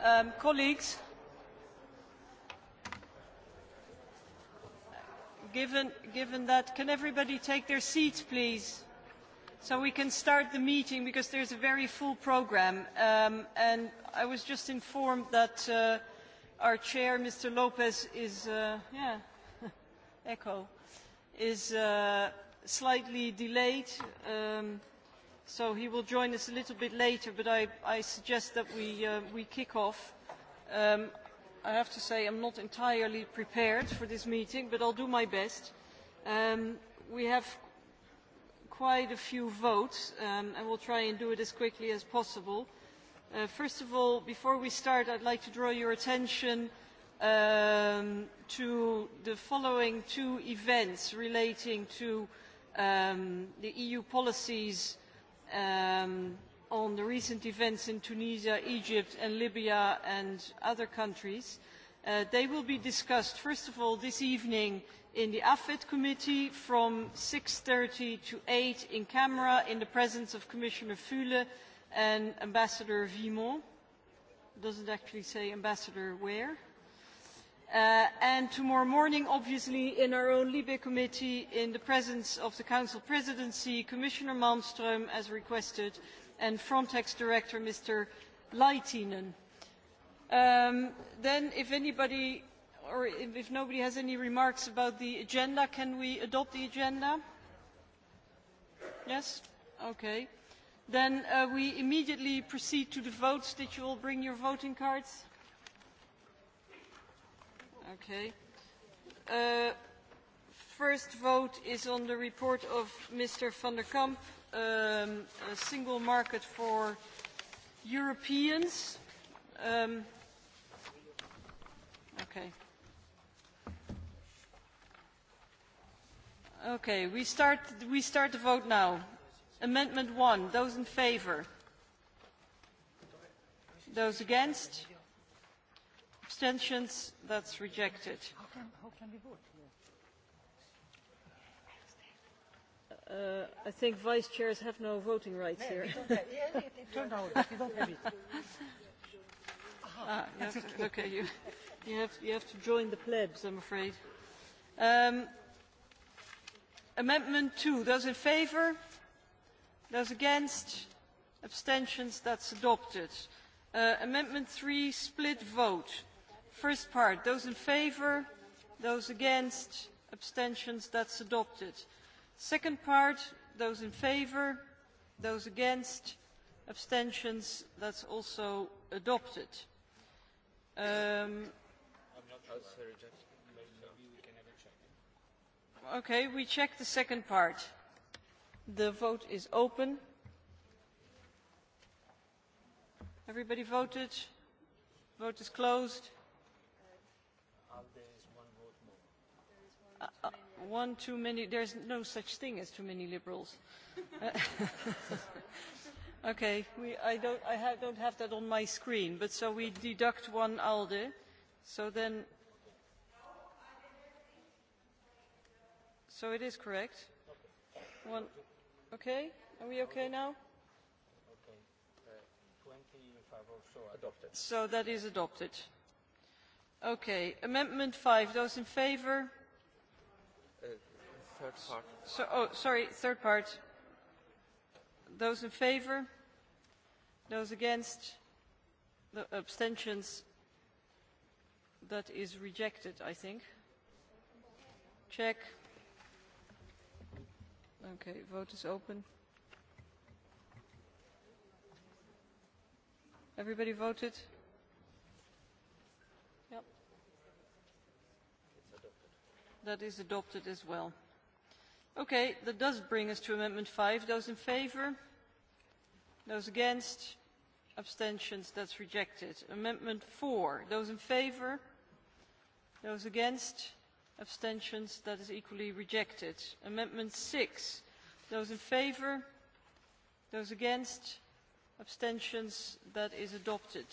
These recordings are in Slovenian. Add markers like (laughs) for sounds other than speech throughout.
Um, colleagues given given that can everybody take their seats please so we can start the meeting because there's a very full program um, and i was just informed that uh, our chair mr lopez is uh, yeah (laughs) echo is uh, slightly delayed um, so he will join us a little bit later, but I, I suggest that we, uh, we kick off. Um, I have to say I'm not entirely prepared for this meeting, but I'll do my best. Um, we have quite a few votes, um, and we'll try and do it as quickly as possible. Uh, first of all, before we start, I'd like to draw your attention um, to the following two events relating to um, the EU policies uh, um, on the recent events in Tunisia, Egypt and Libya and other countries. Uh, they will be discussed, first of all, this evening in the AFET committee from 6.30 to 8 in camera in the presence of Commissioner Fule and Ambassador Vimon. It doesn't actually say Ambassador where. Uh, and tomorrow morning obviously in our own libe committee in the presence of the council presidency commissioner malmstrm as requested and frontex director mr leitinen. Um, then if anybody or if, if nobody has any remarks about the agenda can we adopt the agenda yes okay then uh, we immediately proceed to the votes did you all bring your voting cards Okay. Uh, first vote is on the report of Mr. van der Kamp, um, a single market for Europeans. Um, okay. Okay, we start, we start the vote now. Amendment 1, those in favour. Those against? Those against? abstentions that's rejected how can, how can we Uh, I think vice chairs have no voting rights here. (laughs) Ah, okay, you, you, have, you have to join the plebs, I'm afraid. Um, amendment 2, those in favour? Those against? Abstentions? That's adopted. Uh, amendment 3, split vote. First part, those in favour, those against, abstentions, that's adopted. Second part, those in favour, those against, abstentions, that's also adopted. Um, okay, we check the second part. The vote is open. Everybody voted? Vote is closed. uh, one too many. There's no such thing as too many liberals. Uh, (laughs) okay, we, I, don't, I ha don't have that on my screen, but so we deduct one ALDE. So then. So it is correct. One. Okay, are we okay now? Uh, adopted. So that is adopted. Okay, Amendment 5. Those in favour? third part. So, oh, sorry, third part. Those in favour? Those against? The abstentions? That is rejected, I think. Check. Okay, vote is open. Everybody voted? Yep. It's adopted. That is adopted as well. Okay, that does bring us to Amendment 5. Those in favor? Those against? Abstentions? That's rejected. Amendment 4. Those in favor? Those against? Abstentions? That is equally rejected. Amendment 6. Those in favor? Those against? Abstentions? That is adopted.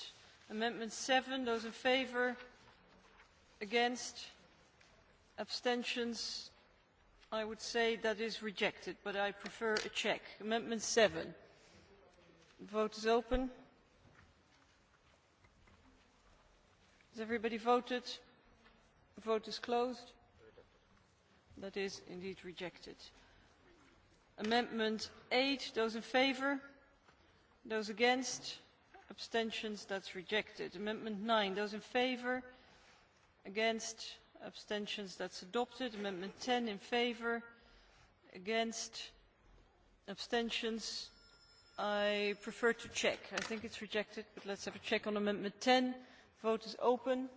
Amendment 7. Those in favor? Against? Abstentions? i would say that is rejected but i prefer a check amendment seven the vote is open has everybody voted the vote is closed that is indeed rejected amendment eight those in favor those against abstentions that's rejected amendment nine those in favor against abstentions that's adopted amendment 10 in favor against abstentions I prefer to check I think it's rejected but let's have a check on amendment 10 vote is open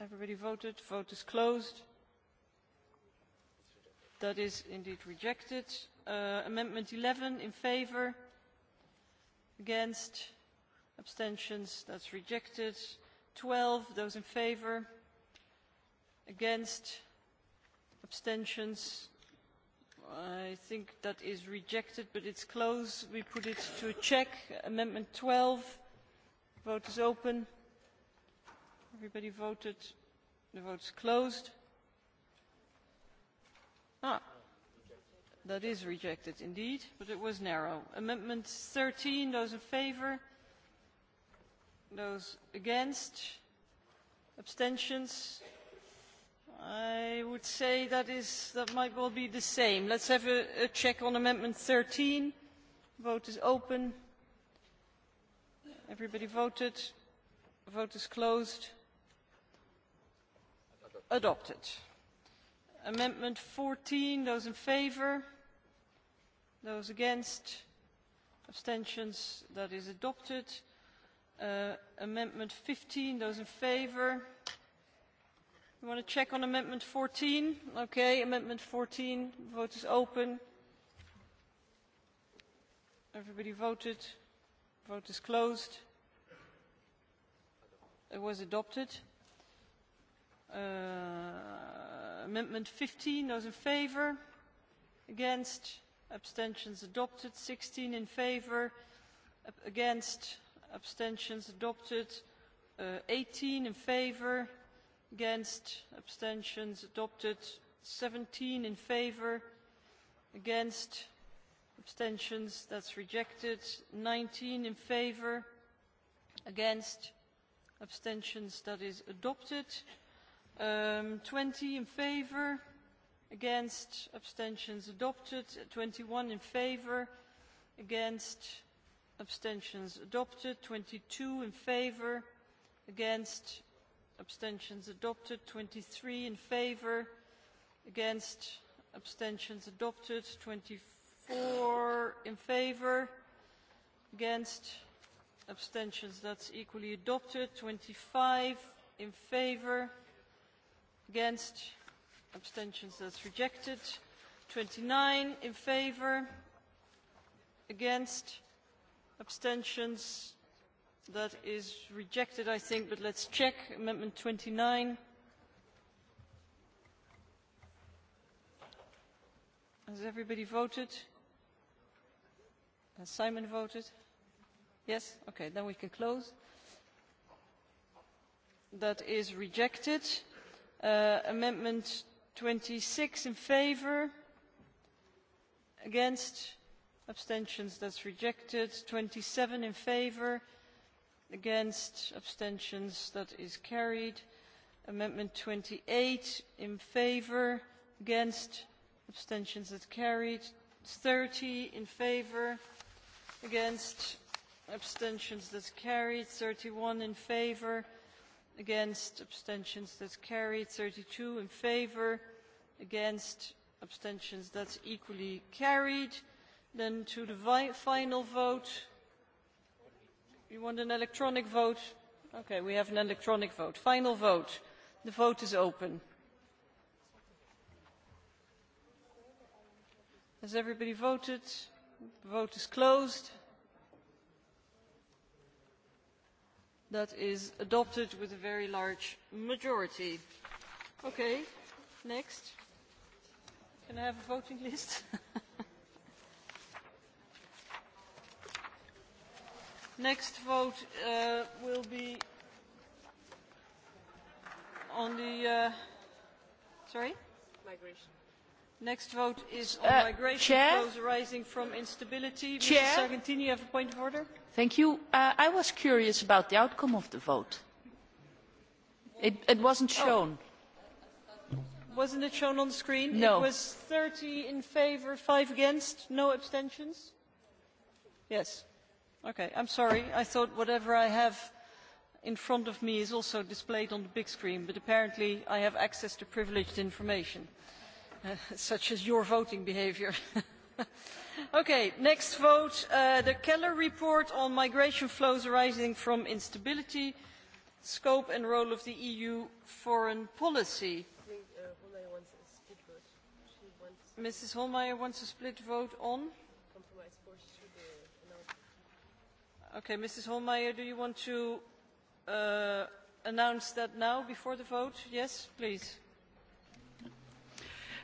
everybody voted vote is closed that is indeed rejected uh, amendment 11 in favor against abstentions that's rejected 12, those in favor, against, abstentions. I think that is rejected, but it's close. We put it to a check. Amendment 12, vote is open. Everybody voted. The vote is closed. Ah, that is rejected indeed, but it was narrow. Amendment 13, those in favor, those against abstentions i would say that is that might well be the same let's have a, a check on amendment 13 vote is open everybody voted vote is closed adopted amendment 14 those in favor those against abstentions that is adopted uh, Amendment 15, those in favour? You want to check on Amendment 14? Okay, Amendment 14, vote is open. Everybody voted. Vote is closed. It was adopted. Uh, amendment 15, those in favour? Against? Abstentions adopted. 16 in favour? Against? abstentions adopted uh, 18 in favor against abstentions adopted 17 in favor against abstentions that's rejected 19 in favor against abstentions that is adopted um, 20 in favor against abstentions adopted 21 in favor against abstentions adopted 22 in favor against abstentions adopted 23 in favor against abstentions adopted 24 in favor against abstentions that's equally adopted 25 in favor against abstentions that's rejected 29 in favor against abstentions Abstentions? That is rejected, I think, but let's check. Amendment 29. Has everybody voted? Has Simon voted? Yes? Okay, then we can close. That is rejected. Uh, amendment 26 in favor? Against? Against? abstentions that's rejected 27 in favor against abstentions that is carried amendment 28 in favor against abstentions that carried 30 in favor against abstentions that's carried 31 in favor against abstentions that's carried 32 in favor against abstentions that's equally carried Then to the vi final vote. You want an electronic vote? Okay, we have an electronic vote. Final vote. The vote is open. Has everybody voted? The vote is closed. That is adopted with a very large majority. Okay, next. Can I have a voting list? (laughs) next vote uh, will be on the uh, sorry migration. Next vote is on uh, migration Chair? flows arising from instability. Chair, Mr. Sargentini, you have a point of order. Thank you. Uh, I was curious about the outcome of the vote. It, it wasn't oh. shown. Oh. Wasn't it shown on the screen? No. It was 30 in favour, 5 against, no abstentions. Yes. Okay, I'm sorry. I thought whatever I have in front of me is also displayed on the big screen, but apparently I have access to privileged information, uh, (laughs) such as your voting behavior. (laughs) okay, next vote. Uh, the Keller report on migration flows arising from instability, scope and role of the EU foreign policy. Uh, Mrs. Holmeyer wants a split vote on? Yeah. Okay, Mrs. Holmeyer, do you want to uh, announce that now before the vote? Yes, please.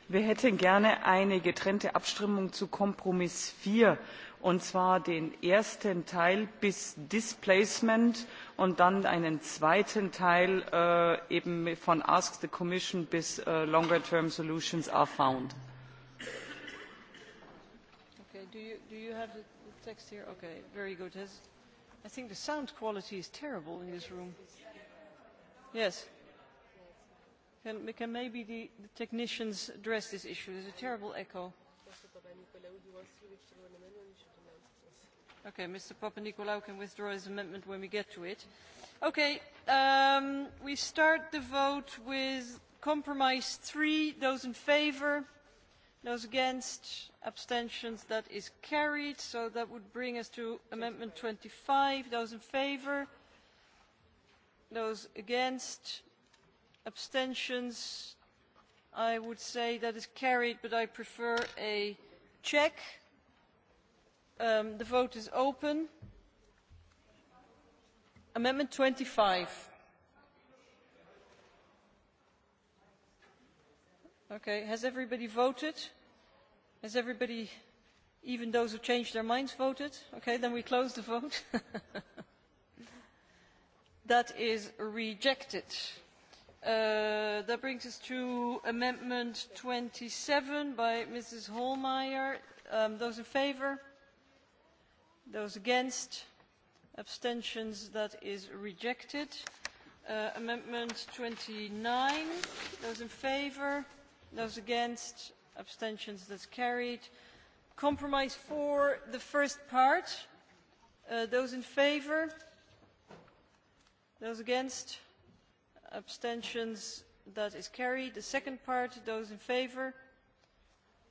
Wir hätten gerne eine getrennte Abstimmung zu Kompromiss 4, und zwar den ersten Teil bis Displacement und dann einen zweiten Teil äh, eben von Ask the Commission bis äh, Longer Term Solutions are found. Okay, do you, do you have the text here? Okay, very good. Has, I think the sound quality is terrible in this room. Yes. Can, can maybe the, the technicians address this issue? There's a terrible echo. Okay, Mr. Papanikolaou can withdraw his amendment when we get to it. Okay, um, we start the vote with compromise three, those in favor those against abstentions that is carried so that would bring us to amendment 25 those in favor those against abstentions i would say that is carried but i prefer a check um, the vote is open amendment 25 Okay, has everybody voted? Has everybody, even those who changed their minds, voted? Okay, then we close the vote. (laughs) that is rejected. Uh, that brings us to Amendment 27 by Mrs. Holmeyer. Um, those in favour? Those against? Abstentions? That is rejected. Uh, amendment 29. Those in favour? those against abstentions that's carried compromise for the first part uh, those in favor those against abstentions that is carried the second part those in favor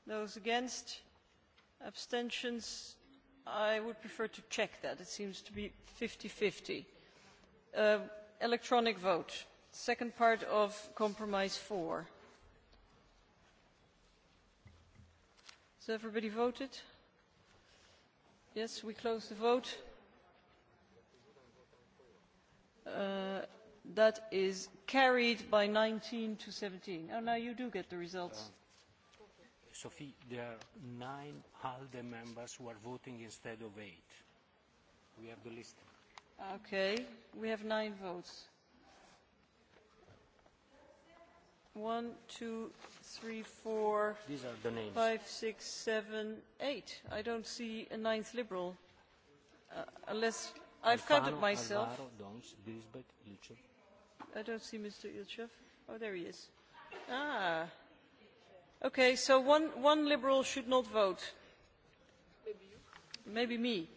those against abstentions I would prefer to check that it seems to be 50 50 uh, electronic vote second part of compromise four has everybody voted? Yes, we close the vote. Uh, that is carried by 19 to 17. Oh, now you do get the results. Uh, Sophie, there are nine ALDE members who are voting instead of eight. We have the list. Okay, we have nine votes. One, two, three, four, These are the names. five, six, seven, eight. I don't see a ninth liberal. Uh, unless I've Alfano, counted myself. Alvaro, Dons, Lisbeth, Ilchev. I don't see Mr. Ilchev. Oh, there he is. Ah. Okay, so one, one liberal should not vote. Maybe me.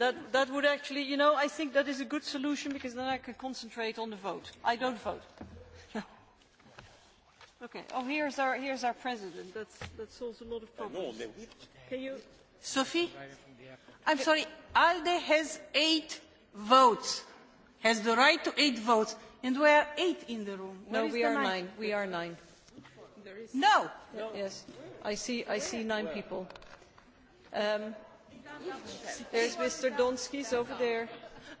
That, that would actually, you know, I think that is a good solution because then I can concentrate on the vote. I don't vote. Okay. Oh, here's our here's our president. That's that solves a lot of eh, no, problems. Uh, no, Can you, Sophie? I'm sorry. Alde has eight votes. Has the right to eight votes, and we are eight in the room. No, Where no, we are nine? nine. We are nine. There is no. no. Yes, I see. I see nine people. Um, there's Mr. Donskis over there.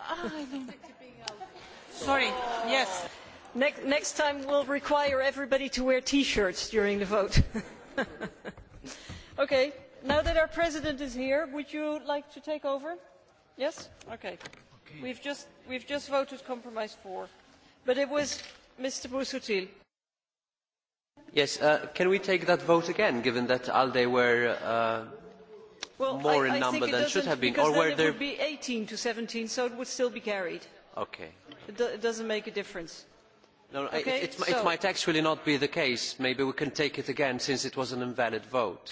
Ah, I don't. Sorry. Yes next time we will require everybody to wear t shirts during the vote. (laughs) okay, now that our president is here, would you like to take over? Yes? Okay. okay. We've, just, we've just voted compromise four. But it was Mr. Boussoutil. Yes, uh, can we take that vote again, given that ALDE were uh, well, more I, in I number than should have been? Or then were it there... would be 18 to 17, so it would still be carried. Okay. It, do, it doesn't make a difference. No, no, it might actually not be the case maybe we can take it again since it was an invalid vote.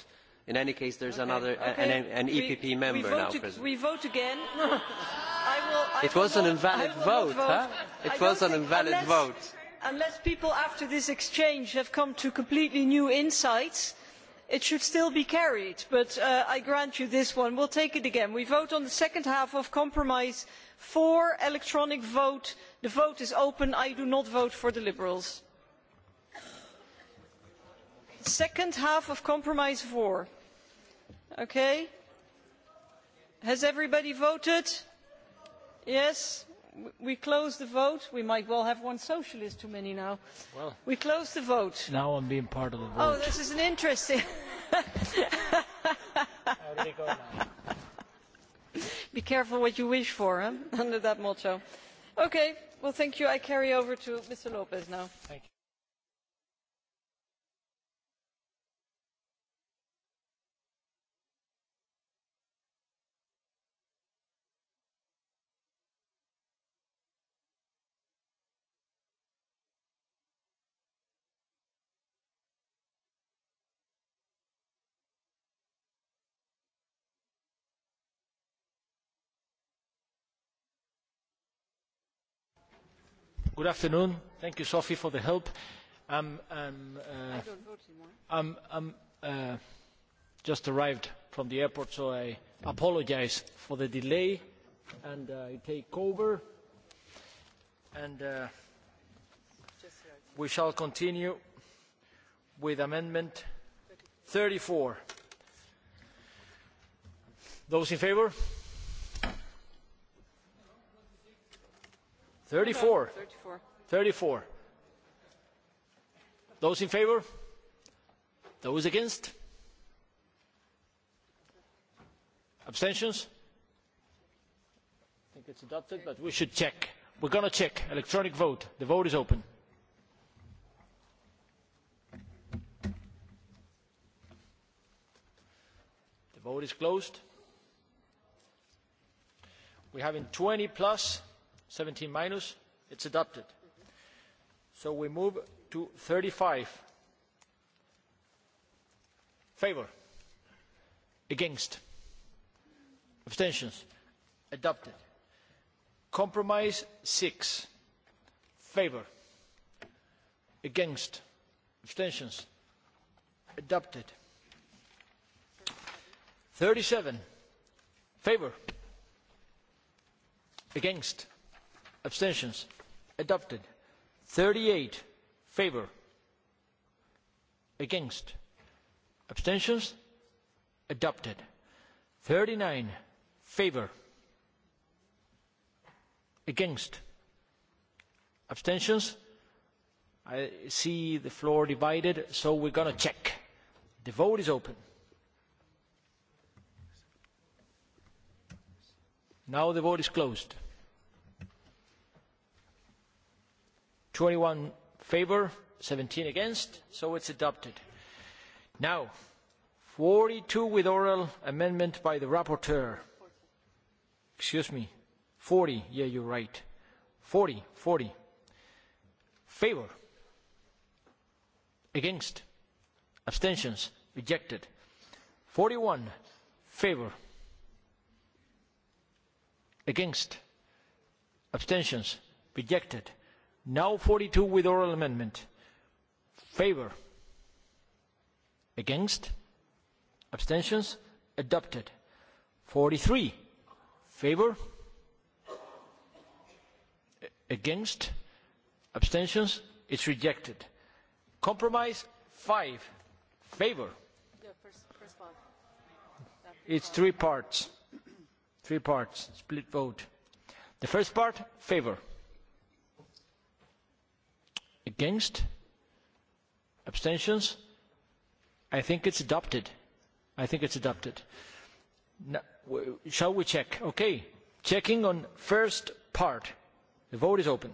in any case there is an epp e member now present. we vote again. (laughs) it was an invalid vote. it was an invalid vote. unless people after this exchange have come to completely new insights it should still be carried but uh, i grant you this one. we will take it again. we vote on the second half of compromise for electronic vote the vote is open i do not vote for the liberals. second half of compromise four ok has everybody voted? yes we close the vote we might well have one socialist too many now we close the vote. now i'm being part of the oh, vote. oh this is interesting. (laughs) be careful what you wish for under that motto. ok thank you i will carry over to mr lpez now. good afternoon thank you sophie for the help. Uh, i have uh, just arrived from the airport so i apologise for the delay and i take over and uh, we shall continue with amendment thirty four those in favour? thirty four thirty four those in favour those against abstentions i think it is adopted but we should check we are going to check electronic vote the vote is open the vote is closed we have twenty plus seventeen it is adopted. so we move to thirty five favour against abstentions adopted. compromise six favour against abstentions adopted. thirty seven favour against abstentions adopted thirty eight favour against abstentions adopted thirty nine favour against abstentions i see the floor divided so we are going to check the vote is open now the vote is closed twenty one favour seventeen against so it is adopted. now forty two with oral amendment by the rapporteur excuse me forty yes you are right forty forty favour against abstentions rejected forty one favour against abstentions rejected now forty two with oral amendment favour against abstentions adopted forty three favour against abstentions it's rejected compromise five favour it's three parts three parts split vote the first part favour Against? Abstentions? I think it's adopted. I think it's adopted. Now, shall we check? Okay. Checking on first part. The vote is open.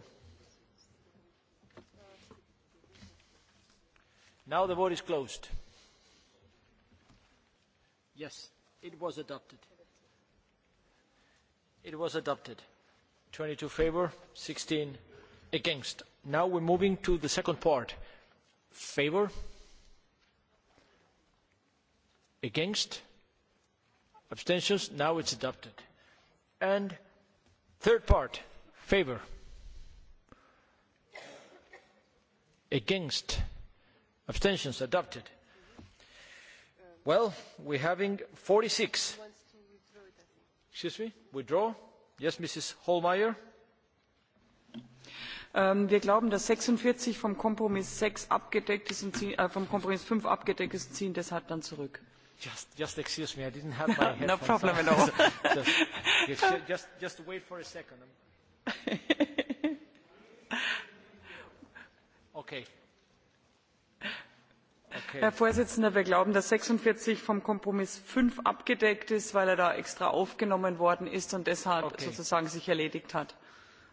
Now the vote is closed. Yes, it was adopted. It was adopted. 22 favour, 16 against now we are moving to the second part favour against abstentions now it is adopted and third part favour against abstentions adopted. well we are having forty six excuse me withdraw yes ms hohlmeier Ähm, wir glauben dass sechsundvierzig vom kompromiss äh, fünf abgedeckt ist und ziehen deshalb dann zurück. herr präsident! wir glauben dass sechsundvierzig vom kompromiss fünf abgedeckt ist weil er da extra aufgenommen worden ist und deshalb sozusagen sich erledigt hat.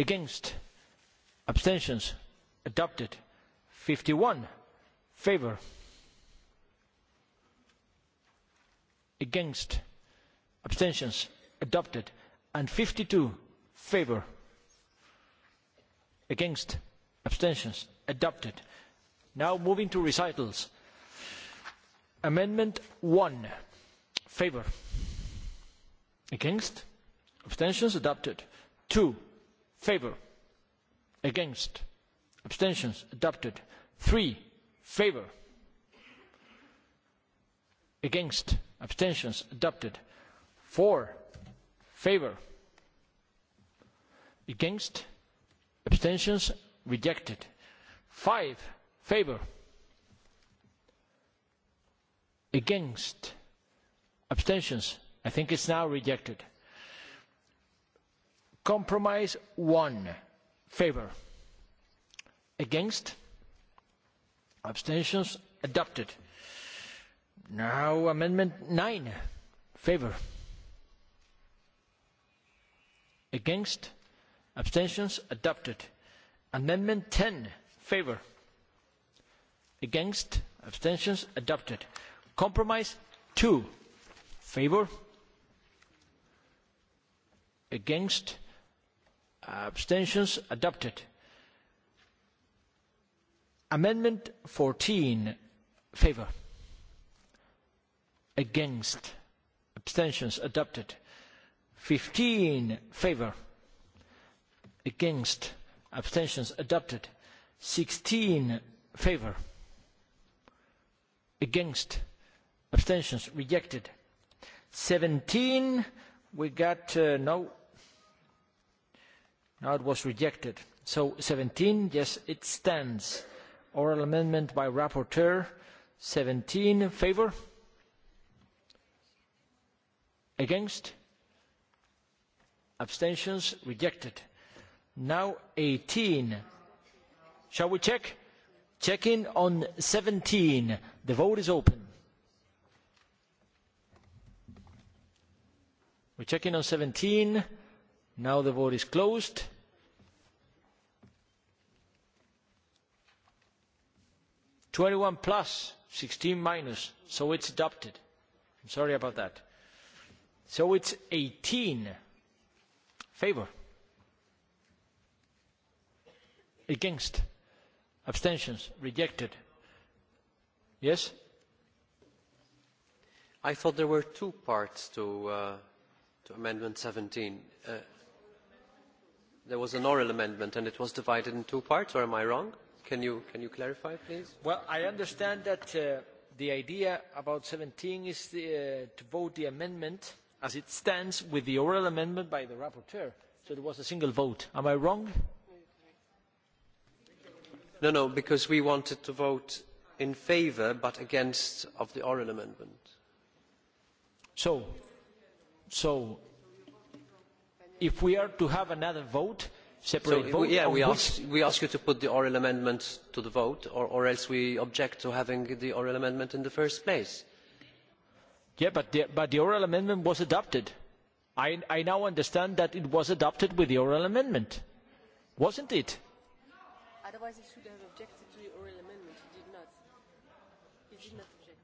against abstentions adopted fifty one favour against abstentions adopted and fifty two favour against abstentions adopted now moving to recitals amendment one favour against abstentions adopted two favour against abstentions adopted three favour against abstentions adopted four favour against abstentions rejected five favour against abstentions i think it is now rejected compromise won favour against abstentions adopted. now amendment nine favour against abstentions adopted. amendment ten favour against abstentions adopted. compromise two favour against Abstentions adopted. Amendment 14, favor. Against. Abstentions adopted. 15, favor. Against. Abstentions adopted. 16, favor. Against. Abstentions rejected. 17, we got uh, no. Now it was rejected. So 17, yes, it stands. Oral amendment by rapporteur. 17, favor? Against? Abstentions rejected. Now 18. Shall we check? Checking on 17. The vote is open. We're checking on 17 now the vote is closed twenty one plus sixteen minus so it's adopted I'm sorry about that so it's eighteen favor against abstentions rejected yes I thought there were two parts to uh, to amendment seventeen uh, there was an oral amendment and it was divided into two parts or am i wrong? can you, can you clarify, please? well, i understand that uh, the idea about 17 is the, uh, to vote the amendment as it stands with the oral amendment by the rapporteur. so it was a single vote. am i wrong? no, no, because we wanted to vote in favour but against of the oral amendment. so, so if we are to have another vote separate so vote yeah, we, ask, we ask you to put the oral amendment to the vote or, or else we object to having the oral amendment in the first place yeah but the, but the oral amendment was adopted I, I now understand that it was adopted with the oral amendment wasn't it otherwise it should have objected to the oral amendment it did not it did not object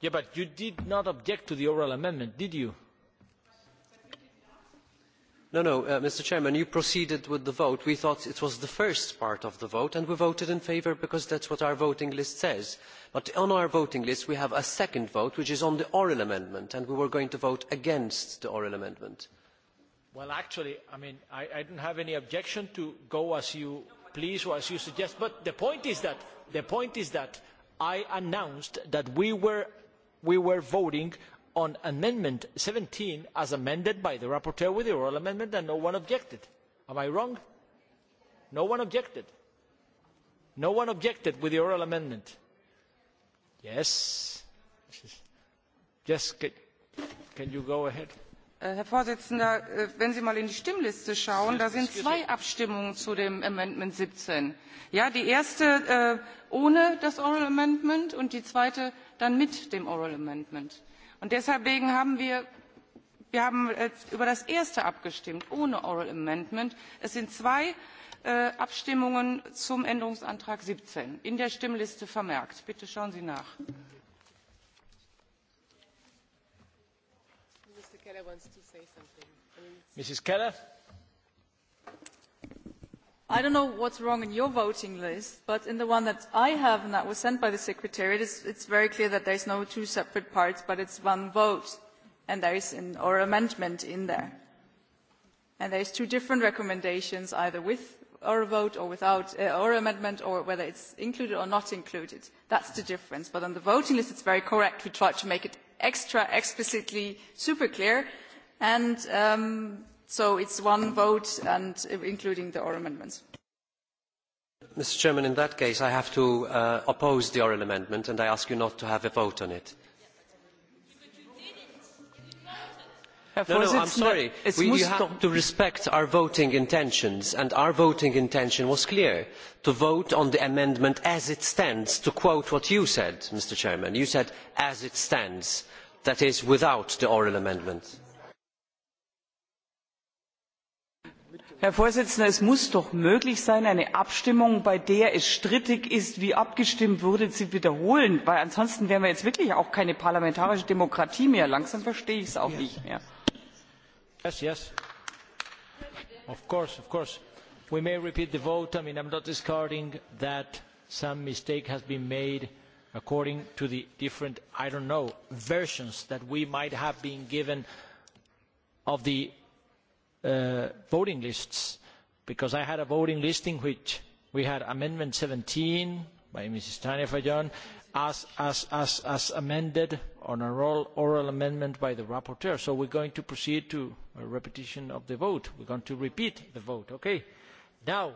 yeah but you did not object to the oral amendment did you No, no, uh, mr president you proceeded with the vote. we thought it was the first part of the vote and we voted in favour because that is what our voting list says but on our voting list we have a second vote which is on the oral amendment and we were going to vote against the oral amendment. well actually i do not have any objection to going as you please or as you suggest but the point is that i announced that we were voting on amendment seventeen as amended by the rapporteur with the oral amendment and no one objected. am i wrong? no one objected. no one objected with the oral amendment. yes. yes. can you go ahead? Äh, Herr Vorsitzender, äh, wenn Sie mal in die Stimmliste schauen, da sind zwei Abstimmungen zu dem Amendment 17. Ja, die erste äh, ohne das Oral Amendment und die zweite dann mit dem Oral Amendment und deswegen haben wir wir haben über das erste abgestimmt ohne oral amendment. es sind zwei äh, abstimmungen zum änderungsantrag siebzehn in der stimmliste vermerkt. bitte schauen sie nach. I don't know what's wrong in your voting list, but in the one that I have and that was sent by the Secretariat, it's, it's very clear that there's no two separate parts, but it's one vote, and there is an or amendment in there. And there's two different recommendations, either with or a vote or without uh, or amendment, or whether it's included or not included. That's the difference. But on the voting list, it's very correct. We try to make it extra explicitly super clear. And... Um, so it is one vote and uh, including the oral amendments. mr chairman in that case i have to uh, oppose the oral amendment and i ask you not to have a vote on it. No, no, I'm sorry. We, you have to respect our voting intentions, and our voting intention was clear to vote on the amendment as it stands, to quote what you said, Mr. Chairman. You said, as it stands, that is, without the oral amendment. herr präsident! es muss doch möglich sein eine abstimmung bei der es strittig ist wie abgestimmt wurde zu wiederholen denn ansonsten wären wir jetzt wirklich auch keine parlamentarische demokratie mehr. langsam verstehe ich es auch nicht mehr. Uh, voting lists because I had a voting list in which we had Amendment 17 by Mrs. Tania Fajon as, as, as, as amended on an oral, oral amendment by the rapporteur. So we're going to proceed to a repetition of the vote. We're going to repeat the vote. Okay. Now,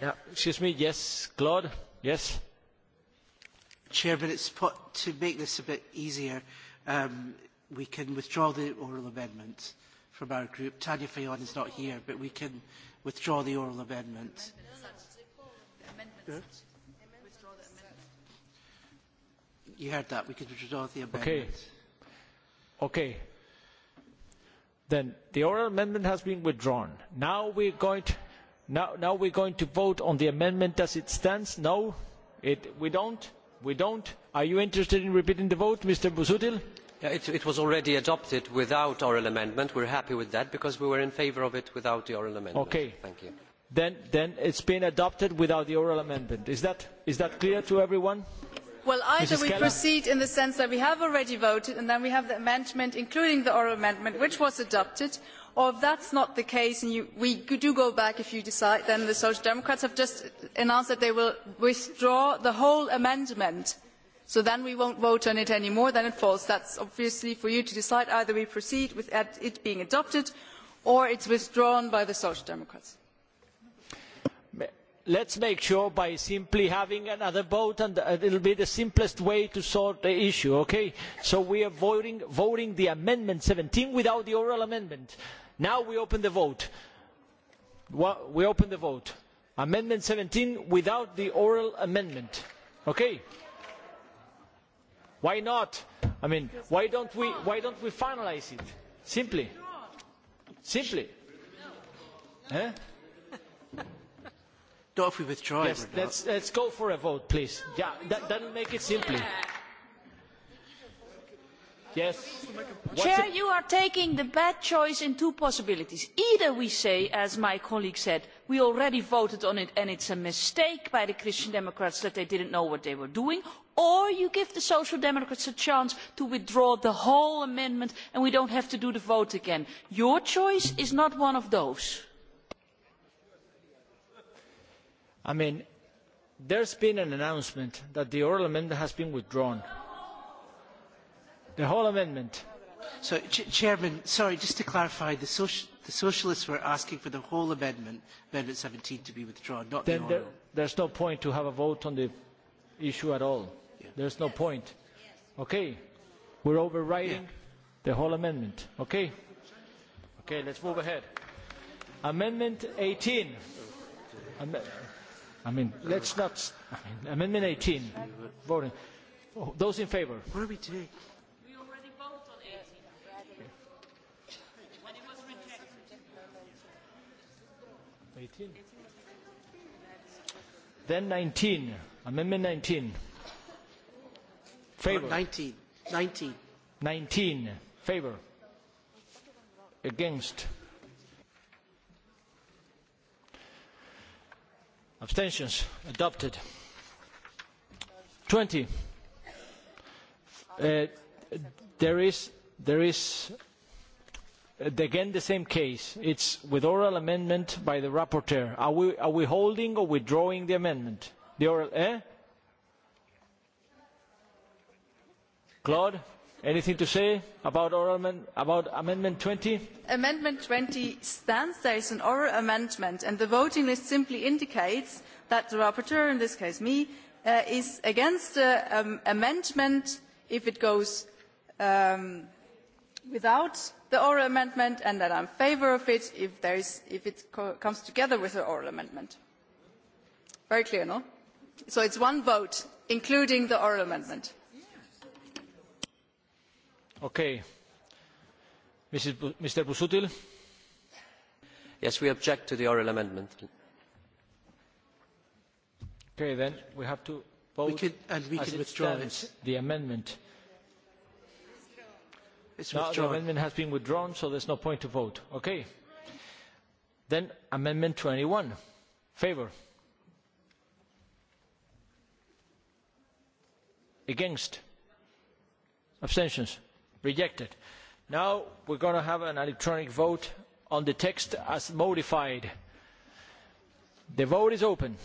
now excuse me, yes, Claude, yes. Chair, but it's put, to make this a bit easier, um, we can withdraw the oral amendment. Uh, from our group. Tanya Fayon is not here, but we can withdraw the oral amendment. No, no, no. You heard that. We could withdraw the amendment. Okay. Okay. Then the oral amendment has been withdrawn. Now we're going to, now, now we're going to vote on the amendment as it stands. No? It, we don't? We don't? Are you interested in repeating the vote, Mr. Busutil? it was already adopted without oral amendment. we are happy with that because we were in favour of it without the oral amendment. then it has been adopted without the oral amendment. is that clear to everyone? well either we proceed in the sense that we have already voted and then we have the amendment including the oral amendment which was adopted or if that is not the case and you, we do go back if you decide then the social democrats have just announced that they will withdraw the whole amendment. So then we won't vote on it anymore, then it falls. That's obviously for you to decide. Either we proceed with it being adopted or it's withdrawn by the Social Democrats. Let's make sure by simply having another vote and uh, it'll be the simplest way to sort the issue, okay? So we are voting, voting the Amendment 17 without the oral amendment. Now we open the vote. We open the vote. Amendment 17 without the oral amendment. Okay? Why not? I mean, why don't we, why don't we finalize it? Simply. Simply. Eh? Don't we withdraw? Yes, let's, let's go for a vote, please. Yeah, that doesn't make it simply. Yeah. Yes. Chair, it? you are taking the bad choice in two possibilities. Either we say, as my colleague said, we already voted on it and it's a mistake by the Christian Democrats that they didn't know what they were doing, or you give the Social Democrats a chance to withdraw the whole amendment and we don't have to do the vote again. Your choice is not one of those. I mean, there's been an announcement that the oral amendment has been withdrawn. No the whole amendment. So, Chairman, sorry, just to clarify, the, soci the Socialists were asking for the whole amendment, Amendment 17, to be withdrawn, not then the oral. There, there's no point to have a vote on the issue at all. Yeah. There's no yes. point. Yes. Okay, we're overriding yeah. the whole amendment. Okay? Okay, let's move ahead. Amendment 18. Am I mean, let's not... I mean, amendment 18, voting. Oh, those in favour? What are we doing? 19. Then 19. Amendment 19. Favor. 19. 19. 19. Favor. Against. Abstentions. Adopted. 20. Uh, there is, there is again the same case it is with oral amendment by the rapporteur are we, are we holding or withdrawing the amendment the oral eh claude anything to say about oral about amendment 20 amendment 20 stands there is an oral amendment and the voting list simply indicates that the rapporteur in this case me uh, is against the uh, um, amendment if it goes um, without the oral amendment and that i am in favour of it if it comes together with the oral amendment. very clear no? so it is one vote including the oral amendment. okay. mr busuttil. yes we object to the oral amendment. okay then we have to vote. We could, and we as can it withdraw it. the amendment. It's no, withdrawn. The amendment has been withdrawn, so there's no point to vote. Okay. Then Amendment 21. Favour. Against. Abstentions. Rejected. Now we're going to have an electronic vote on the text as modified. The vote is open.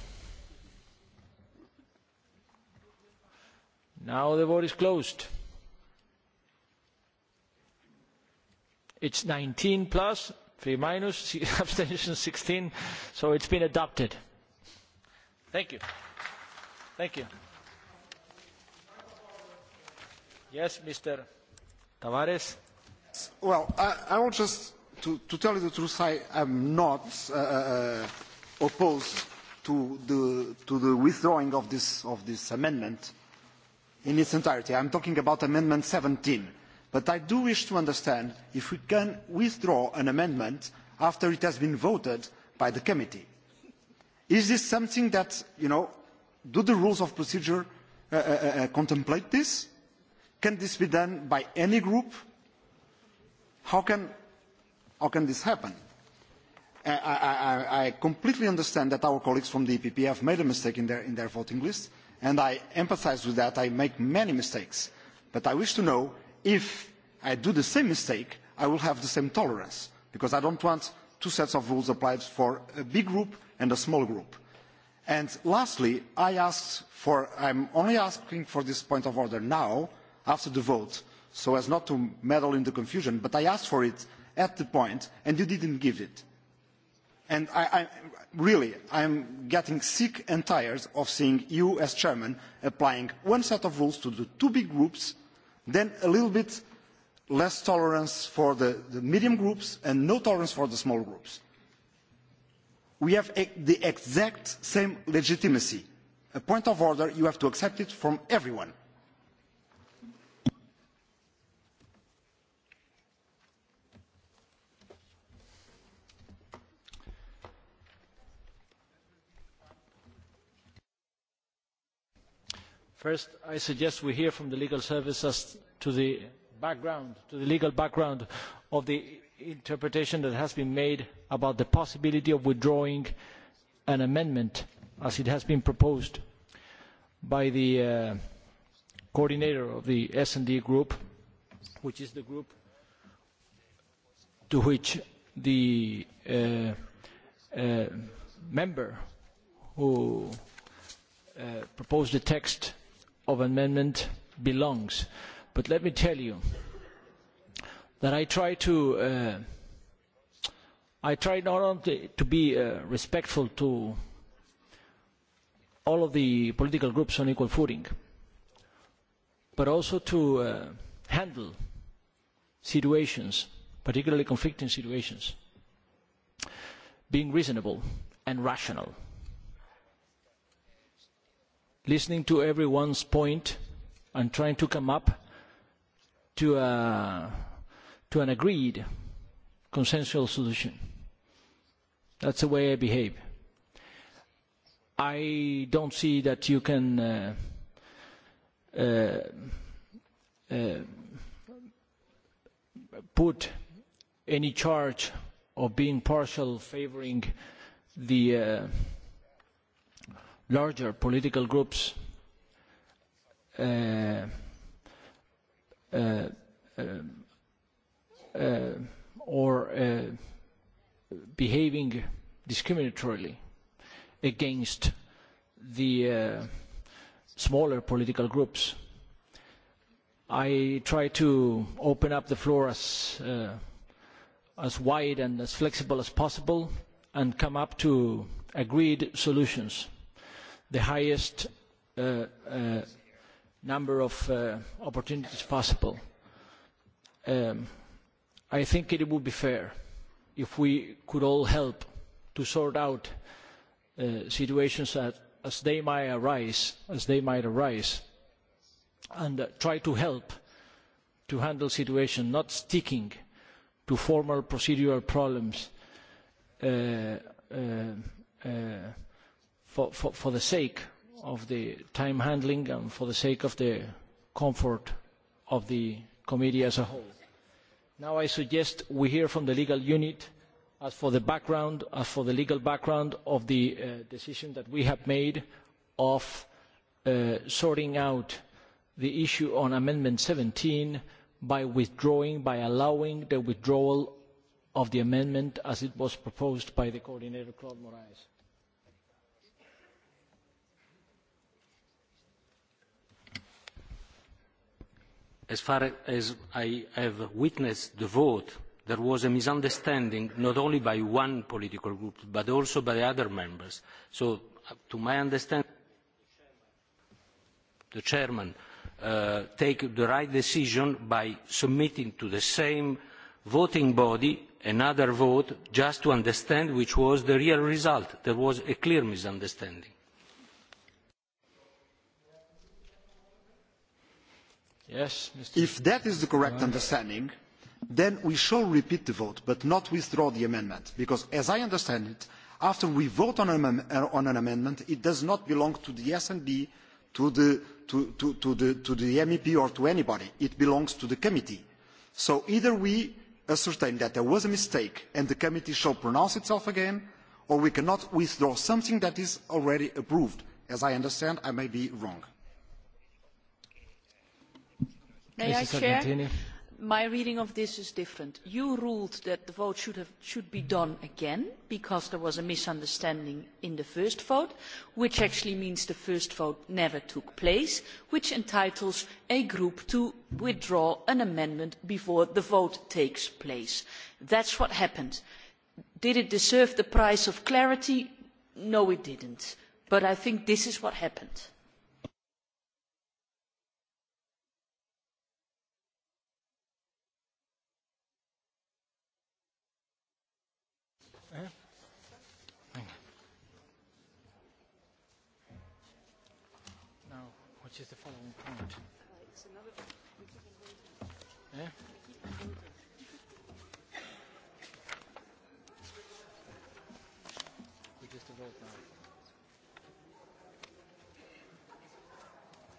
Now the vote is closed. it is nineteen plus three minus (laughs) abstention sixteen so it has been adopted. thank you. thank you. yes mr tavares. well i, I want just to, to tell you the truth i am not uh, uh opposed to the, to the withdrawing of this, of this amendment in its entirety. i am talking about amendment seventeen but i do wish to understand if we can withdraw an amendment after it has been voted by the committee. is this something that you know do the rules of procedure uh, uh, uh, uh contemplate this? Can this be done by any group? How can, how can this happen? Uh, I, I, I completely understand that our colleagues from the EPP have made a mistake in their, in their voting list, and I empathize with that. I make many mistakes. But I wish to know if I do the same mistake, I will have the same tolerance because I don't want two sets of rules applied for a big group and a small group. And lastly, I asked for, I'm only asking for this point of order now after the vote so as not to meddle in the confusion, but I asked for it at the point and you didn't give it. And I, I, really, I'm getting sick and tired of seeing you as chairman applying one set of rules to the two big groups then a little bit less tolerance for the, the medium groups and no tolerance for the small groups. We have a, e, the exact same legitimacy. A point of order, you have to accept it from everyone. first i suggest we hear from the legal service as to the legal background of the interpretation that has been made about the possibility of withdrawing an amendment as has been proposed by the uh, coordinator of the sd group which is the group to which the uh, uh, member who proposed the text of amendment belongs but let me tell you that i try uh, not only to be uh, respectful to all of the political groups on equal footing but also to uh, handle situations particularly conflicting situations being reasonable and rational listening to everyone's point and trying to come up to a to an agreed consensual solution that's the way i behave i don't see that you can uh, uh, uh, put any charge of being partial favoring the uh, larger political groups uh, uh, uh, uh, or uh, behaving discriminatorily against the uh, smaller political groups. I try to open up the floor as, uh, as wide and as flexible as possible and come up to agreed solutions the highest uh, uh, number of uh, opportunities possible. Um, I think it would be fair if we could all help to sort out uh, situations as, as they might arise, as they might arise, and uh, try to help to handle situations, not sticking to former procedural problems uh, uh, uh, for, for, for the sake of the time handling and for the sake of the comfort of the committee as a whole. Now I suggest we hear from the legal unit as for the background, as for the legal background of the uh, decision that we have made of uh, sorting out the issue on Amendment 17 by withdrawing, by allowing the withdrawal of the amendment as it was proposed by the coordinator, Claude Moraes. as far as i have witnessed the vote there was a misunderstanding not only by one political group but also by other members so uh, to my understanding the chair has uh, taken the right decision by submitting to the same voting body another vote just to understand which was the real result. there was a clear misunderstanding. if that is the correct understanding then we shall repeat the vote but not withdraw the amendment because as i understand it after we vote on an uh, amendment it does not belong to the sd to the mep or to anybody it belongs to the committee. so either we ascertain that there was a mistake and the committee shall pronounce itself again or we cannot withdraw something that is already approved as i understand i may be wrong may i share my reading of this is different you ruled that the vote should have should be done again because there was a misunderstanding in the first vote which actually means the first vote never took place which entitles a group to withdraw an amendment before the vote takes place that's what happened did it deserve the price of clarity no it didn't but i think this is what happened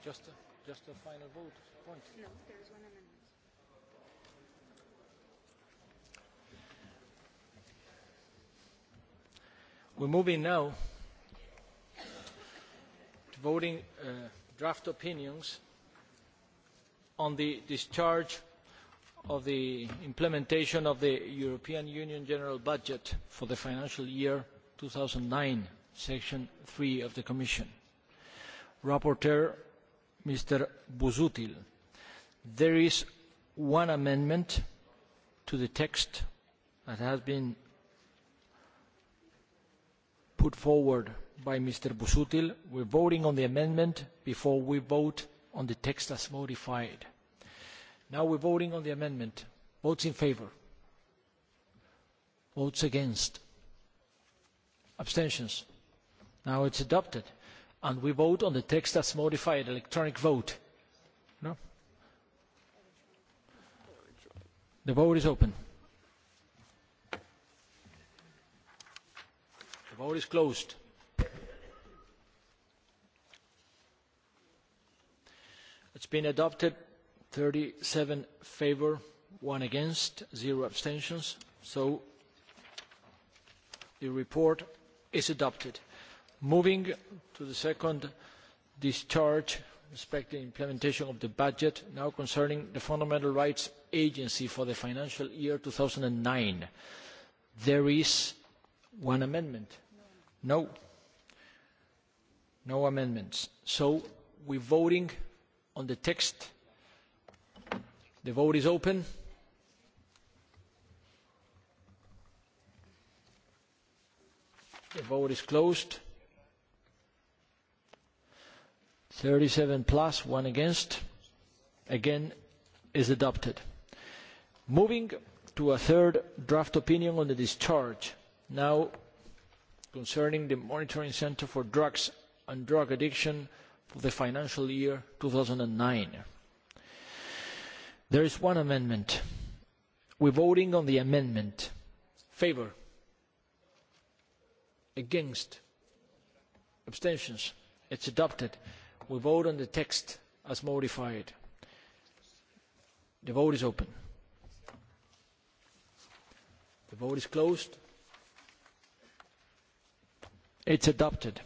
Just a, just a final vote point. No, there is one amendment. We're moving now to voting uh, draft opinions on the discharge of the implementation of the European Union General Budget for the financial year 2009, Section 3 of the Commission. Rapporteur mr busuttil there is one amendment to the text that has been put forward by mr busuttil. we are voting on the amendment before we vote on the text as modified. now we are voting on the amendment. votes in favour votes against abstentions. now it is adopted and we vote on the text as modified by electronic vote. No? the vote is open. the vote is closed. it's been adopted. 37 favour, 1 against, 0 abstentions. so the report is adopted moving to the second discharge respecting implementation of the budget now concerning the fundamental rights agency for the financial year two thousand and nine there is one amendment no no amendments so we are voting on the text the vote is open the vote is closed 37 plus 1 against again is adopted moving to a third draft opinion on the discharge now concerning the monitoring center for drugs and drug addiction for the financial year 2009 there is one amendment we're voting on the amendment favor against abstentions it's adopted we vote on the text as modified. The vote is open. The vote is closed. It's adopted.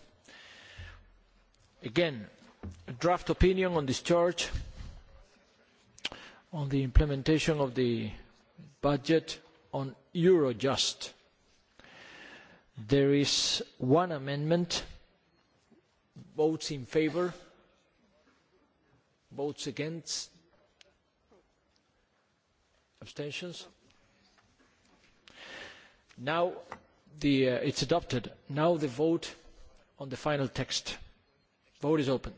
Again, a draft opinion on discharge, on the implementation of the budget on Eurojust. There is one amendment, votes in favour, votes against abstentions now uh, it is adopted now the vote on the final text vote is open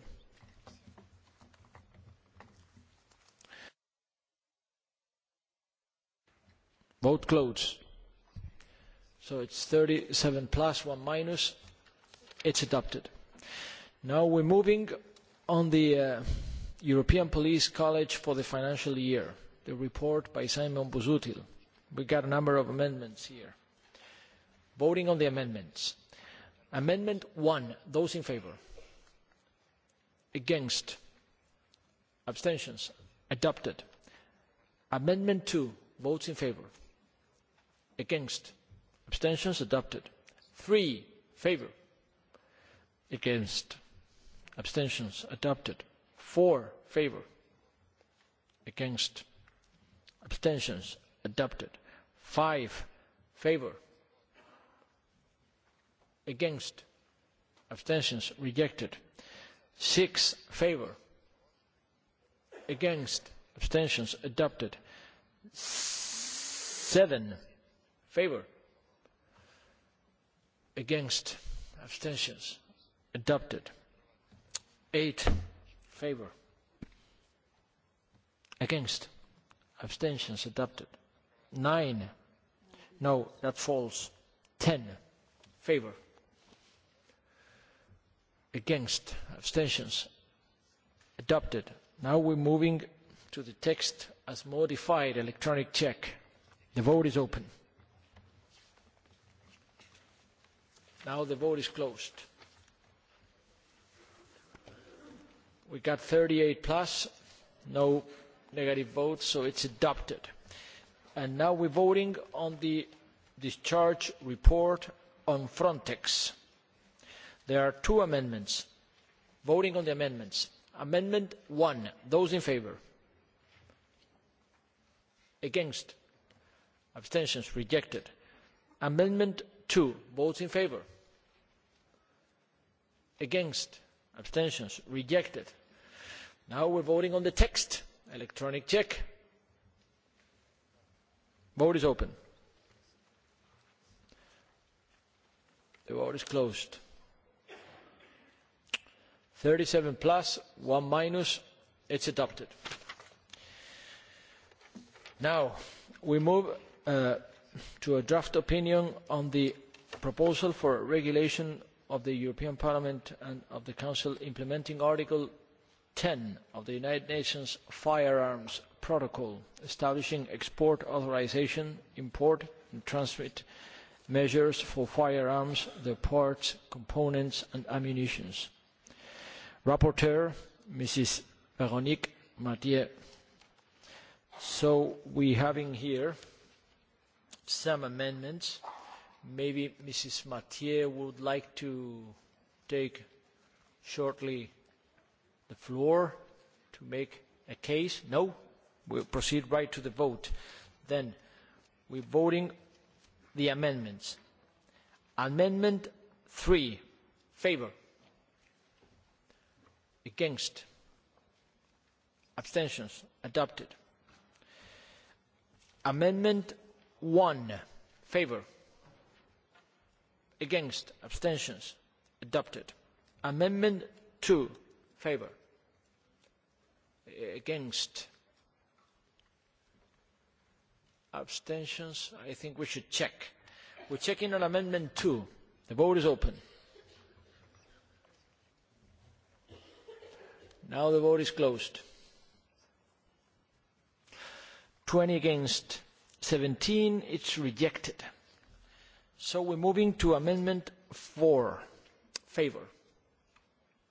vote closed so it is thirty seven plus one minus it is adopted. now we are moving on to european police college for the financial year the report by simon busuttil we got a number of amendments here. voting on the amendments amendment one those in favour against abstentions adopted amendment two votes in favour against abstentions adopted three favour against abstentions adopted for favour against abstentions adopted five favour against abstentions rejected six favour against abstentions adopted seven favour against abstentions adopted eight favor against abstentions adopted nine no that falls ten favor against abstentions adopted now we're moving to the text as modified electronic check the vote is open now the vote is closed we got thirty eight plus no negative votes so it is adopted. now we are voting on the discharge report on frontex. there are two amendments. voting on the amendments. amendment one those in favour? against? abstentions? rejected. amendment two those in favour? against? abstentions rejected. now we are voting on the text electronic check. vote is open. the vote is closed. 37 plus 1 minus it's adopted. now we move uh, to a draft opinion on the proposal for a regulation of the european parliament and of the council implementing article ten of the united nations firearms protocol establishing export authorisation import and transit measures for firearms their parts components and ammunition. rapporteur ms veronique mathieu. so we have here some amendments maybe Mrs. Mathieu would like to take shortly the floor to make a case. No? We'll proceed right to the vote. Then we're voting the amendments. Amendment 3, favor. Against. Abstentions. Adopted. Amendment 1, favor against abstentions adopted amendment two favour against abstentions i think we should check we are checking on amendment two the vote is open now the vote is closed twenty against seventeen it is rejected so we are moving to amendment four favour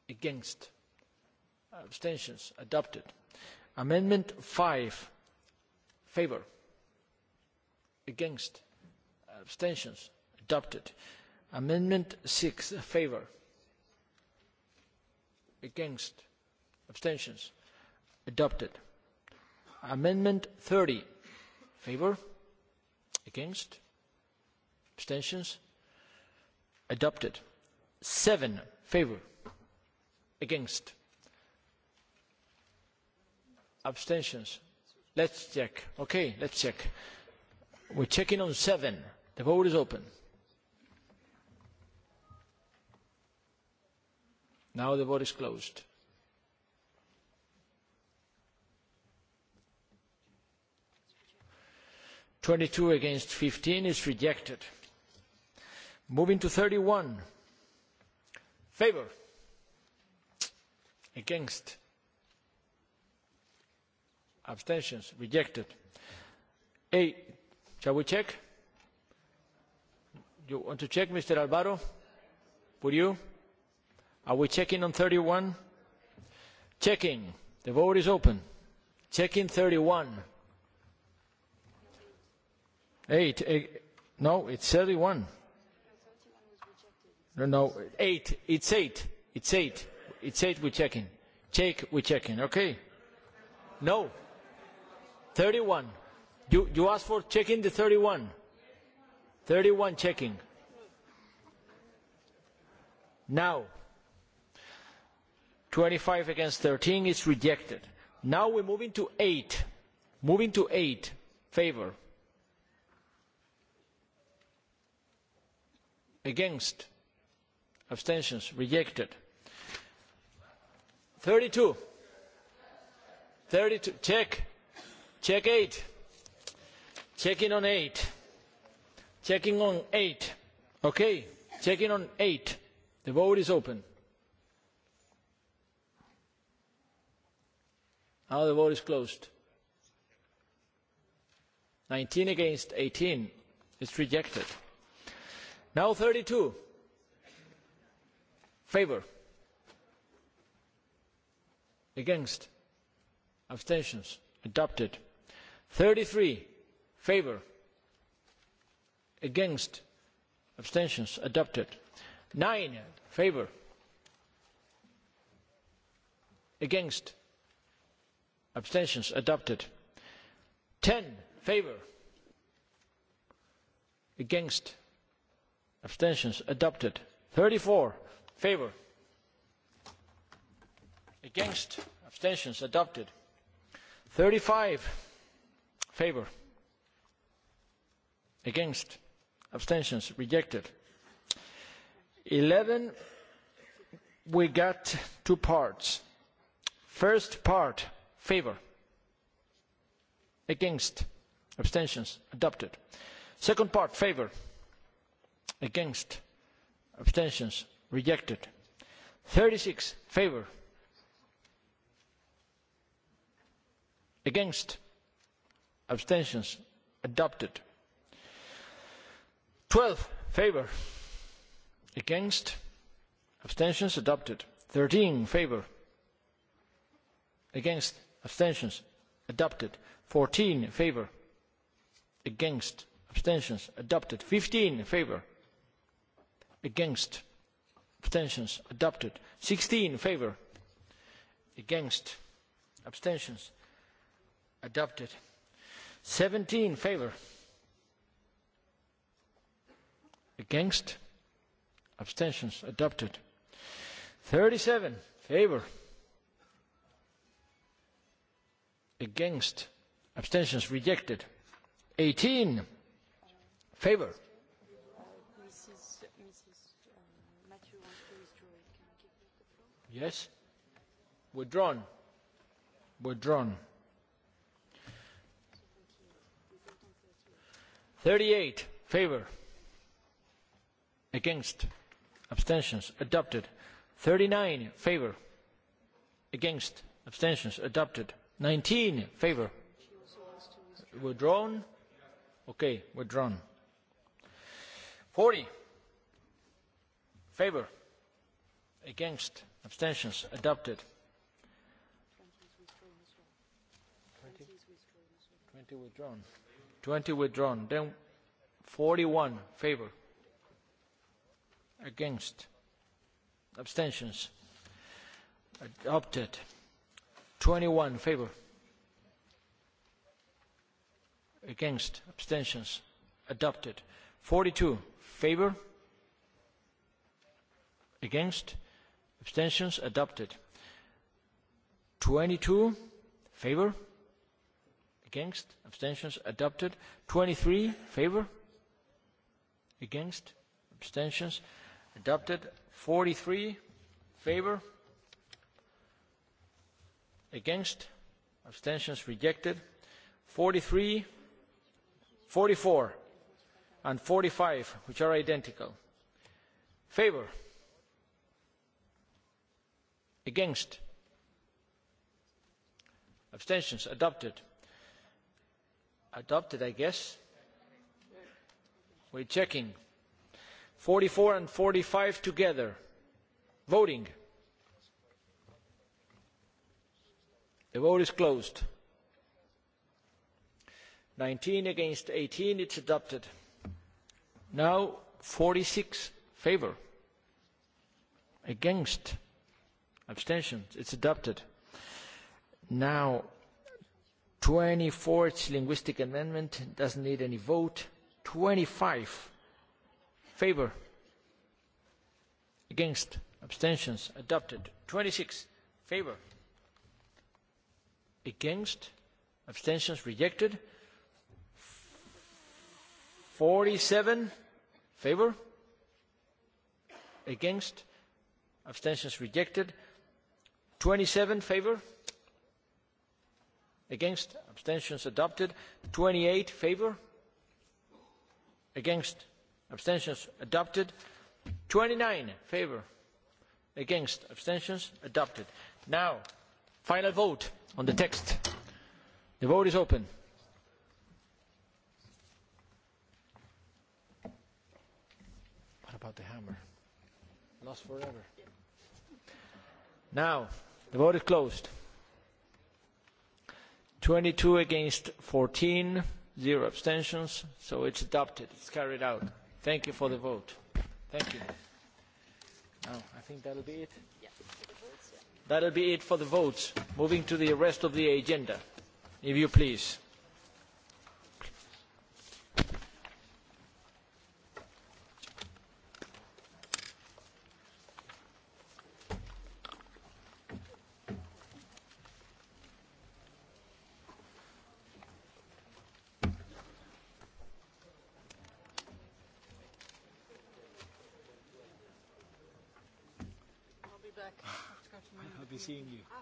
against abstentions adopted amendment five favour against abstentions adopted amendment six favour against abstentions adopted amendment thirty favour against Abstentions? Adopted. Seven, favor. Against. Abstentions? Let's check. Okay, let's check. We're checking on seven. The vote is open. Now the vote is closed. Twenty-two against fifteen is rejected moving to thirty one favour against abstentions rejected a shall we check? you want to check mr alvaro? would you? are we checking on thirty one? checking the vote is open checking thirty one eight, eight no it's thirty one No, no, eight. It's eight. It's eight. It's eight. We're checking. Check. We're checking. Okay. No. Thirty-one. You you asked for checking the thirty-one. Thirty-one checking. Now. Twenty-five against thirteen is rejected. Now we're moving to eight. Moving to eight. Favor. Against abstentions rejected thirty two thirty two check check eight checking on eight checking on eight okay checking on eight the vote is open now the vote is closed nineteen against eighteen it's rejected now thirty two favour against abstentions adopted thirty three favour against abstentions adopted nine favour against abstentions adopted ten favour against abstentions adopted thirty four favour against abstentions adopted thirty five favour against abstentions rejected eleven we got two parts first part favour against abstentions adopted second part favour against abstentions rejected; thirty six in favour; against; abstentions; adopted; twelve in favour; against; abstentions; adopted; thirteen in favour; against; abstentions; adopted; fourteen in favour; against; abstentions; adopted; fifteen in favour; against; abstentions adopted sixteen in favour against abstentions adopted seventeen in favour against abstentions adopted thirty seven in favour against abstentions rejected eighteen in favour yes withdrawn withdrawn thirty eight favour against abstentions adopted thirty nine favour against abstentions adopted nineteen favour withdrawn okay withdrawn forty favour against abstentions adopted twenty withdrawn twenty withdrawn then forty one favor against abstentions adopted twenty one favor against abstentions adopted forty two favor against Abstentions adopted. 22, favor. Against. Abstentions adopted. 23, favor. Against. Abstentions adopted. 43, favor. Against. Abstentions rejected. 43, 44, and 45, which are identical. Favor against abstentions adopted adopted i guess we're checking 44 and 45 together voting the vote is closed 19 against 18 it's adopted now 46 favor against abstentions. It's adopted. Now, 24th linguistic amendment doesn't need any vote. 25, favor, against, abstentions, adopted. 26, favor, against, abstentions, rejected. 47, favor, against, abstentions, rejected twenty seven in favour against abstentions adopted twenty eight in favour against abstentions adopted twenty nine in favour against abstentions adopted now final vote on the text the vote is open what about the hammer lost forever now The vote is closed. 22 against 14, zero abstentions. So it's adopted. It's carried out. Thank you for the vote. Thank you. Now, I think that'll be it. That'll be it for the votes. Moving to the rest of the agenda, if you please. seeing you. Ah,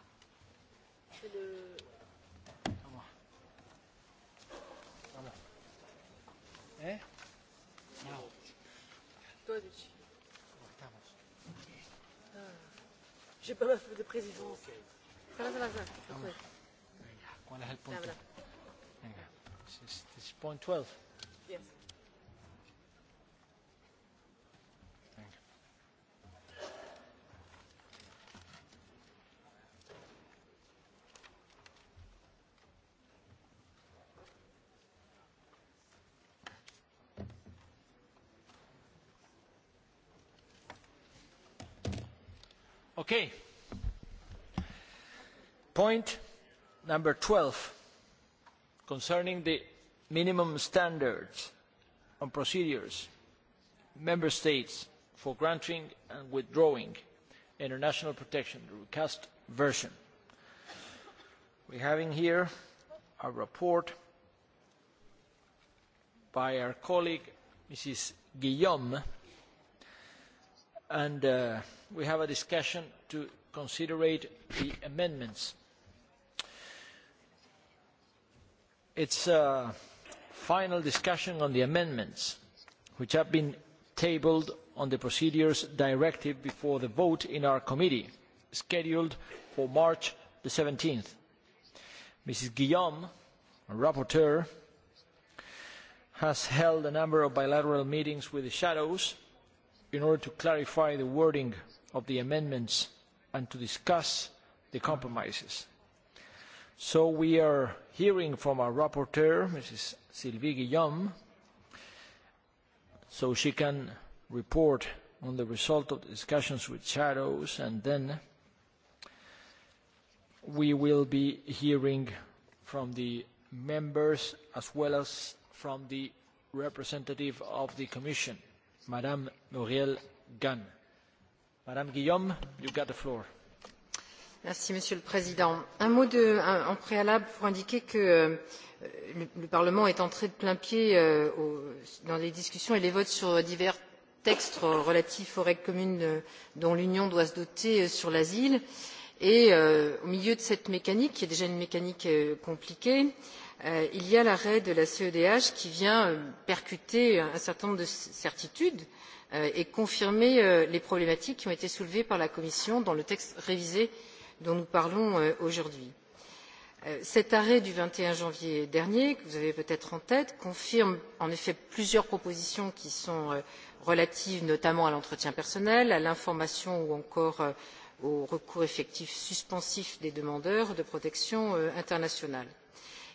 come on. Come on. Eh? Now. Oh, ah. J'ai pas ma feuille de présidence. Ça va, ça va, ça va. Quand on a le point 12. Venga. C'est point 12. point number twelve concerning the minimum standards and procedures member states for granting and withdrawing international protection the recast version we have here a report by our colleague mrs guillaume and uh, we have a discussion to consider the amendments. It is a final discussion on the amendments which have been tabled on the procedures directive before the vote in our committee scheduled for march seventeen. mrs guillaume rapporteur has held a number of bilateral meetings with the shadows in order to clarify the wording of the amendments and to discuss the compromises. so we are hearing from our rapporteur mrs sylvie guillaume so she can report on the result of the discussions with shadows and then we will be hearing from the members as well as from the representative of the commission madame muriel gann monsieur le président un mot en préalable pour indiquer que euh, le parlement est entré de plain-pied euh, dans les discussions et les votes sur divers textes relatifs aux règles communes euh, dont l'union doit se doter sur l'asile et au milieu de cette mécanique qui est déjà une mécanique compliquée il y a l'arrêt de la cedh qui vient percuter un certain nombre de certitudes Euh, et confirmer euh, les problématiques qui ont été soulevées par la commission dans le texte révisé dont nous parlons euh, aujourd'hui. cet arrêt du vingt et un janvier dernier que vous avez peut être en tête confirme en effet plusieurs propositions qui sont relatives notamment à l'entretien personnel à l'information ou encore au recours effectif suspensif des demandeurs de protection internationale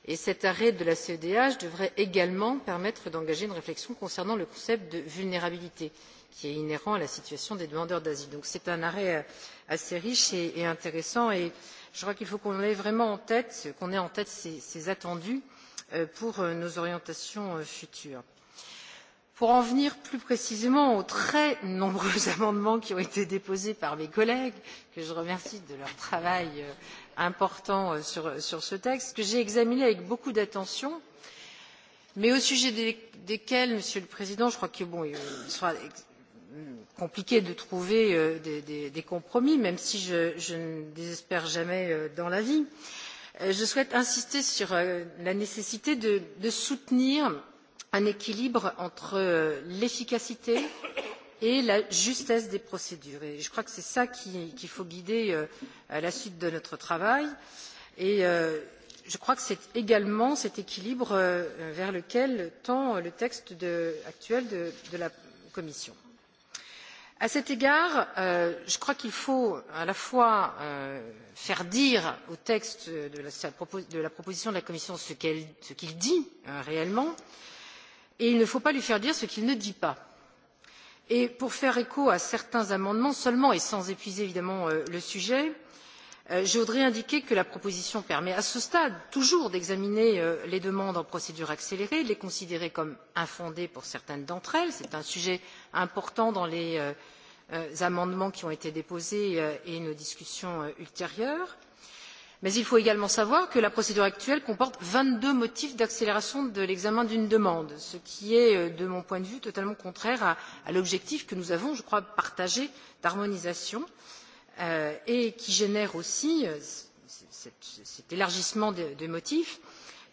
et cet arrêt de la cedh devrait également permettre d'engager une réflexion concernant le concept de vulnérabilité qui est inhérent à la situation des demandeurs d'asile. c'est donc un arrêt euh, assez riche et intéressant et je crois qu'il faut qu'on ait vraiment en tête ces attendus euh, pour euh, nos orientations futures. pour en venir plus précisément aux très nombreux (laughs) amendements qui ont été déposés par mes collègues que je remercie de leur travail important euh, sur ce texte que j'ai examiné avec beaucoup d'attention mais au sujet desquels monsieur le président je crois qu'il sera compliqué de trouver euh, des compromis même si je ne désespère jamais euh, dans la vie je souhaite insister sur la nécessité de soutenir un équilibre entre l'efficacité et et la justesse des procédures. je crois que c'est cela qu'il faut guider euh, la suite de notre travail et euh, je crois que c'est également cet équilibre euh, vers lequel tend le texte actuel de la commission. à cet égard je crois qu'il faut à la fois faire dire au texte de la proposition de la commission ce qu'il dit réellement et il ne faut pas lui faire dire ce qu'il ne dit pas et pour faire écho à certains amendements seulement et sans épuiser évidemment euh, le sujet euh, je voudrais indiquer que la proposition permet à ce stade toujours d'examiner euh, les demandes en procédure accélérée de les considérer comme infondées pour certaines d'entre elles c'est un sujet important dans les amendements qui ont été déposés et nos discussions ultérieures mais il faut également savoir que la procédure actuelle comporte vingt deux motifs d'accélération de l'examen d'une demande ce qui est euh, de mon point de vue totalement contraire à l'objectif que nous avons je crois partagé d'harmonisation euh, et qui génère aussi euh, cet élargissement des motifs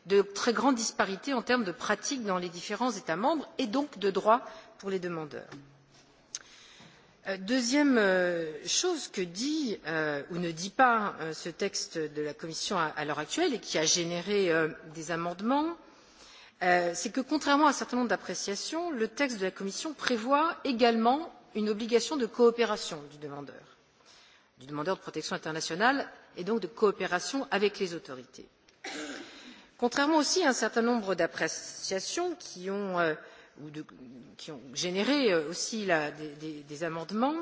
de très grandes disparités en termes de pratiques dans les différents états membres et donc de droits pour les demandeurs. Euh, deuxième euh, chose que dit euh, ou ne dit pas ce texte de la commission à l'heure actuelle et qui a généré des amendements c'est que contrairement à un certain nombre d'appréciations le texte de la commission prévoit également une obligation de coopération du demandeur du demandeur de protection internationale et donc de coopération avec les autorités. contrairement aussi à un certain nombre d'appréciations qui ont qui ont généré euh, aussi des amendements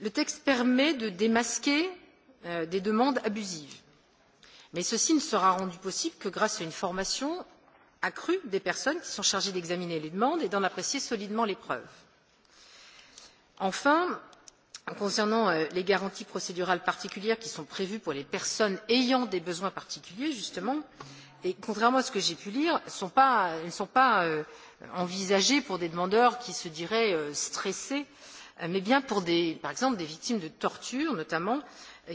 le texte permet de démasquer euh, des demandes abusives mais ceci ne sera rendu possible que grâce à une formation accrue des personnes qui sont chargées d'examiner les demandes et d'en apprécier solidement les preuves. enfin concernant euh, les garanties procédurales particulières qui sont prévues pour les personnes ayant des besoins particuliers justement elles et contrairement à ce que j'ai pu lire ne sont pas euh, envisagées pour des demandeurs qui se diraient euh, stressés euh, mais bien pour des par exemple des victimes de torture notamment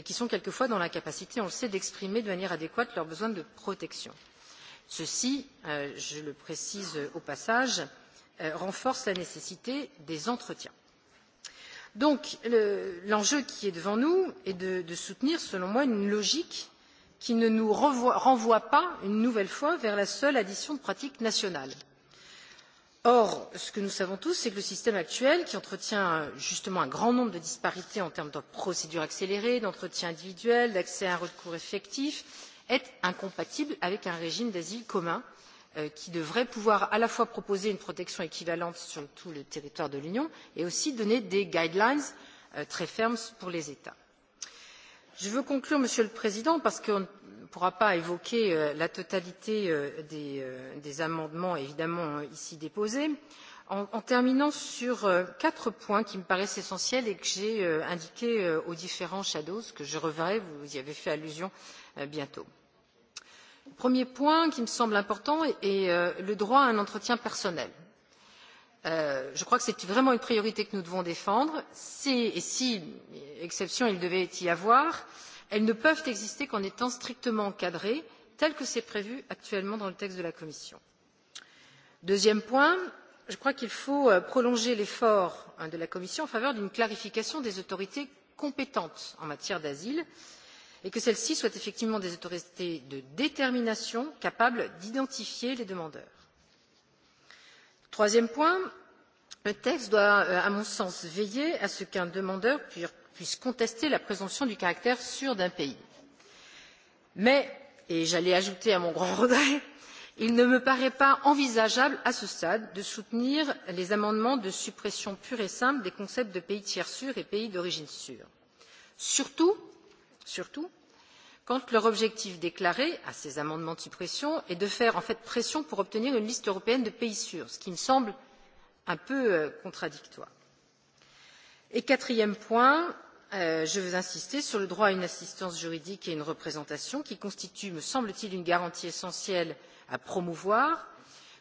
qui sont quelquefois dans l'incapacité on le sait d'exprimer de manière adéquate leurs besoins de protection. ceci je le précise au passage renforce la nécessité des entretiens. donc l'enjeu qui est devant nous est de soutenir selon moi une logique qui ne nous renvoie pas une nouvelle fois vers la seule addition de pratiques nationales. or ce que nous savons tous c'est que le système actuel qui entretient euh, justement un grand nombre de disparités en termes de procédures accélérées d'entretien individuel d'accès à un recours effectif est incompatible avec un régime d'asile commun euh, qui devrait pouvoir à la fois proposer une protection équivalente sur tout le territoire de l'union et aussi donner des guidelines euh, très fermes pour les états je veux conclure monsieur le président parce qu'on ne pourra pas évoquer euh, la totalité euh, euh, des amendements évidemment ici déposés en terminant sur quatre points qui me paraissent essentiels et que j'ai indiqués aux différents rapporteurs fictifs que je reverrai vous y avez fait allusion bientôt. premier point qui me semble important le droit à un entretien personnel. Euh, je crois que c'est vraiment une priorité que nous devons défendre et si exception il devait y avoir elles ne peuvent exister qu'en étant strictement encadrées tel que c'est prévu actuellement dans le texte de la commission. deuxième point je crois qu'il faut euh, prolonger l'effort de la commission en faveur d'une clarification des autorités compétentes en matière d'asile et que celles ci soient effectivement des autorités de détermination capables d'identifier les demandeurs troisième point le texte doit euh, à mon sens veiller à ce qu'un demandeur puisse contester la présomption du caractère sûr d'un pays mais et j'allais ajouter à mon grand (laughs) regret il ne me paraît pas envisageable à ce stade de soutenir les amendements de suppression pure et simple des concepts de pays tiers sûr et pays d'origine sûr surtout quand leur objectif déclaré à ces amendements de suppression est de faire en fait pression pour obtenir une liste européenne de pays sûrs ce qui me semble un peu euh, contradictoire. quatrième point euh, je veux insister sur le droit à une assistance juridique et à une représentation qui constitue me semble t il une garantie essentielle à promouvoir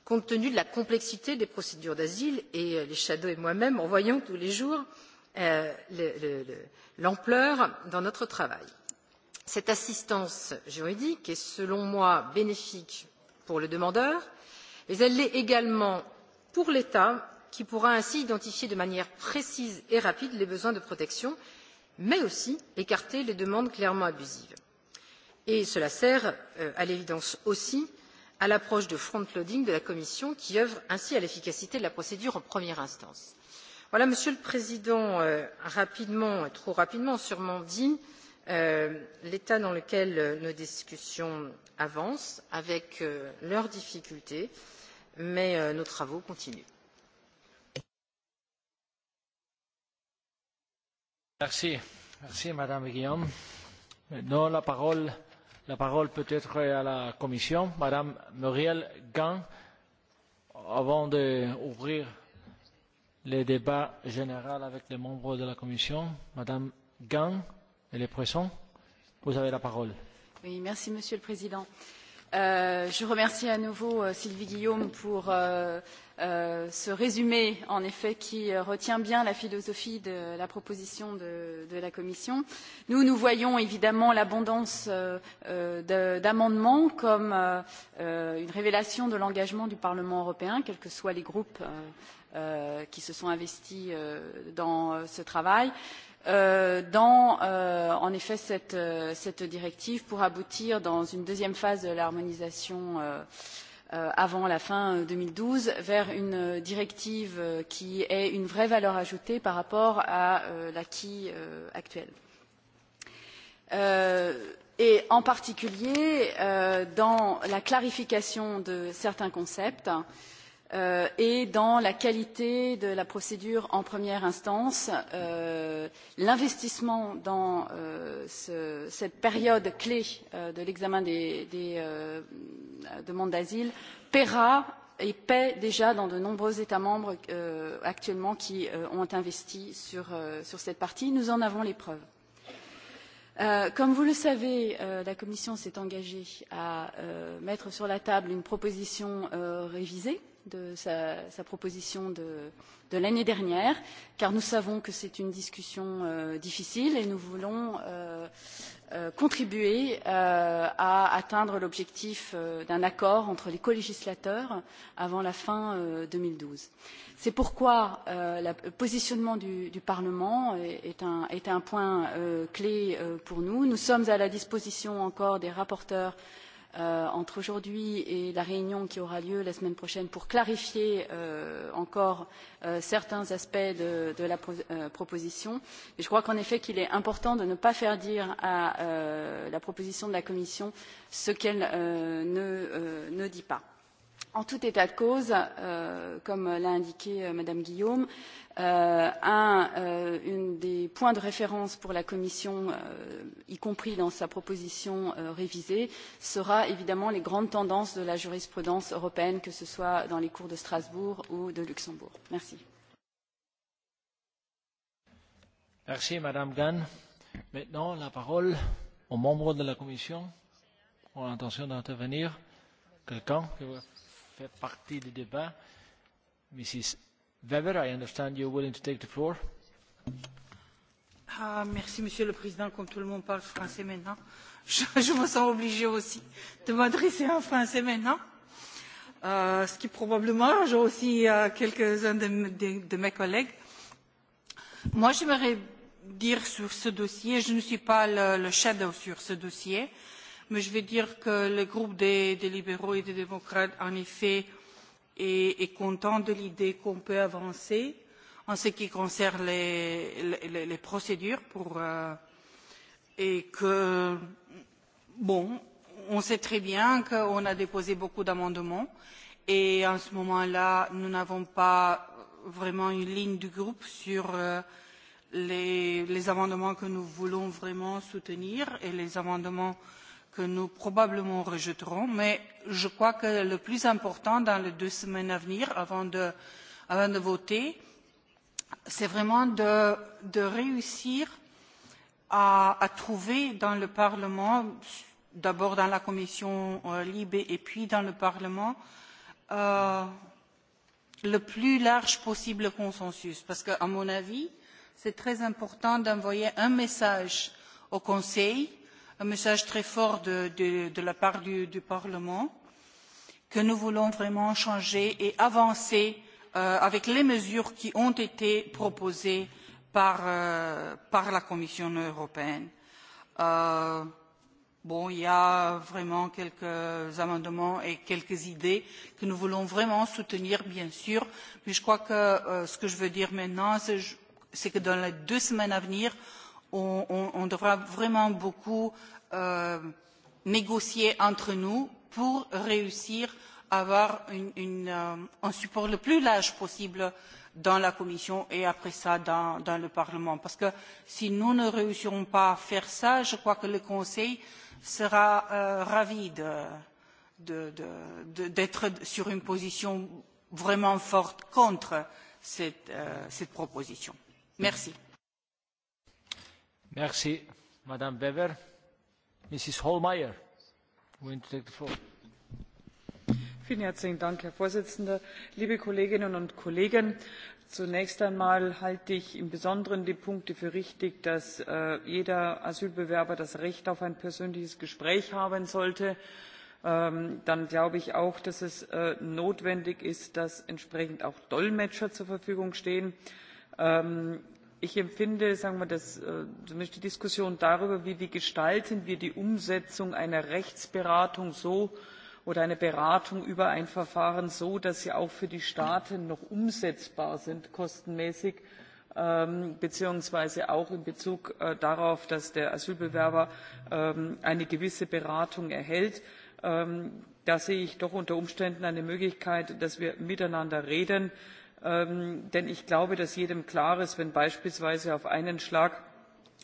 compte tenu de la complexité des procédures d'asile et euh, les rapporteurs et moi même en voyons tous les jours l'ampleur dans notre travail cette assistance juridique est selon moi bénéfique pour le demandeur mais elle l'est également pour l'état qui pourra ainsi identifier de manière précise et rapide les besoins de protection mais aussi écarter les demandes clairement abusives. cela sert euh, à l'évidence aussi à l'approche de front loading de la commission qui œuvre ainsi à l'efficacité de la procédure en première instance. voilà monsieur le président euh, rapidement trop rapidement sûrement dit Euh, l'état dans lequel euh, nos discussions avancent avec euh, leurs difficultés mais nos travaux continuent. merci. merci madame guillaume. maintenant la parole, la parole peut être à la commission. madame muriel gahn. avant d'ouvrir le débat général avec les membres de la commission, madame gahn monsieur le président euh, je remercie à nouveau euh, sylvie guillaume pour euh, ce résumé en effet qui retient bien la philosophie de la proposition de la commission. nous nous voyons évidemment l'abondance d'amendements comme une révélation de l'engagement du parlement européen quels que soient les groupes qui se sont investis dans ce travail. Euh, dans euh, en effet cette, euh, cette directive pour aboutir dans une deuxième phase de l'harmonisation avant la fin 2012 vers une directive qui est une vraie valeur ajoutée par rapport à l'acquis actuel. Euh, et en particulier euh, dans la clarification de certains concepts euh, euh, et dans la qualité de la procédure en première instance, euh, l'investissement dans euh, ce, cette période clé euh, de l'examen des, des euh, demandes d'asile paiera et paie déjà dans de nombreux États membres euh, actuellement qui euh, ont investi sur, euh, sur cette partie. Nous en avons les preuves. Euh, comme vous le savez, euh, la Commission s'est engagée à euh, mettre sur la table une proposition euh, révisée euh, de sa, sa proposition de, de l'année dernière, car nous savons que c'est une discussion euh, difficile et nous voulons euh, euh, contribuer euh, à atteindre l'objectif euh, d'un accord entre les co-législateurs avant la fin euh, 2012. C'est pourquoi euh, la, le positionnement du, du Parlement est un, est un point euh, clé euh, pour nous. Nous sommes à la disposition encore des rapporteurs euh, entre aujourd'hui et la réunion qui aura lieu la semaine prochaine pour clarifier euh, encore euh, certains aspects de, de la pro euh, proposition. Et je crois qu'en effet qu'il est important de ne pas faire dire à euh, la proposition de la Commission ce qu'elle euh, ne, euh, ne dit pas. En tout état de cause, euh, comme l'a indiqué euh, Madame Guillaume, euh, euh, un euh, une des points de référence pour la Commission, euh, y compris dans sa proposition euh, révisée, sera évidemment les grandes tendances de la jurisprudence européenne, que ce soit dans les cours de Strasbourg ou de Luxembourg. Merci. Merci Madame Gann. Maintenant, la parole aux membres de la Commission qui ont l'intention d'intervenir. Quelqu'un qui fait partie du débat, Mrs weber i understand you are willing to take the floor. Ah, monsieur le président comme tout le monde parle français maintenant (laughs) je me sens obligée aussi de m'adresser en français maintenant euh, ce qui probablement arrangera aussi euh, quelques uns de mes collègues. moi j'aimerais dire sur ce dossier je ne suis pas le shadow sur ce dossier mais je vais dire que le groupe des libéraux et des démocrates en effet et contente de l'idée qu'on peut avancer en ce qui concerne les, les, les procédures pour euh, et que bon on sait très bien qu'on a déposé beaucoup d'amendements et en ce moment là nous n'avons pas vraiment une ligne du groupe sur euh, les, les amendements que nous voulons vraiment soutenir et les amendements euh, que nous probablement rejetterons, mais je crois que le plus important dans les deux semaines à venir, avant de, avant de voter, c'est vraiment de, de réussir à, à trouver dans le Parlement, d'abord dans la commission euh, libre et puis dans le Parlement, euh, le plus large possible consensus. Parce qu'à mon avis, c'est très important d'envoyer un message au Conseil euh, un message très fort de, de, de la part du, du Parlement que nous voulons vraiment changer et avancer euh, avec les mesures qui ont été proposées par, euh, par la Commission européenne. Euh, bon, il y a vraiment quelques amendements et quelques idées que nous voulons vraiment soutenir, bien sûr, mais je crois que euh, ce que je veux dire maintenant, c'est que dans les deux semaines à venir, on, on, on devra vraiment beaucoup euh, négocier entre nous pour réussir à avoir une, une, euh, un support le plus large possible dans la Commission et après ça dans, dans le Parlement. Parce que si nous ne réussirons pas à faire ça, je crois que le Conseil sera euh, ravi d'être de, de, de, de, sur une position vraiment forte contre cette, euh, cette proposition. Merci. Mmh herr präsident liebe kolleginnen und kollegen! zunächst einmal halte ich im besonderen die punkte für richtig dass äh, jeder asylbewerber das recht auf ein persönliches gespräch haben sollte. Ähm, dann glaube ich auch dass es äh, notwendig ist dass entsprechend auch dolmetscher zur verfügung stehen. Ähm, ich empfinde äh, zumindest die diskussion darüber wie wir die umsetzung einer rechtsberatung oder einer beratung über ein verfahren so gestalten dass sie auch für die staaten noch umsetzbar sind kostenmäßig ähm, beziehungsweise auch in bezug äh, darauf dass der asylbewerber ähm, eine gewisse beratung erhält. Ähm, da sehe ich doch unter umständen eine möglichkeit dass wir miteinander reden Ähm, denn ich glaube dass jedem klar ist wenn beispielsweise auf einen schlag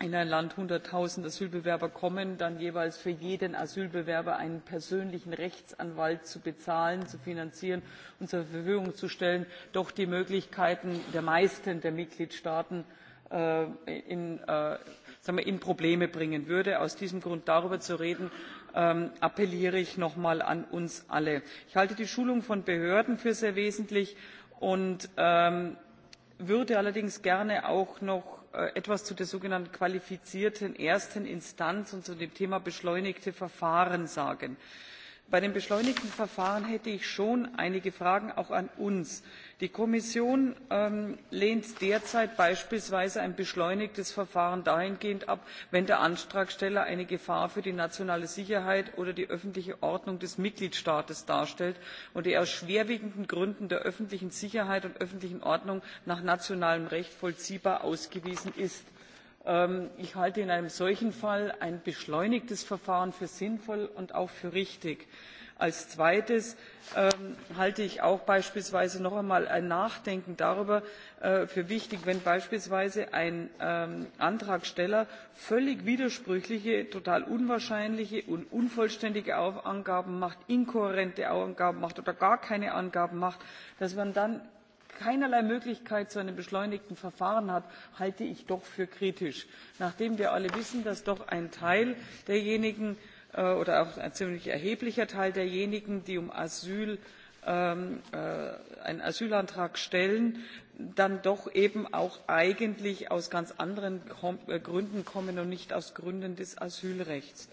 in ein land einhundert null asylbewerber kommen dann jeweils für jeden asylbewerber einen persönlichen rechtsanwalt zu bezahlen zu finanzieren und zur verfügung zu stellen doch die möglichkeiten der meisten der mitgliedstaaten äh, äh, in probleme bringen würde. aus diesem grund darüber zu reden ähm, appelliere ich noch einmal an uns alle. ich halte die schulung von behörden für sehr wesentlich und ähm, würde allerdings gerne auch noch äh, etwas zu der sogenannten qualifizierten ersten instanz und zu dem thema beschleunigte verfahren sagen. bei den beschleunigten verfahren hätte ich schon einige fragen auch an uns die kommission ähm, lehnt derzeit beispielsweise ein beschleunigtes verfahren dahingehend ab wenn der antragsteller eine gefahr für die nationale sicherheit oder die öffentliche ordnung des mitgliedstaates darstellt und er aus schwerwiegenden gründen der öffentlichen sicherheit und öffentlichen ordnung nach nationalem recht vollziehbar ausgewiesen ist. Ähm, ich halte in einem solchen fall ein beschleunigtes verfahren für sinnvoll und auch für richtig als zweites ähm, halte ich auch beispielsweise noch einmal ein nachdenken darüber äh, für wichtig wenn beispielsweise ein ähm, antragsteller völlig widersprüchliche total unwahrscheinliche und unvollständige angaben macht inkohärente angaben macht oder gar keine angaben macht dass man dann keinerlei möglichkeit zu einem beschleunigten verfahren hat halte ich doch für kritisch nachdem wir alle wissen dass doch ein teil derjenigen Äh, oder auch ein ziemlich erheblicher Teil derjenigen, die um Asyl, ähm, äh, einen Asylantrag stellen, dann doch eben auch eigentlich aus ganz anderen äh, Gründen kommen und nicht aus Gründen des Asylrechts.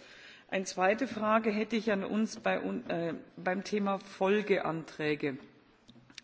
Eine zweite Frage hätte ich an uns bei, äh, beim Thema Folgeanträge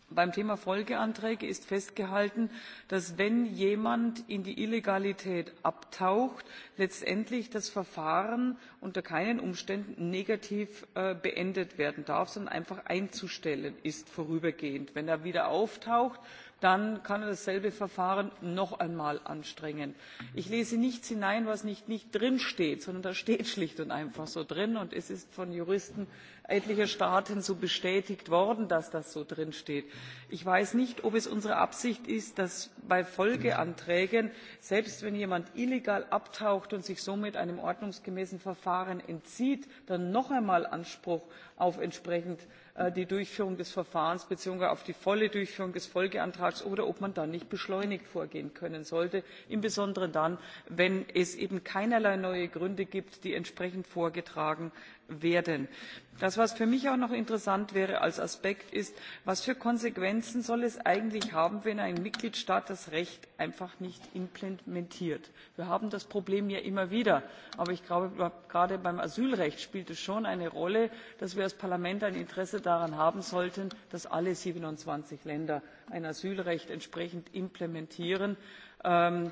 beim thema folgeanträge ist festgehalten dass wenn jemand in die illegalität abtaucht letztendlich das verfahren unter keinen umständen negativ äh, beendet werden darf sondern einfach einzustellen ist vorübergehend. wenn er wieder auftaucht dann kann er dasselbe verfahren noch einmal anstrengen. ich lese nichts hinein was nicht, nicht drinsteht sondern das steht schlicht und einfach so drin und es ist von juristen etlicher staaten so bestätigt worden dass das so drinsteht. ich weiß nicht ob es unsere absicht ist dass bei folgeanträgen selbst wenn jemand illegal abtaucht und sich somit einem ordnungsgemäßen verfahren entzieht dann noch einmal anspruch auf entsprechend Äh, die durchführung des verfahrens beziehungsweise auf die volle durchführung des folgeantrags oder ob man dann nicht beschleunigt vorgehen können sollte insbesondere dann wenn es eben keinerlei neue gründe gibt die entsprechend vorgetragen werden. was für mich auch noch interessant wäre als aspekt ist was für konsequenzen soll es eigentlich haben wenn ein mitgliedstaat das recht einfach nicht implementiert? wir haben das problem ja immer wieder aber ich glaube gerade beim asylrecht spielt es schon eine rolle dass wir als parlament ein interesse daran haben sollten dass alle siebenundzwanzig länder ein asylrecht entsprechend implementieren ähm,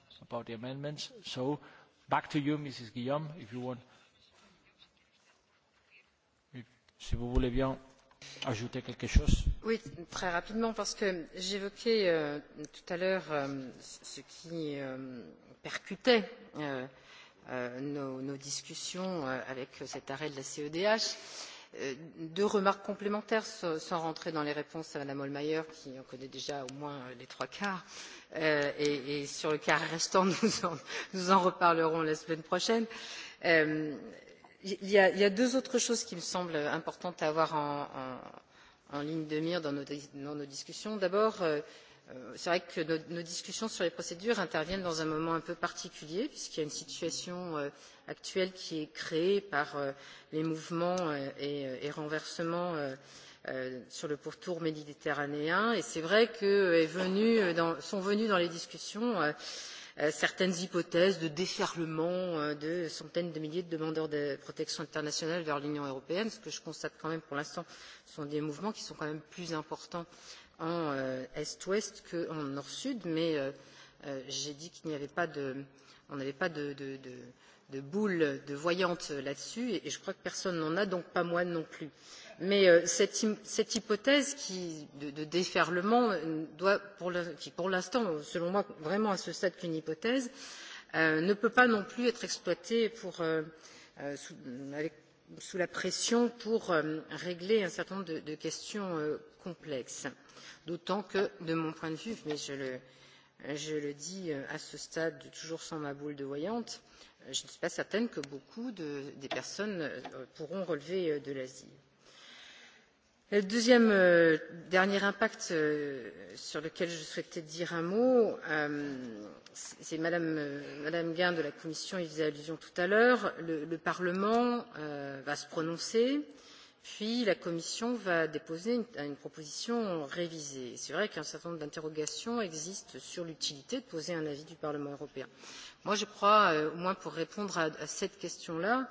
about the amendments. So back to you, Mrs. Guillaume, if you want. Si vous voulez bien ajouter quelque chose. Oui, très rapidement, parce que j'évoquais euh, tout à l'heure euh, ce qui euh, percutait euh, euh, nos, nos discussions euh, avec cet arrêt de la CEDH. Euh, Euh, deux remarques complémentaires sans rentrer dans les réponses à mme hohlmeier qui en connaît déjà au moins euh, les trois quarts euh, et sur le quart restant (laughs) nous en, nous en reparlerons la semaine prochaine. Il y, a, il y a deux autres choses qui me semblent importantes à avoir en, en, en ligne de mire dans nos, dans nos discussions. D'abord, euh, Euh, c'est vrai que nos discussions sur les procédures interviennent dans un moment un peu particulier puisqu'il y a une situation euh, actuelle qui est créée par euh, les mouvements et renversements sur le pourtour méditerranéen et c'est vrai que sont venues dans les discussions certaines hypothèses de déferlement de centaines de milliers de demandeurs de protection internationale vers l'Union européenne. Ce que je constate quand même pour l'instant, ce sont des mouvements qui sont quand même plus importants en euh, est ouest qu'en nord sud mais euh, euh, j'ai dit qu'il n'y avait pas de on n'avait pas de, de, de, de boule de voyante là dessus et je crois que personne n'en a donc pas moi non plus. Mais cette, cette hypothèse qui, de, de déferlement doit pour le, qui pour l'instant selon moi vraiment à ce stade qu'une hypothèse euh, ne peut pas non plus être exploitée pour, euh, euh, sous, avec sous la pression pour euh, régler un certain nombre de questions euh, complexes d'autant que de mon point de vue mais je le dis euh, à ce stade toujours sans ma boule de voyante je ne suis pas certaine que beaucoup des personnes pourront relever de l'asile le deuxième euh, dernier impact euh, sur lequel je souhaitais dire un mot euh, c'est mme gl de la commission y faisait allusion tout à l'heure le parlement va se prononcer puis la commission va déposer une proposition révisée. il est vrai qu'un certain nombre d'interrogations existent sur l'utilité de poser un avis du parlement européen. moi je crois au moins pour répondre à cette question là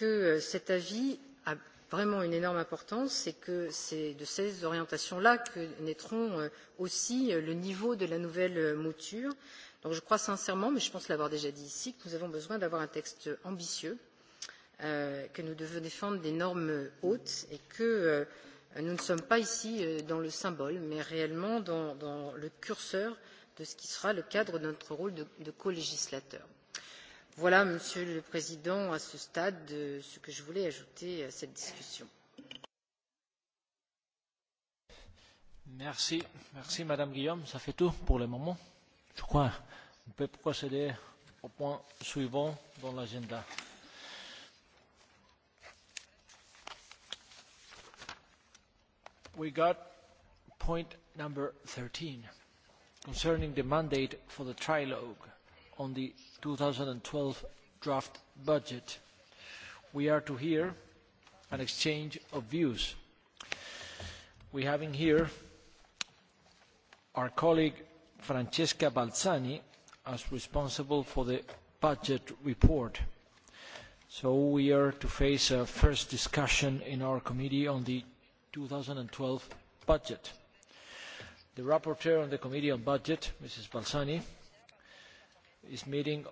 que cet avis a vraiment une énorme importance et que c'est de ces orientations là que naîtront euh, aussi euh, le niveau de la nouvelle euh, mouture. Donc je crois sincèrement mais je pense l'avoir déjà dit ici que nous avons besoin d'avoir un texte ambitieux euh, que nous devons défendre des normes hautes et que euh, nous ne sommes pas ici dans le symbole mais réellement dans, dans le curseur de ce qui sera le cadre de notre rôle de, de co législateur voilà monsieur le président à ce stade euh, ce que je voulais ajouter à cette discussion. merci madame guillaume cela fait tout pour le moment je crois. on peut procéder au point suivant de l'ordre du jour. nous avons obtenu le point numéro treize concernant le mandat pour le trilogue on the 2012 draft budget. We are to hear an exchange of views. We have in here our colleague Francesca Balzani as responsible for the budget report. So we are to face a first discussion in our committee on the 2012 budget. The rapporteur on the Committee on Budget, Mrs. Balsani, is meeting.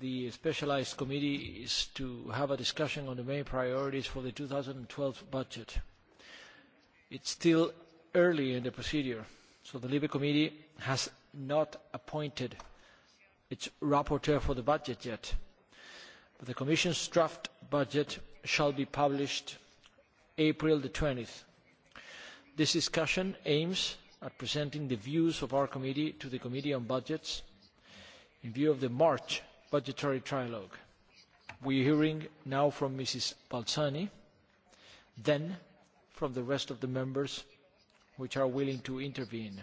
The specialized committee is to have a discussion on the main priorities for the 2012 budget. It's still early in the procedure, so the Libre committee has not appointed its rapporteur for the budget yet. But the Commission's draft budget shall be published April the 20th. This discussion aims at presenting the views of our committee to the Committee on Budgets in view of the march budgetary trilogue we are hearing now from ms balzani then from the rest of the members who are willing to intervene.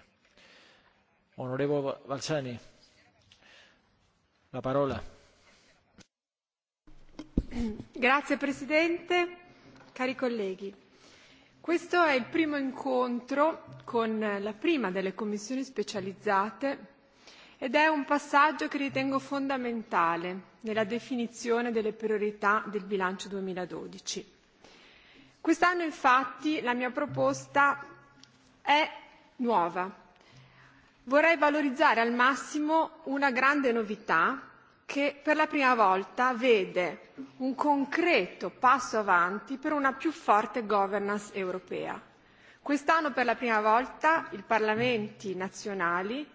honourable balzani la parola. (coughs) grazie presidente cari colleghi questo è il primo incontro con la prima delle commissioni specializzate ed è un passaggio che ritengo fondamentale nella definizione delle priorità del bilancio 2012. Quest'anno infatti la mia proposta è nuova. Vorrei valorizzare al massimo una grande novità che per la prima volta vede un concreto passo avanti per una più forte governance europea. Quest'anno per la prima volta i parlamenti nazionali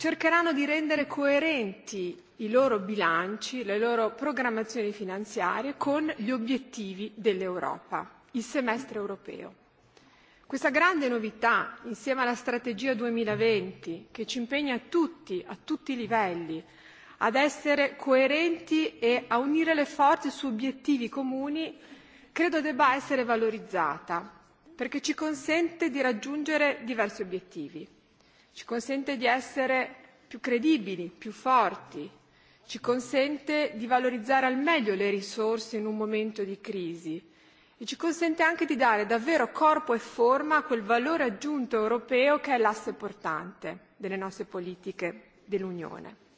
cercheranno di rendere coerenti i loro bilanci, le loro programmazioni finanziarie con gli obiettivi dell'Europa, il semestre europeo. Questa grande novità, insieme alla strategia 2020, che ci impegna tutti, a tutti i livelli, ad essere coerenti e a unire le forze su obiettivi comuni, credo debba essere valorizzata, perché ci consente di raggiungere diversi obiettivi ci consente di essere più credibili, più forti, ci consente di valorizzare al meglio le risorse in un momento di crisi e ci consente anche di dare davvero corpo e forma a quel valore aggiunto europeo che è l'asse portante delle nostre politiche dell'Unione.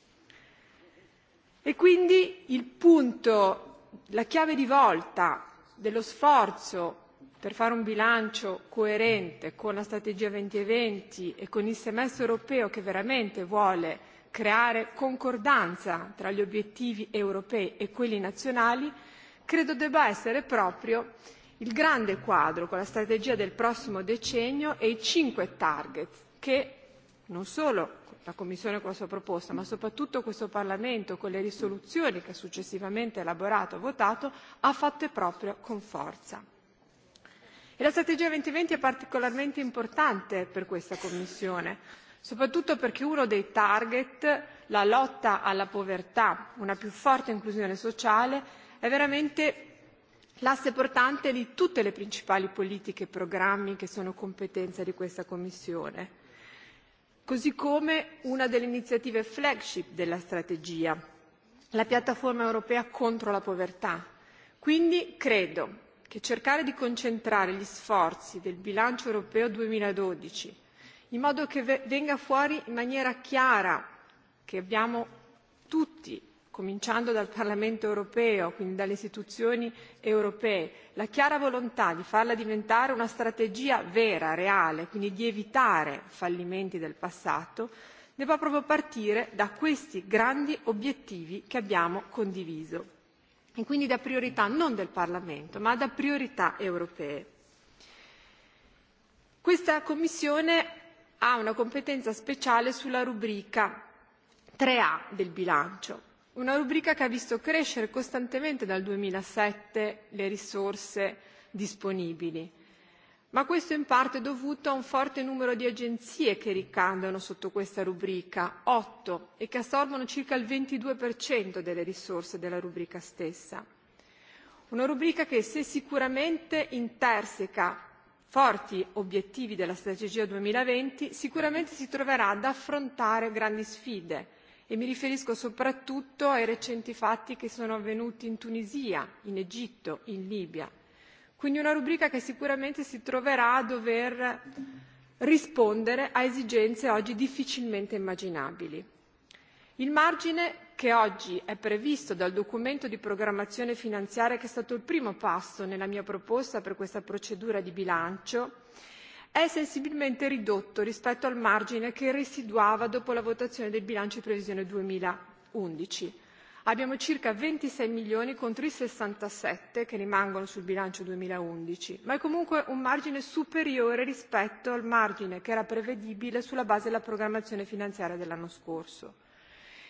E quindi il punto, la chiave di volta dello sforzo per fare un bilancio coerente con la strategia 2020 e, e con il semestre europeo che veramente vuole creare concordanza tra gli obiettivi europei e quelli nazionali, credo debba essere proprio il grande quadro con la strategia del prossimo decennio e i cinque target che non solo la Commissione con la sua proposta, ma soprattutto questo Parlamento con le risoluzioni che successivamente ha elaborato e votato, ha fatto proprio con forza. E la strategia duemilaventi è particolarmente importante per questa commissione soprattutto perché uno dei target la lotta alla povertà una più forte inclusione sociale è veramente l'asse portante di tutte le principali politiche e programmi che sono competenza di questa commissione così come una delle iniziative flagship della strategia la piattaforma europea contro la povertà. quindi credo che cercare di concentrare gli sforzi del bilancio europeo 2012 in modo che venga fuori in maniera chiara che abbiamo tutti, cominciando dal Parlamento europeo, quindi dalle istituzioni europee, la chiara volontà di farla diventare una strategia vera, reale, quindi di evitare fallimenti del passato, debba proprio partire da questi grandi obiettivi che abbiamo condiviso e quindi da priorità non del Parlamento, ma da priorità europee. Questa Commissione ha una competenza speciale sulla rubrica 3A del bilancio, una rubrica che ha visto crescere costantemente dal 2007 le risorse disponibili ma questo è in parte dovuto a un forte numero di agenzie che ricadono sotto questa rubrica otto e che assorbono circa il ventidue delle risorse della rubrica stessa una rubrica che se sicuramente interseca forti obiettivi della strategia 2020 sicuramente si troverà ad affrontare grandi sfide e mi riferisco soprattutto ai recenti fatti che sono avvenuti in Tunisia, in Egitto, in Libia quindi una rubrica che sicuramente si troverà a dover rispondere a esigenze oggi difficilmente immaginabili. Il margine che oggi è previsto dal documento di programmazione finanziaria, che è stato il primo passo nella mia proposta per questa procedura di bilancio, è sensibilmente ridotto rispetto al margine che residuava dopo la votazione del bilancio di previsione 2011 abbiamo circa ventisei milioni contro i sessantasette che rimangono sul bilancio duemilaundici ma è comunque un margine superiore rispetto al margine che era prevedibile sulla base della programmazione finanziaria dell'anno scorso.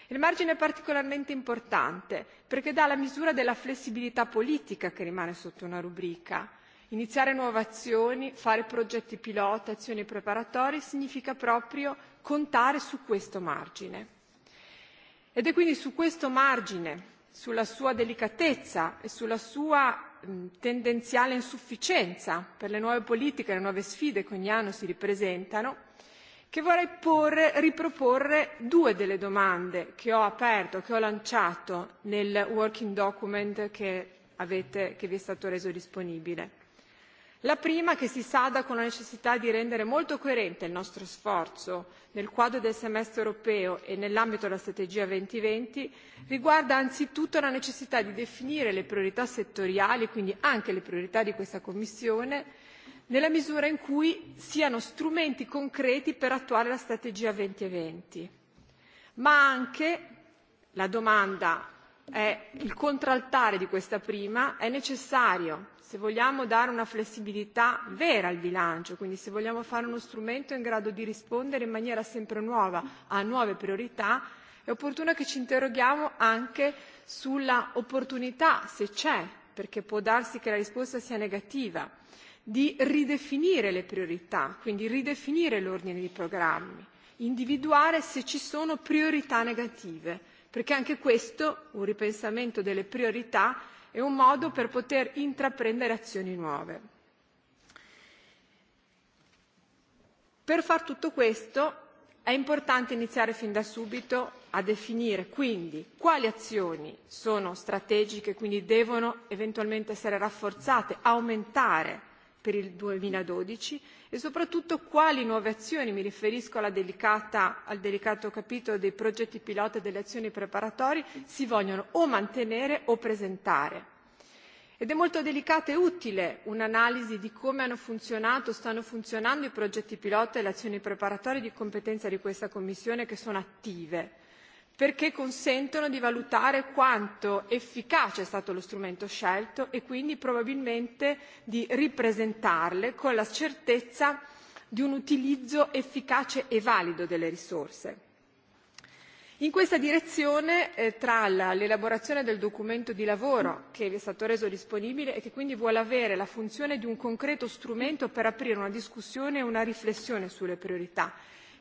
Il margine è particolarmente importante perché dà la misura della flessibilità politica che rimane sotto una rubrica. Iniziare nuove azioni, fare progetti pilota, azioni preparatorie significa proprio contare su questo margine ed è quindi su questo margine sulla sua delicatezza e sulla sua mh, tendenziale insufficienza per le nuove politiche e le nuove sfide che ogni anno si ripresentano che vorrei porre, riproporre due delle domande che ho aperto, che ho lanciato nel working document che, avete, che vi è stato reso disponibile la prima che si sada con la necessità di rendere molto coerente il nostro sforzo nel quadro del semestre europeo e nell'ambito della strategia duemilaventi riguarda anzitutto la necessità di definire le priorità settoriali quindi anche le priorità di questa commissione nella misura in cui siano strumenti concreti per attuare la strategia duemilaventi ma anche la domanda è il contraltare di questa prima è necessario se vogliamo dare una flessibilità vera al bilancio, quindi se vogliamo fare uno strumento in grado di rispondere in maniera sempre nuova a nuove priorità, è opportuno che ci interroghiamo anche sulla opportunità, se c'è, perché può darsi che la risposta sia negativa, di ridefinire le priorità, quindi ridefinire l'ordine dei programmi, individuare se ci sono priorità negative, perché anche questo, un ripensamento delle priorità, e un modo per poter intraprendere azioni nuove. Per far tutto questo è importante iniziare fin da subito a definire quindi quali azioni sono strategiche, quindi devono eventualmente essere rafforzate, aumentare per il 2012 e soprattutto quali nuove azioni mi riferisco al delicato capitolo dei progetti pilota e delle azioni preparatorie si vogliono o mantenere o presentare. ed è molto delicata e utile un'analisi di come hanno funzionato o stanno funzionando i progetti pilota e le azioni preparatorie di competenza di questa commissione che sono attive perché consentono di valutare quanto efficace è stato lo strumento scelto e quindi probabilmente di ripresentarle con la certezza di un utilizzo efficace e valido delle risorse. In questa direzione, eh, tra la, l'elaborazione del documento di lavoro che vi è stato reso disponibile e che quindi vuole avere la funzione di un concreto strumento per aprire una discussione e una riflessione sulle priorità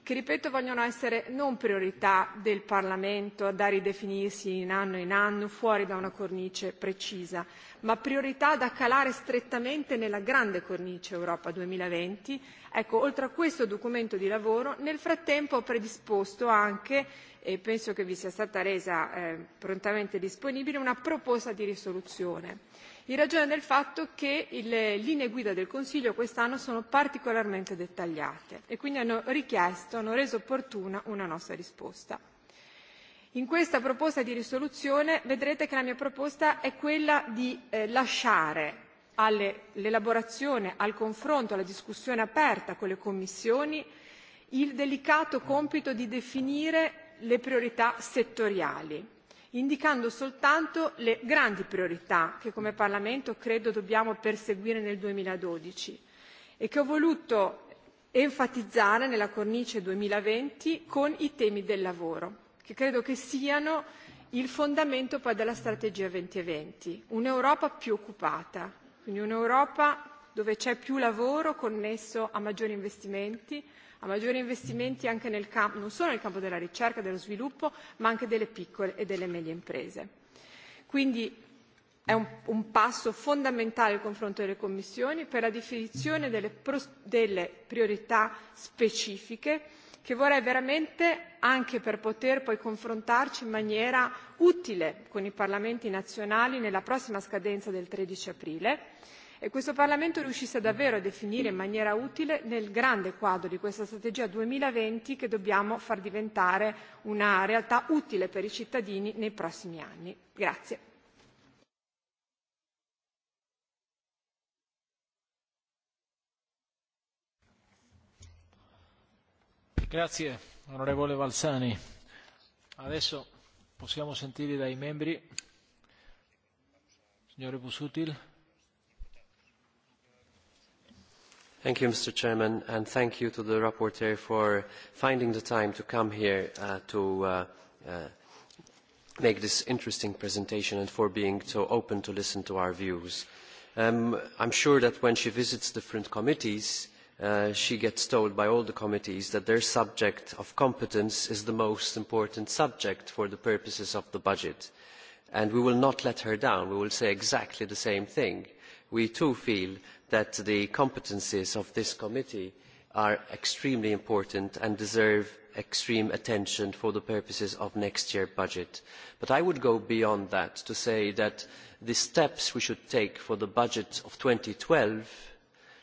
che ripeto vogliono essere non priorità del Parlamento da ridefinirsi in anno in anno fuori da una cornice precisa, ma priorità da calare strettamente nella grande cornice Europa 2020. Ecco, oltre a questo documento di lavoro, nel frattempo ho predisposto anche e penso che vi sia stata resa eh, prontamente disponibile una proposta di risoluzione in ragione del fatto che le linee guida del Consiglio quest'anno sono particolarmente dettagliate e quindi hanno richiesto, hanno reso opportuna una nostra risposta. In questa proposta di risoluzione vedrete che la mia proposta è quella di eh, lasciare all'elaborazione, al confronto, alla discussione aperta con le commissioni il delicato compito di definire le priorità settoriali indicando soltanto le grandi priorità che come parlamento credo dobbiamo perseguire nel duemiladodici e che ho voluto enfatizzare nella cornice duemilaventi con i temi del lavoro che credo che siano il fondamento poi della strategia duemilaventi un'europa più occupata quindi un'europa dove c'è più lavoro connesso a maggiori investimenti a maggiori investimenti anche nel campo non solo nel campo della ricerca e dello sviluppo ma anche delle piccole e delle medie imprese. Quindi è un, un passo fondamentale il confronto delle commissioni per la definizione delle, pro, delle priorità specifiche che vorrei veramente anche per poter poi confrontarci in maniera utile con i parlamenti nazionali nella prossima scadenza del 13 aprile e questo parlamento riuscisse davvero a definire in maniera utile nel grande quadro di questa strategia duemilaventi che dobbiamo far diventare una realtà utile per i cittadini nei prossimi anni. grazie onorevole balzani adesso possiamo sentire dai membri signore busuttil mr president and thank you to the rapporteur for finding the time to come here uh, to uh, uh, make this interesting presentation and for being so open to listen to our views. i am um, sure that when she visits different committees she gets told by all the committees that their subject of competence is the most important subject for the purposes of the budget and we will not let her down we will say exactly the same thing. we too feel that the competences of this committee are extremely important and deserve extreme attention for the purposes of next year's budget but i would go beyond that to say that the steps we should take for the budget of two thousand and twelve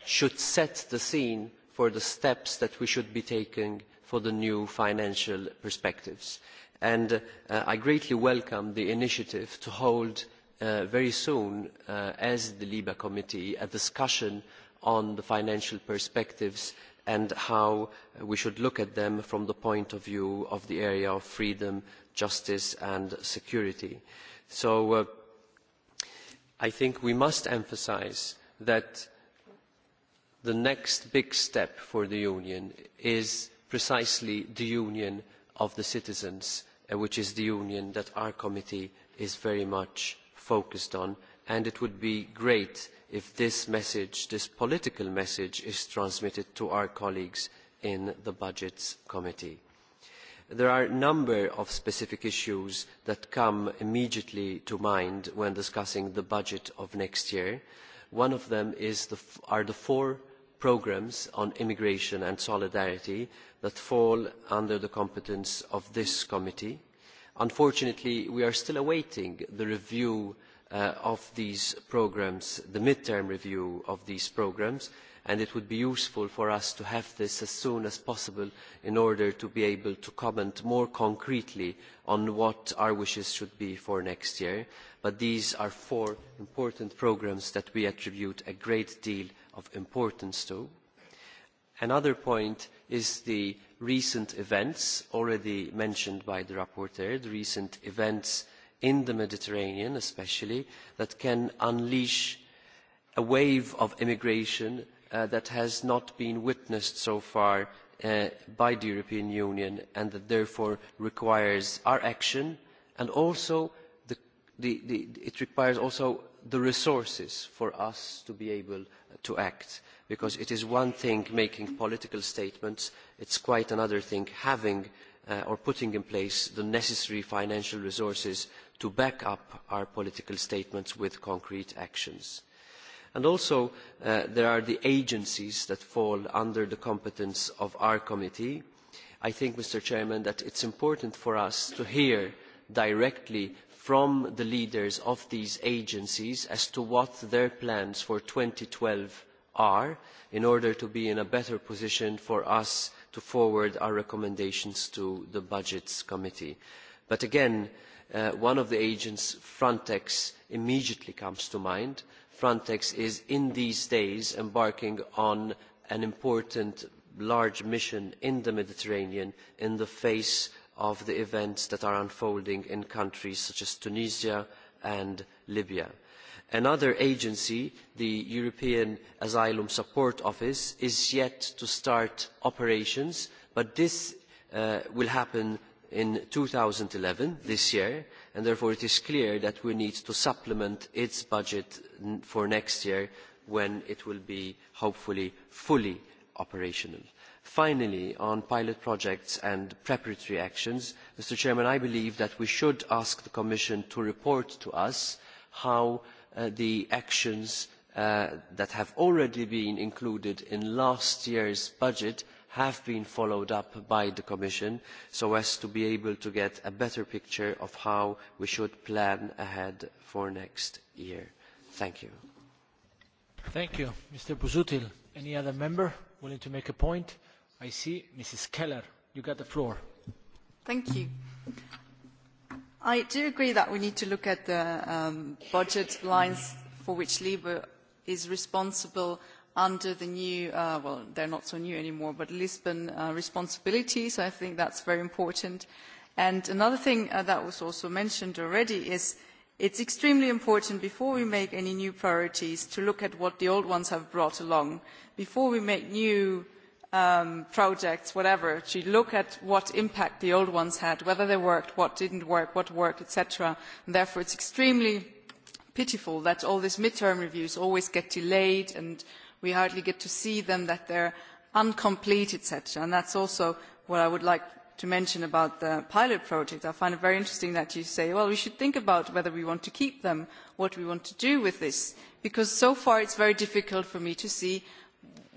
should set the scene for the steps that we should be taking for the new financial perspectives and uh, i greatly welcome the initiative to hold Uh, very soon uh, as the libe committee a discussion on the financial perspectives and how we should look at them from the point of view of the area of freedom justice and security. so uh, i think we must emphasise that the next big step for the union is precisely the union of the citizens which is the union that our committee is very much focused on and it would be great if this message this political message is transmitted to our colleagues in the budgets committee there are a number of specific issues that come immediately to mind when discussing the budget of next year one of them is the are the four programmes on immigration and solidarity that fall under the competence of this committee unfortunately we are still awaiting the review uh, of these programmes the mid term review of these programmes and it would be useful for us to have this as soon as possible in order to be able to comment more concretely on what our wishes should be for next year but these are four important programmes that we attribute a great deal of importance to. another point is the recent events already mentioned by the rapporteur the recent events in the mediterranean especially that can unleash a wave of immigration uh, that has not been witnessed so far uh, by the european union and that therefore requires our action and also the, the, the, it requires also the resources for us to be able to act because it is one thing making political statements it is quite another thing having uh, or putting in place the necessary financial resources to back up our political statements with concrete actions. And also uh, there are the agencies that fall under the competence of our committee. I think, Mr Chairman, that it's important for us to hear directly from the leaders of these agencies as to what their plans for 2012 are in order to be in a better position for us to forward our recommendations to the Budgets Committee. But again, uh, one of the agents, Frontex, immediately comes to mind. Frontex is in these days embarking on an important large mission in the Mediterranean in the face of the events that are unfolding in countries such as Tunisia and Libya. Another agency, the European Asylum Support Office, is yet to start operations, but this uh, will happen in 2011, this year, and therefore it is clear that we need to supplement its budget for next year when it will be hopefully fully operational. Finally, on pilot projects and preparatory actions, Mr. Chairman, I believe that we should ask the Commission to report to us how uh, the actions uh, that have already been included in last year's budget have been followed up by the Commission so as to be able to get a better picture of how we should plan ahead for next year. Thank you. Thank you. Mr. Buzutil, any other member willing to make a point? Thank you. I do agree that we need to look at the um, budget lines for which Libre is responsible under the new, uh, well, they're not so new anymore, but Lisbon uh, responsibilities. I think that's very important. And another thing uh, that was also mentioned already is it's extremely important before we make any new priorities to look at what the old ones have brought along. Before we make new um, projects, whatever, to look at what impact the old ones had, whether they worked, what didn't work, what worked, etc. And therefore, it's extremely pitiful that all these midterm reviews always get delayed and we hardly get to see them, that they're uncomplete, etc. And that's also what I would like to mention about the pilot project. I find it very interesting that you say, well, we should think about whether we want to keep them, what we want to do with this, because so far it's very difficult for me to see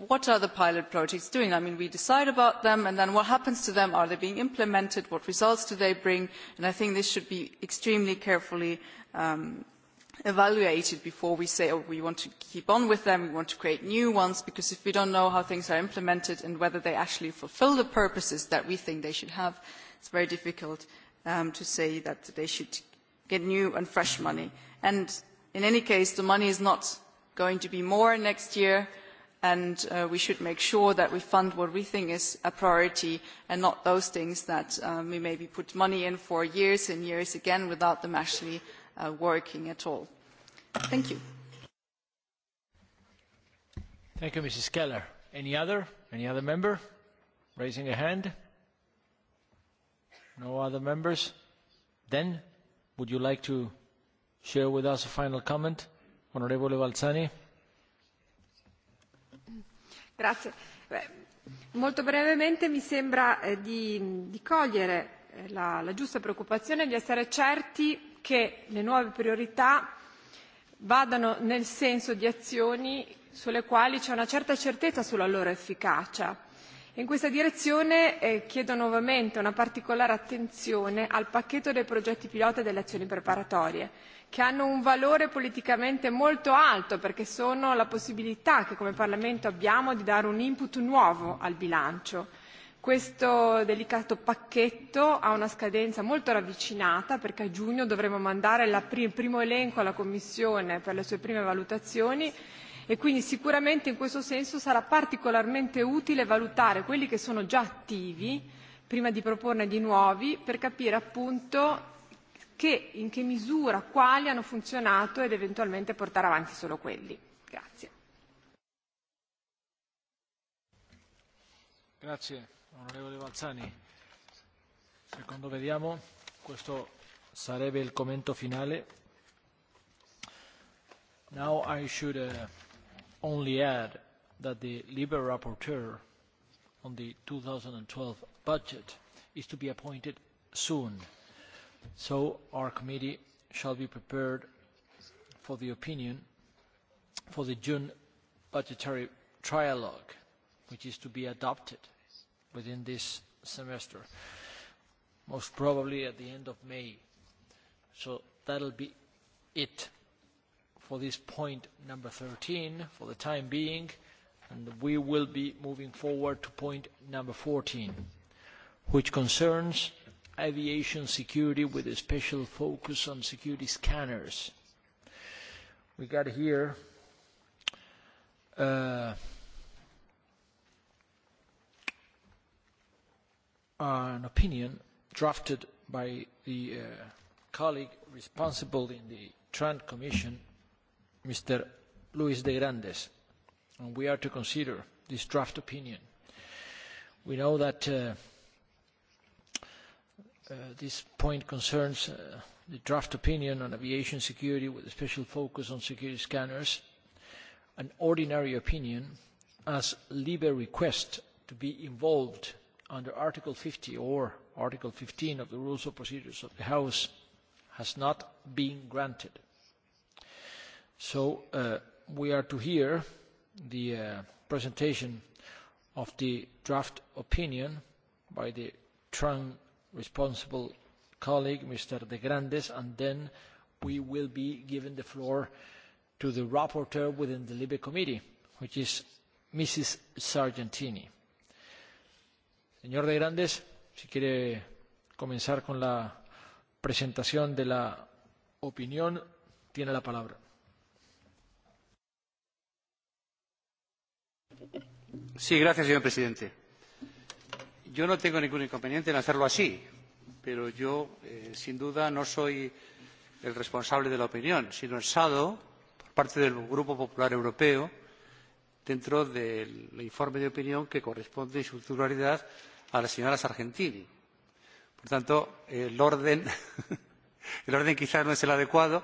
what are the pilot projects doing? I mean, we decide about them, and then what happens to them? Are they being implemented? What results do they bring? And I think this should be extremely carefully um, evaluated before we say, oh, we want to keep on with them, we want to create new ones, because if we don't know how things are implemented and whether they actually fulfill the purposes that we think they should have, it's very difficult um, to say that they should get new and fresh money. And in any case, the money is not going to be more next year and uh, we should make sure that we fund what we think is a priority and not those things that um, we maybe put money in for years and years again without them actually uh, working at all. Thank you. Thank you, Mrs. Keller. Any other? Any other member raising a hand? No other members? Then, would you like to share with us a final comment? Honorable Balzani grazie. molto brevemente mi sembra eh, di cogliere eh, la giusta preoccupazione di essere certi che le nuove priorità vadano nel senso di azioni sulle quali c'è una certa certezza sulla loro efficacia in questa direzione eh, chiedo nuovamente una particolare attenzione al pacchetto dei progetti pilota e delle azioni preparatorie che hanno un valore politicamente molto alto perché sono la possibilità che come parlamento abbiamo di dare un input nuovo al bilancio. questo delicato pacchetto ha una scadenza molto ravvicinata perché a giugno dovremo mandare il primo elenco alla commissione per le sue prime valutazioni e quindi sicuramente in questo senso sarà particolarmente utile valutare quelli che sono già attivi prima di proporne di nuovi per capire appunto che, in che misura, quali hanno funzionato ed eventualmente portare avanti solo quelli. Grazie. Grazie, onorevole Balzani. Secondo vediamo, questo sarebbe il commento finale. Now I should uh, only add that the libe rapporteur on the two thousand and twelve budget is to be appointed soon so our committee shall be prepared for the opinion for the june budgetary trialogue which is to be adopted within this semester most probably at the end of may so that will be it for this point number 13 for the time being, and we will be moving forward to point number 14, which concerns aviation security with a special focus on security scanners. We got here uh, an opinion drafted by the uh, colleague responsible in the Trent Commission mr luis de grandes and we are to consider this draft opinion. we know that uh, uh, this point concerns uh, the draft opinion on aviation security with a special focus on security scanners an ordinary opinion as libe requests to be involved under article fifty or article fifteen of the rules of procedure of the house has not been granted. So uh, we are to hear the uh, presentation of the draft opinion by the TRAN responsible colleague, Mr. de Grandes, and then we will be given the floor to the rapporteur within the Libe Committee, which is Mrs. Sargentini. Señor de Grandes, si quiere comenzar con la presentación de la opinión, tiene la palabra. señor presidente yo no tengo ningún inconveniente en hacerlo así pero yo eh, sin duda no soy el responsable de la opinión sino el ponente por parte del grupo popular europeo dentro del informe de opinión que corresponde en su titularidad a la señora sargentini. por tanto el orden (laughs) quizá no es el adecuado.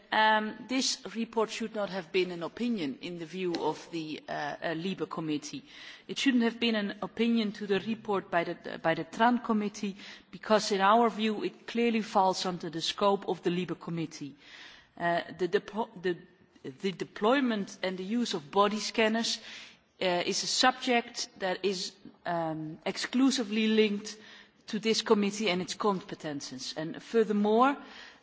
Um, this report should not have been an opinion in the view of the uh, uh, libe committee. it should not have been an opinion to the report uh, by the tran committee because in our view it clearly falls under the scope of the libe committee. the deployment and the use of body scanners is a subject that is um, exclusively linked to this committee and its competences. furthermore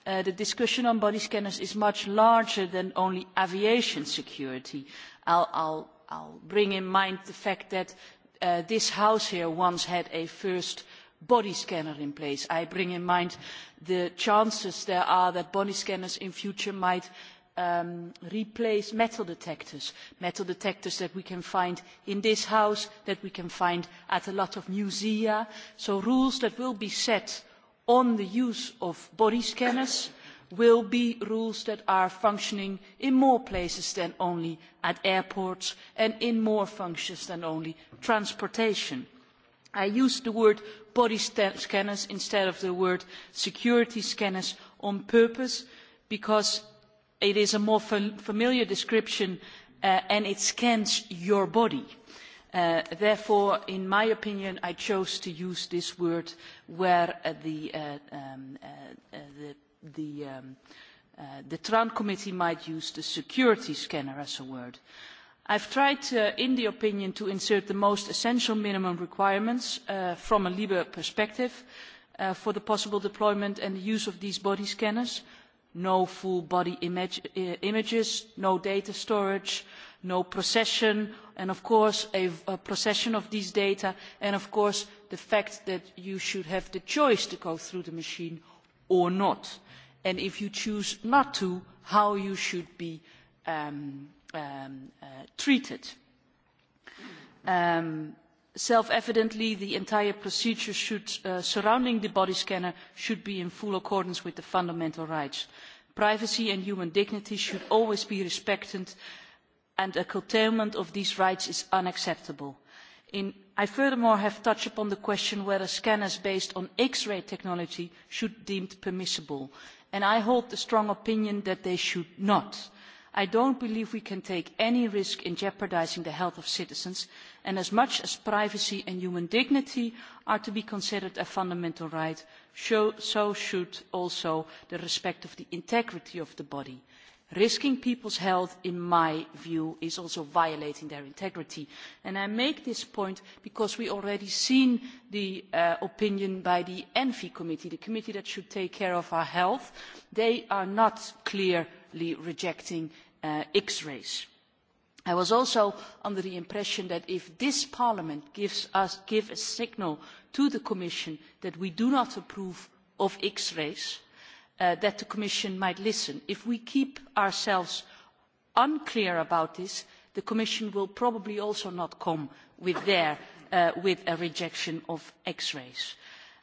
Uh, the discussion on body scanners is much larger than only aviation security. I will bring in mind the fact that uh, this house here once had a first body scanner in place. I bring in mind the chances there are that body scanners in future might um, replace metal detectors, metal detectors that we can find in this house, that we can find at a lot of museums. So rules that will be set uh, on the use of body scanners will be rules that are functioning in more places than only at airports and in more functions than only transportation. I used the word body scanners instead of the word security scanners on purpose because it is a more familiar description uh, and it scans your body. Uh, therefore in my opinion i chose to use this word where uh, the uh, um, uh, uh, the the, um, uh, the tran committee might use the security scanner as a word I've tried to, in the opinion to insert the most essential minimum requirements uh, from a Libre perspective uh, for the possible deployment and the use of these body scanners. No full body image, uh, images, no data storage, uh, no procession and of course a, a procession of these data and of course the fact that you should have the choice to go through the machine or not and if you choose not to how you should be um, um, uh, treated. Um, Self-evidently, the entire procedure should, uh, surrounding the body scanner should be in full accordance with the fundamental rights. Privacy and human dignity should always be respected uh, and a curtailment of these rights is unacceptable. In, I furthermore have touched upon the question whether scanners based on X-ray technology should be deemed permissible, and I hold the strong opinion that they should not. I don't believe we can take any risk in jeopardizing the health of citizens, and as much as privacy and human dignity are to be considered a fundamental right, so should also the respect of the integrity of the body risking people's health in my view is also violating their integrity. And I make this point because we've already seen the uh, opinion by the ENFI committee, the committee that should take care of our health. They are not clearly rejecting uh, X-rays. I was also under the impression that if this Parliament gives us give a signal to the Commission that we do not approve of X-rays, Uh, that the commission might listen. if we keep ourselves unclear about this the commission will probably also not come with uh, a rejection of x rays.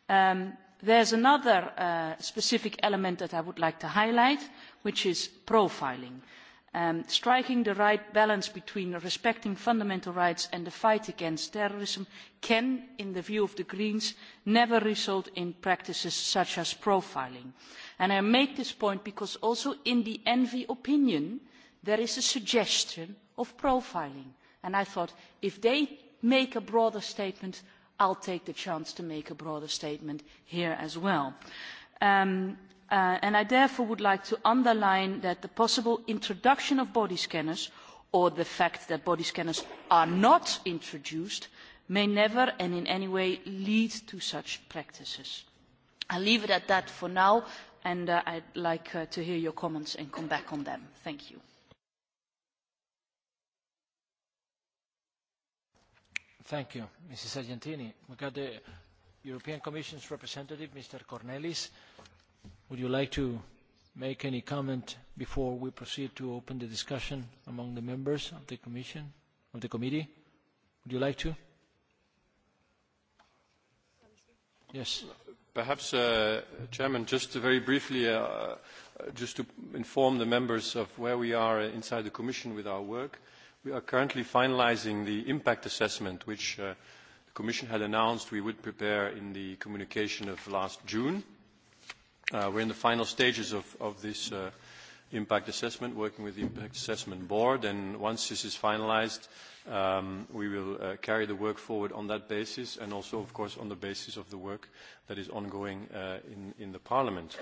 Um, there is another uh, specific element that i would like to highlight which is profiling. Um, striking the right balance between respecting fundamental rights and the fight against terrorism can in the view of the greens never result in practices such as profiling and i make this point because also in the envi opinion there is a suggestion of profiling and i thought if they make a broader statement i'll take the chance to make a broader statement here as well um, Uh, and i therefore would like to underline that the possible introduction of body scanners or the fact that body scanners are not introduced may never and in any way lead to such practices. i will leave it at that for now and uh, i would like uh, to hear your comments and come back on them. thank you. Thank you, Mrs. Argentini. We've got the European Commission's representative, Mr. Cornelis would you like to make any comment before we proceed to open the discussion among the members of the commission of the committee would you like to yes perhaps uh, chairman just very briefly uh, uh, just to inform the members of where we are inside the commission with our work we are currently finalizing the impact assessment which uh, the commission had announced we would prepare in the communication of last june Uh, we're in the final stages of, of this uh, impact assessment, working with the impact assessment board, and once this is finalized, um, we will uh, carry the work forward on that basis, and also, of course, on the basis of the work that is ongoing uh, in, in the parliament,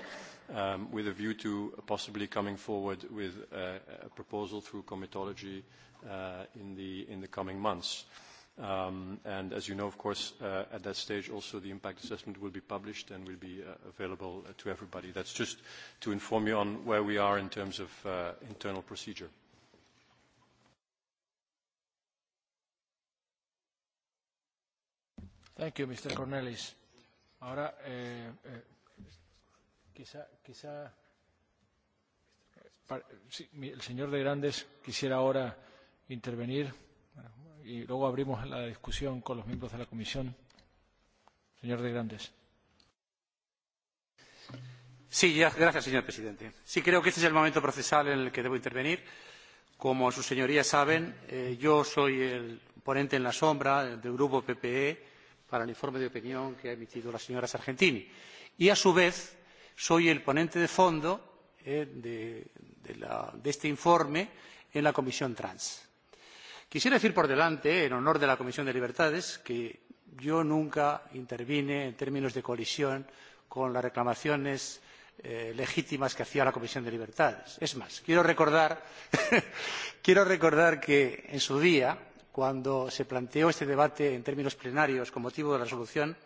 um, with a view to possibly coming forward with a, uh, a proposal through comitology uh, in, the, in the coming months. Um, as you know, of course, uh, at that stage, also the impact assessment will be published and will be uh, available uh, to everybody. That's just to inform you on where we are in terms of internal procedure. Thank you, Mr. Cornellis. Ahora, eh, eh, quizá eh, el señor de Grandes quisiera ahora intervenir y luego abrimos la discusión con los miembros de la comisión. Señor de Grandes. Sí, ya, gracias, señor presidente. Sí, creo que este es el momento procesal en el que debo intervenir. Como sus señorías saben, eh, yo soy el ponente en la sombra del Grupo PPE para el informe de opinión que ha emitido la señora Sargentini. Y, a su vez, soy el ponente de fondo eh, de, de, la, de este informe en la Comisión Trans. Eh, quisiera decir por delante en honor de la comisión de libertades civiles que yo nunca intervine en términos de colisión con las reclamaciones eh, legítimas que hacía la comisión de libertades civiles. es más (laughs) quiero recordar que en su día cuando se planteó este debate en términos plenarios con motivo de la resolución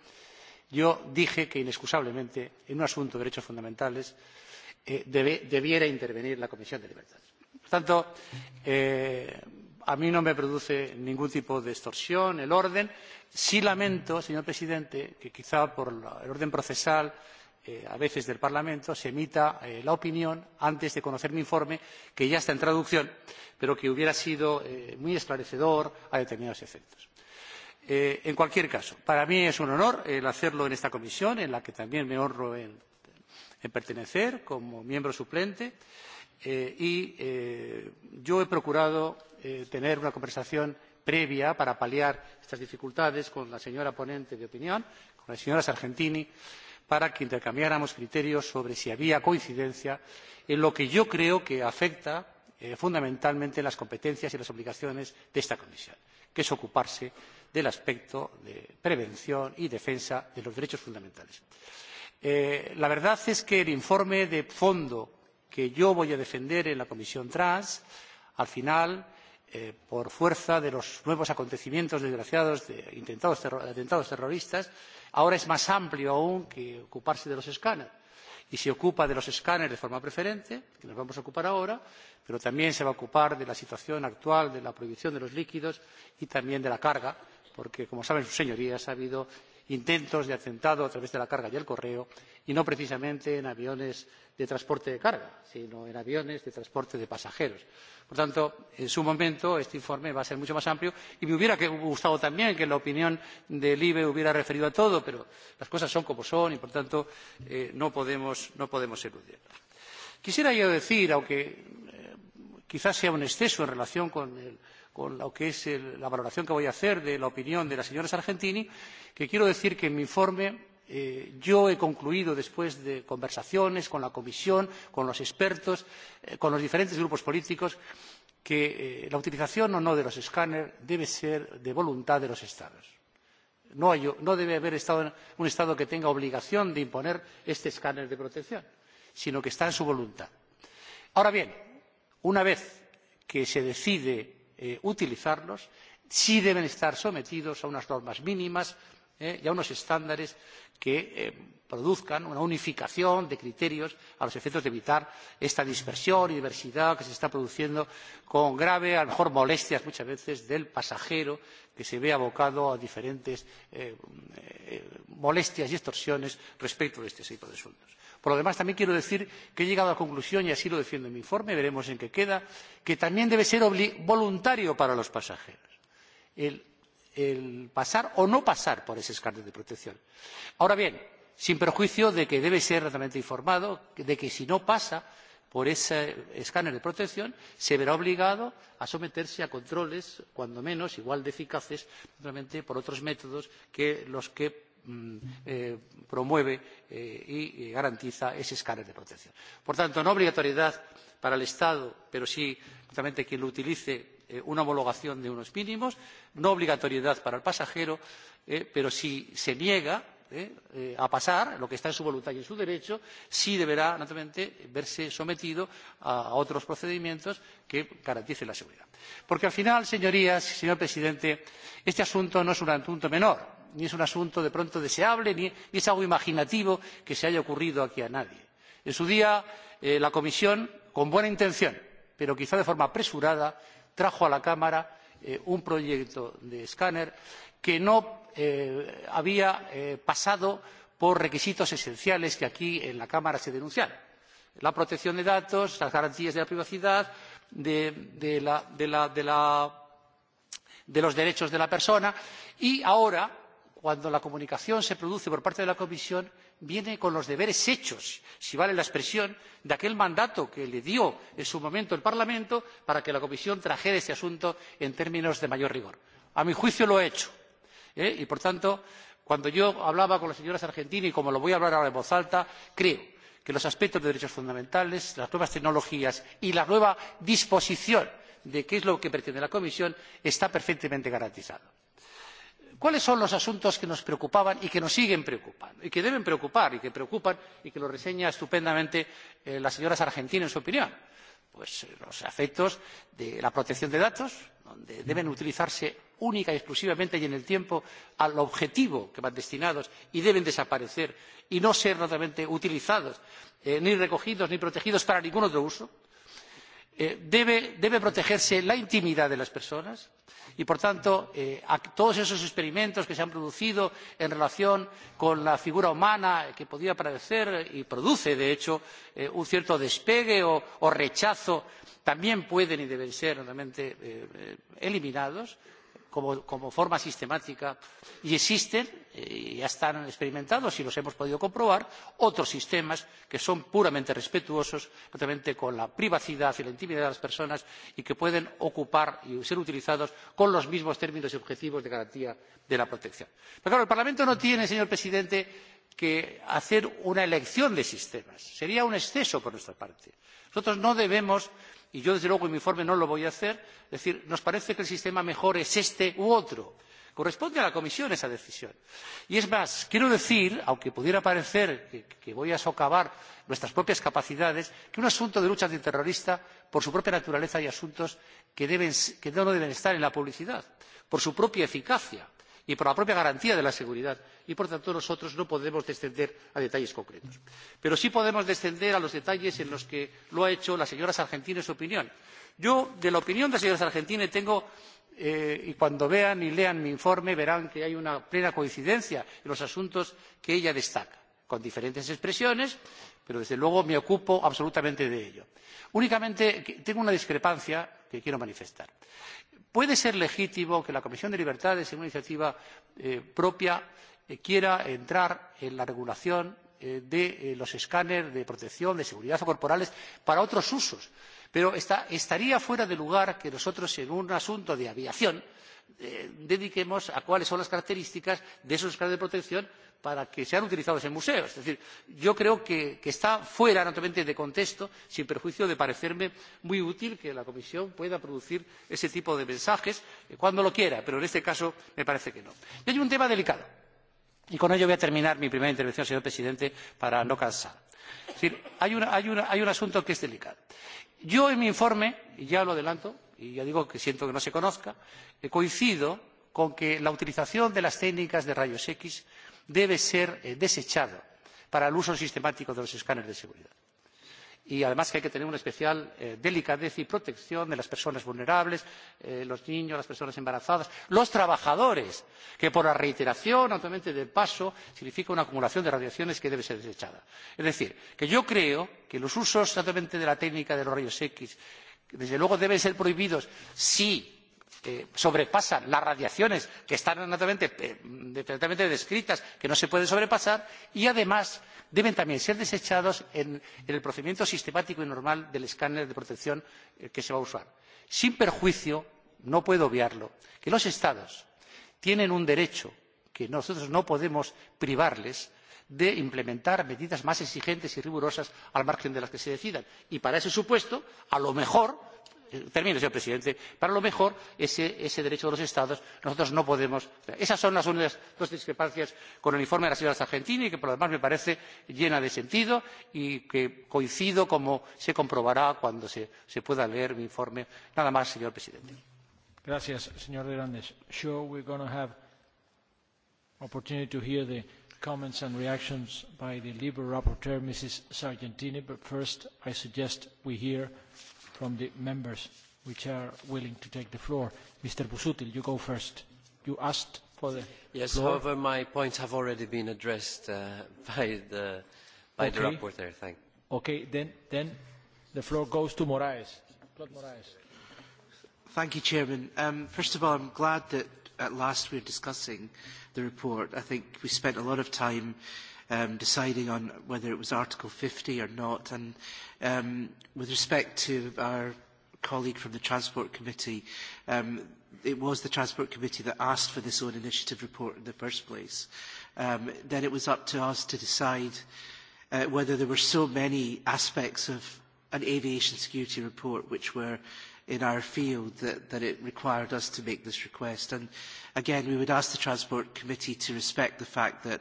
yo dije que inexcusablemente en un asunto de derechos fundamentales eh, debiera intervenir la comisión de libertades civiles. por tanto eh, a mí no me produce ningún tipo de distorsión el orden. sí lamento señor presidente que quizá por el orden procesal eh, a veces del parlamento se emita eh, la opinión antes de conocer mi informe que ya está en traducción pero que hubiera sido eh, muy esclarecedor a determinados efectos. en cualquier caso para mí es un honor hacerlo en esta comisión a la que también me honro en pertenecer como miembro suplente y yo he procurado Eh, tener una conversación previa para paliar estas dificultades con la señora ponente de opinión la señora sargentini para que intercambiáramos criterios sobre si había coincidencia en lo que yo creo que afecta eh, fundamentalmente a las competencias y las obligaciones de esta comisión que es ocuparse del aspecto de prevención y defensa de los derechos fundamentales. Eh, la verdad es que el informe de fondo que yo voy a defender en la comisión de transportes al final Eh, por fuerza de los nuevos acontecimientos desgraciados de atentados terroristas ahora es más amplio aún que ocuparse de los escáneres y se ocupa de los escáneres de forma preferente que nos vamos a ocupar ahora pero también se va a ocupar de la situación actual de la prohibición de los líquidos y también de la carga porque como saben sus señorías ha habido intentos de atentado a través de la carga y el correo y no precisamente en aviones de transporte de carga sino en aviones de transporte de pasajeros. por tanto en su momento este informe va a ser mucho más amplio y me hubiera gustado también que la opinión de libe se hubiera referido a todo pero las cosas son como son y por tanto eh, no podemos no eludirlo. quisiera yo decir aunque eh, quizás sea un exceso en relación con con la valoración que voy a hacer de la opinión de la señora sargentini que quiero decir que en mi informe eh, he concluido después de conversaciones con la comisión con los expertos eh, con los diferentes grupos políticos que eh, la utilización o no de los escáneres debe ser de voluntad de los estados. no, no debe haber un estado que tenga obligación de imponer este escáner de protección sino que está en su voluntad. ahora bien una vez que se decide Eh, utilizarlos sí deben estar sometidos a unas normas mínimas eh, y a unos estándares que eh, produzcan una unificación de criterios a los efectos de evitar esta dispersión y diversidad que se está produciendo con grave a lo mejor molestias muchas veces del pasajero que se ve abocado a diferentes molestias y extorsiones respecto de este tipo de asuntos. Por lo demás, también quiero decir que he llegado a la conclusión y así lo defiendo en mi informe veremos en qué queda que también debe ser voluntario para los pasajeros el, el pasar o no pasar por ese escáner de protección. Ahora bien, sin perjuicio de que debe ser realmente informado de que si no pasa por ese escáner de protección, se verá obligado a someterse a controles, cuando menos, igual de eficaces, por otros métodos que los que Mm, eh, promueve eh, y eh, garantiza ese escáner de protección. Por tanto, no obligatoriedad para el Estado, pero sí justamente quien lo utilice una homologación de unos mínimos, no obligatoriedad para el pasajero, eh, pero si se niega eh, a pasar lo que está en su voluntad y en su derecho, sí deberá naturalmente verse sometido a, a otros procedimientos que garanticen la seguridad. Porque al final, señorías, señor presidente, este asunto no es un asunto menor ni es un asunto de pronto deseable ni es algo imaginativo que se haya ocurrido aquí a nadie. en su día eh, la comisión con buena intención pero quizá de forma apresurada trajo a la cámara eh, un proyecto de escáner que no eh, había pasado por requisitos esenciales que aquí en la cámara se denunciaron la protección de datos las garantías de la privacidad de, de, la, de, la, de, la, de los derechos de la persona y ahora cuando la comunicación se produce por parte de la comisión viene con los deberes hechos si vale la expresión de aquel mandato que le dio en su momento el parlamento para que la comisión trajera este asunto en términos de mayor rigor. a mi juicio lo ha hecho ¿eh? y por tanto cuando yo hablaba con la señora sargentini como lo voy a hablar ahora en voz alta creo que los aspectos de derechos fundamentales las nuevas tecnologías y la nueva disposición de qué es lo que pretende la comisión está perfectamente garantizado cuáles son los asuntos que nos preocupaban y que nos siguen preocupando y que deben preocupar y que preocupan y que lo reseña estupendamente eh, la señora sargentini en su opinión? pues eh, los efectos de la protección de datos donde deben utilizarse única y exclusivamente y en el tiempo al objetivo que van destinados y deben desaparecer y no ser notablemente utilizados eh, ni recogidos ni protegidos para ningún otro uso. Eh, debe protegerse la intimidad de las personas y por tanto eh, todos esos experimentos que se han producido en relación con la figura humana que podía parecer y produce de hecho eh, un cierto despegue o rechazo también pueden y deben ser realmente eliminados. por como, como forma sistemática y existen eh, ya están experimentados y los hemos podido comprobar otros sistemas que son puramente respetuosos justamente con la privacidad y la intimidad de las personas y que pueden ocupar y ser utilizados con los mismos términos y objetivos de garantía de la protección. pero claro el parlamento no tiene señor presidente que hacer una elección de sistemas. sería un exceso por nuestra parte. nosotros no debemos y yo desde luego en mi informe no lo voy a hacer decir nos parece que el sistema mejor es este u otro. corresponde a la comisión esa decisión. y es más quiero decir aunque pudiera parecer que, que voy a socavar nuestras propias capacidades que un asunto de lucha antiterrorista por su propia naturaleza hay asuntos que, deben, que no deben estar en la publicidad por su propia eficacia y por la propia garantía de la seguridad y por tanto nosotros no podemos descender a detalles concretos. pero sí podemos descender a los detalles en los que lo ha hecho la señora sargentini en su opinión. yo de la opinión de la señora sargentini tengo eh, y cuando vean y lean mi informe verán que hay una plena coincidencia en los asuntos que ella destaca con diferentes expresiones pero desde luego me ocupo absolutamente de ello. únicamente tengo una discrepancia que quiero manifestar puede ser legítimo que la comisión de libertades en una iniciativa eh, propia eh, quiera entrar en la regulación eh, de eh, los escáneres de protección de seguridad o corporales para otros usos pero está, estaría fuera de lugar que nosotros en un asunto de aviación eh, dediquemos a cuáles son las características de esos escáneres de protección para que sean utilizados en museos. es decir yo creo que, que está fuera naturalmente de contexto sin perjuicio de parecerme muy útil que la comisión pueda producir ese tipo de mensajes eh, cuando lo quiera pero en este caso me parece que no. y hay un tema delicado y con ello voy a terminar mi primera intervención señor presidente para no cansar. Es decir, hay, una, hay, una, hay un asunto que es delicado. Yo en mi informe, y ya lo adelanto, y ya digo que siento que no se conozca, eh, coincido con que la utilización de las técnicas de rayos X debe ser eh, desechado para el uso sistemático de los escáneres de seguridad y además que hay que tener una especial eh, delicadez y protección de las personas vulnerables eh, los niños las personas embarazadas los trabajadores que por la reiteración naturalmente del paso significa una acumulación de radiaciones que debe ser desechada. es decir que yo creo que los usos naturalmente de la técnica de los rayos x desde luego deben ser prohibidos si Eh, sobrepasan las radiaciones que están naturalmente eh, descritas que no se pueden sobrepasar y además deben también ser desechados en el procedimiento sistemático y normal del escáner de protección eh, que se va a usar sin perjuicio no puedo obviarlo de que los estados tienen un derecho que nosotros no podemos privarles de implementar medidas más exigentes y rigurosas al margen de las que se decidan y para ese supuesto a lo mejor termino señor presidente para lo mejor ese derecho de los estados nosotros no podemos esas son las únicas dos discrepancias con el informe de la señora sargentini que por lo demás me parece llena de sentido y que coincido como se comprobará cuando se pueda leer mi informe. nada más señor presidente from the members which are willing to take the floor. Mr Busuttil, you go first. You asked for the Yes, floor. however, my points have already been addressed uh, (laughs) by, the, by okay. the rapporteur. Thank you. Okay, then, then the floor goes to Moraes. Claude Moraes. Thank you, Chairman. Um, first of all, I'm glad that at last we're discussing the report. I think we spent a lot of time uh, um, deciding on whether it was Article 50 or not. And um, with respect to our colleague from the Transport Committee, um, it was the Transport Committee that asked for this own initiative report in the first place. Um, then it was up to us to decide uh, whether there were so many aspects of an aviation security report which were in our field that, that it required us to make this request. And again, we would ask the Transport Committee to respect the fact that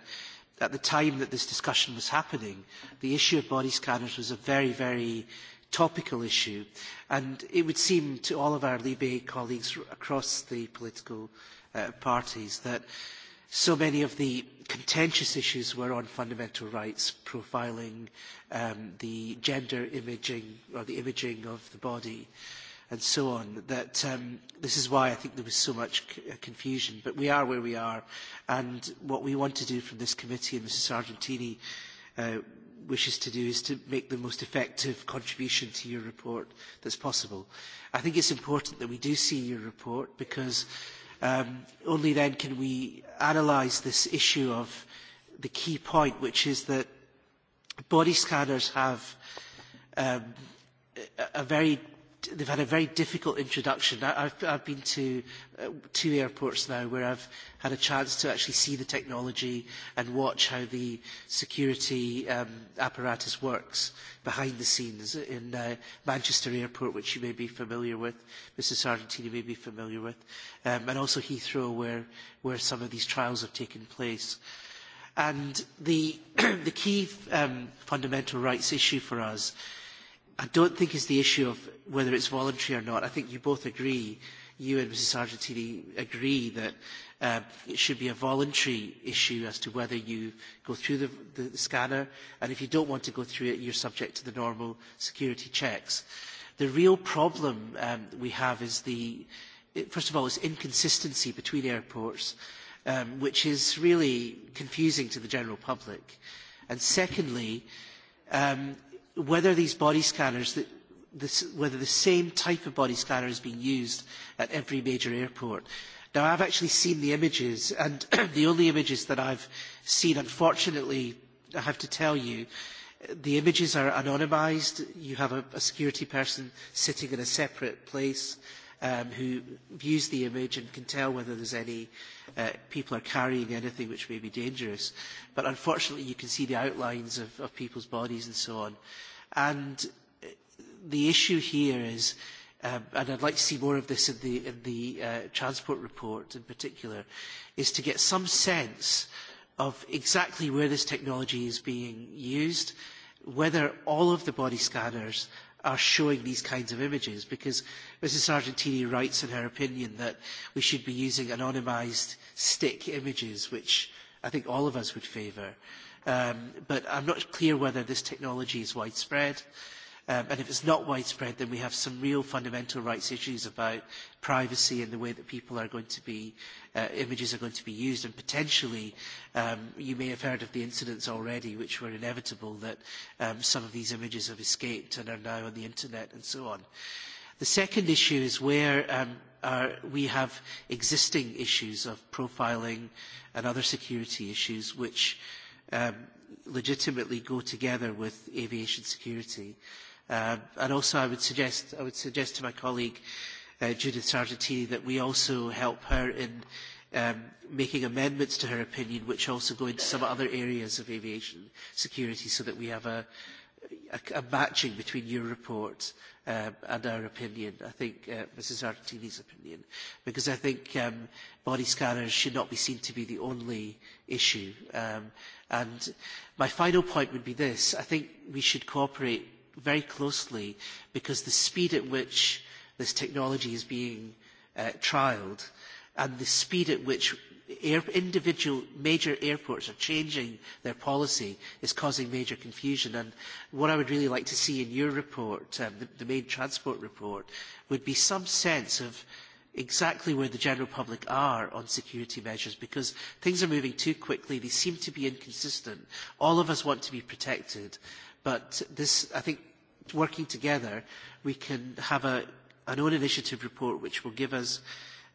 at the time that this discussion was happening, the issue of body scanners was a very, very topical issue. And it would seem to all of our Libé colleagues across the political uh, parties that so many of the contentious issues were on fundamental rights, profiling um, the gender imaging or the imaging of the body. Uh, and so on, that um, this is why I think there was so much c- uh, confusion. But we are where we are, and what we want to do from this committee, and Mrs. Sargentini uh, wishes to do, is to make the most effective contribution to your report that's possible. I think it's important that we do see your report, because um, only then can we analyse this issue of the key point, which is that body scanners have um, a very they've had a very difficult introduction. I, I've, I've been to uh, two airports now where I've had a chance to actually see the technology and watch how the security um, apparatus works behind the scenes in uh, Manchester Airport, which you may be familiar with, Mrs. Sargentini may be familiar with, um, and also Heathrow, where, where some of these trials have taken place. And the, (clears throat) the key um, fundamental rights issue for us I don't think it's the issue of whether it's voluntary or not. I think you both agree, you and Mrs. Sargentini agree that uh, it should be a voluntary issue as to whether you go through the, the, the scanner. And if you don't want to go through it, you're subject to the normal security checks. The real problem um, we have is the, first of all, it's inconsistency between airports, um, which is really confusing to the general public. And secondly, um, whether these body scanners, that this, whether the same type of body scanner is being used at every major airport. Now, I've actually seen the images, and (clears throat) the only images that I've seen, unfortunately, I have to tell you, the images are anonymized. You have a, a security person sitting in a separate place um, who views the image and can tell whether there's any uh, people are carrying anything which may be dangerous. But unfortunately, you can see the outlines of, of people's bodies and so on. And uh, the issue here is, um, and I'd like to see more of this in the, in the uh, transport report in particular, is to get some sense of exactly where this technology is being used, whether all of the body scanners are showing these kinds of images because Mrs Sargentini writes in her opinion that we should be using anonymised stick images, which I think all of us would favour. Um, but I'm not clear whether this technology is widespread. Um, and if it's not widespread, then we have some real fundamental rights issues about privacy and the way that people are going to be, uh, images are going to be used. And potentially, um, you may have heard of the incidents already, which were inevitable, that um, some of these images have escaped and are now on the internet and so on. The second issue is where um, are, we have existing issues of profiling and other security issues, which um, legitimately go together with aviation security. Uh, Uh, and also I would suggest, I would suggest to my colleague uh, Judith Sargentini that we also help her in um, making amendments to her opinion which also go into some other areas of aviation security so that we have a, a, a matching between your report uh, and our opinion, I think uh, Mrs. Artini's opinion, because I think um, body scanners should not be seen to be the only issue. Um, and my final point would be this. I think we should cooperate very closely because the speed at which this technology is being uh, trialed and the speed at which air, individual major airports are changing their policy is causing major confusion. And what I would really like to see in your report, um, the, the main transport report, would be some sense of exactly where the general public are on security measures because things are moving too quickly. They seem to be inconsistent. All of us want to be protected but this, I think working together, we can have a, an own initiative report which will give us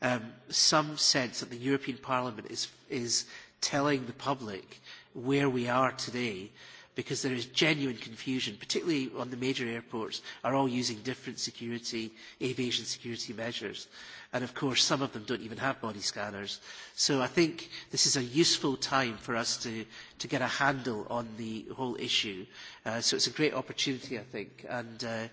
um, some sense that the European Parliament is, is telling the public where we are today because there is genuine confusion, particularly on the major airports, are all using different security, aviation security measures. And of course, some of them don't even have body scanners. So I think this is a useful time for us to, to get a handle on the whole issue. Uh, so it's a great opportunity, I think. And, uh,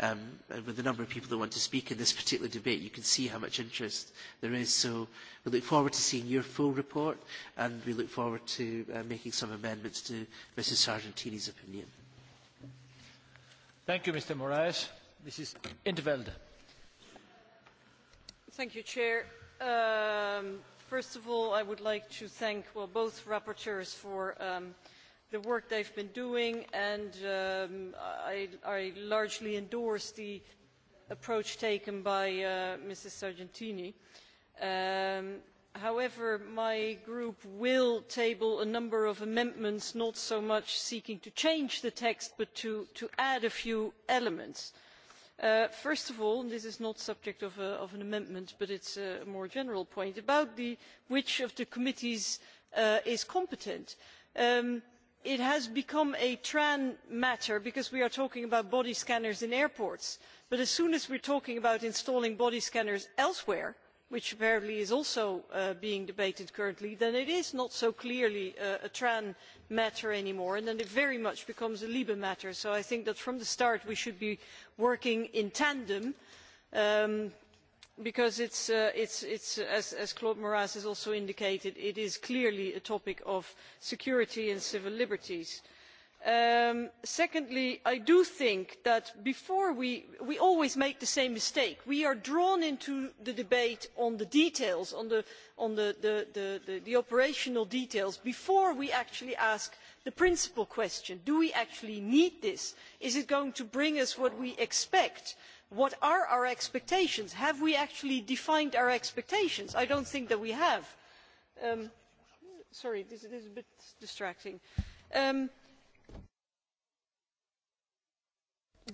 um, and with the number of people that want to speak in this particular debate, you can see how much interest there is. So we look forward to seeing your full report, and we look forward to uh, making some amendments to Mrs. Sargentini's opinion. Thank you, Mr. Moraes. Mrs. Intervelde. Thank you, Chair. Um, first of all, I would like to thank well, both rapporteurs for um, uh, the work they've been doing, and um, I, I largely endorse the approach taken by uh, Mrs. Sargentini. Um, however, my group will table a number of amendments, not so much seeking to change the text, but to, to add a few elements. Uh, first of all, and this is not subject of, a, of an amendment, but it's a more general point, about the, which of the committees uh, is competent. Um, it has become a tran matter because we are talking about body scanners in airports but as soon as we are talking about installing body scanners elsewhere which apparently is also uh, being debated currently then it is not so clearly uh, a tran matter any more and then it very much becomes a libe matter. so i think that from the start we should be working in tandem um, because uh, as claude moraes has also indicated it is clearly a topic of security and civil liberties. Um, secondly i do think that we always make the same mistake we are drawn into the debate on the details on the operational details before we actually ask the principal question do we actually need this is it going to bring us what we expect? what are our expectations? have we actually defined our expectations? i do not think that we have. Um, sorry this is a bit distracting. Um,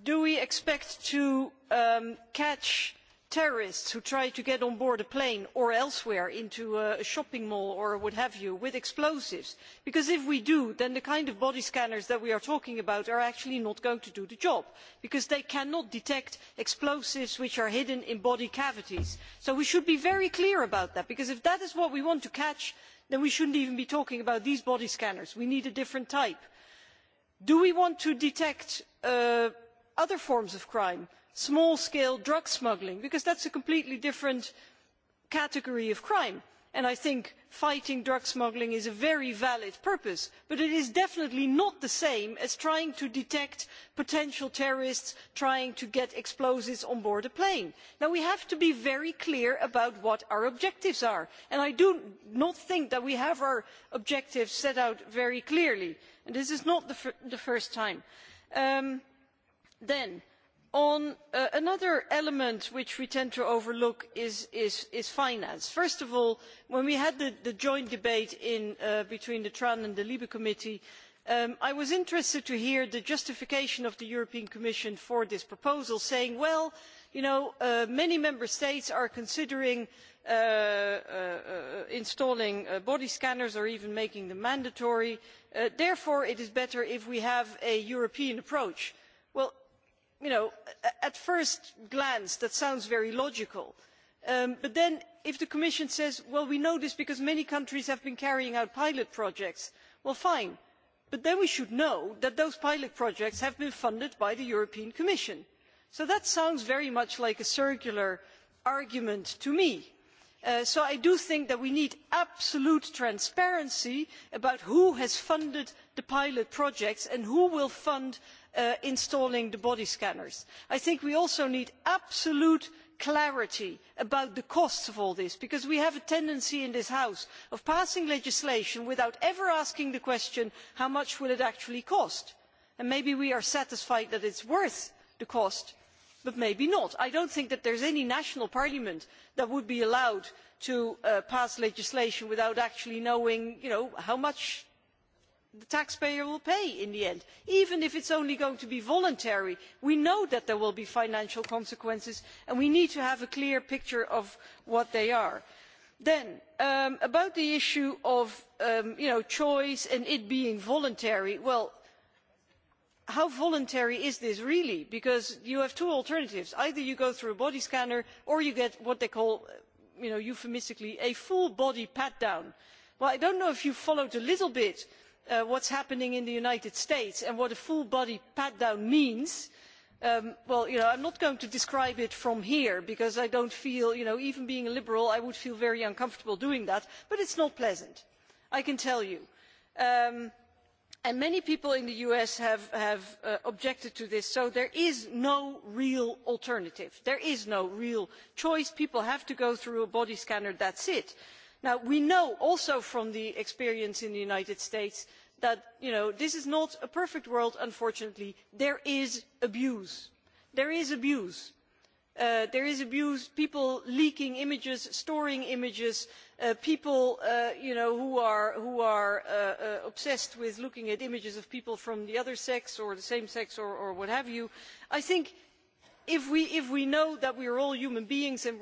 do we expect to um, catch terrorists who try to get on board a plane or elsewhere into a shopping mall or what have you with explosives because if we do then the kind of body scanners that we are talking about are actually not going to do the job because they cannot detect explosives which are hidden in body cavities. so we should be very clear about that because if that is what we want to catch then we should not even be talking about these body scanners we need a different type. do we want to detect uh, other forms of crime? small scale drug smuggling because that is a completely different category of crime and i think fighting drug smuggling is a very valid purpose but it is definitely not the same as trying to detect potential terrorists trying to get explosives on board a plane. we have to be very clear about what our objectives are and i do not think that we have our objectives set out very clearly and this is not the first time. Um, then Uh, another element which we tend to overlook is finance. first of all when we had the joint debate uh, between the tran and the libe committee um, i was interested to hear the justification of the european commission for this proposal saying well you know uh, many member states are considering installing body scanners or even making them mandatory therefore it is better if we have a european approach'. well at first glance that sounds very logical um, but then if the commission says well we know this because many countries have been carrying out pilot projects well fine but then we should know that those pilot projects have been funded by the european commission. so that sounds very much like a circular argument to me. Uh, so i do think that we need absolute transparency about who has funded the pilot projects and who will fund Uh, installing the body scanners. i think we also need absolute clarity about the costs of all this because we have a tendency in this house of passing legislation without ever asking the question how much will it actually cost? maybe we are satisfied that it is worth the cost but maybe not. i do not think that there is any national parliament that would be allowed to uh, pass legislation without actually knowing how much the taxpayer will pay in the end even if it is only going to be voluntary. we know that there will be financial consequences and we need to have a clear picture of what they are. then um, about the issue of um, choice and it being voluntary how voluntary is this really because you have two alternatives either you go through a body scanner or you get what they call euphemistically a full body pat down'. i do not know if you followed a little bit Uh, what is happening in the united states and what a full body pat down means i am um, not going to describe it from here because i do not feel even being a liberal i would feel very uncomfortable doing that but it is not pleasant i can tell you. Um, many people in the us have uh, objected to this so there is no real alternative there is no real choice people have to go through a body scanner that is it we know also from the experience in the united states that this is not a perfect world unfortunately there is abuse there is abuse uh, there is abuse people leaking images storing images uh, people uh, who are obsessed with looking at images of people from the other sex or the same sex or what have you. i think if we know that we are all human beings and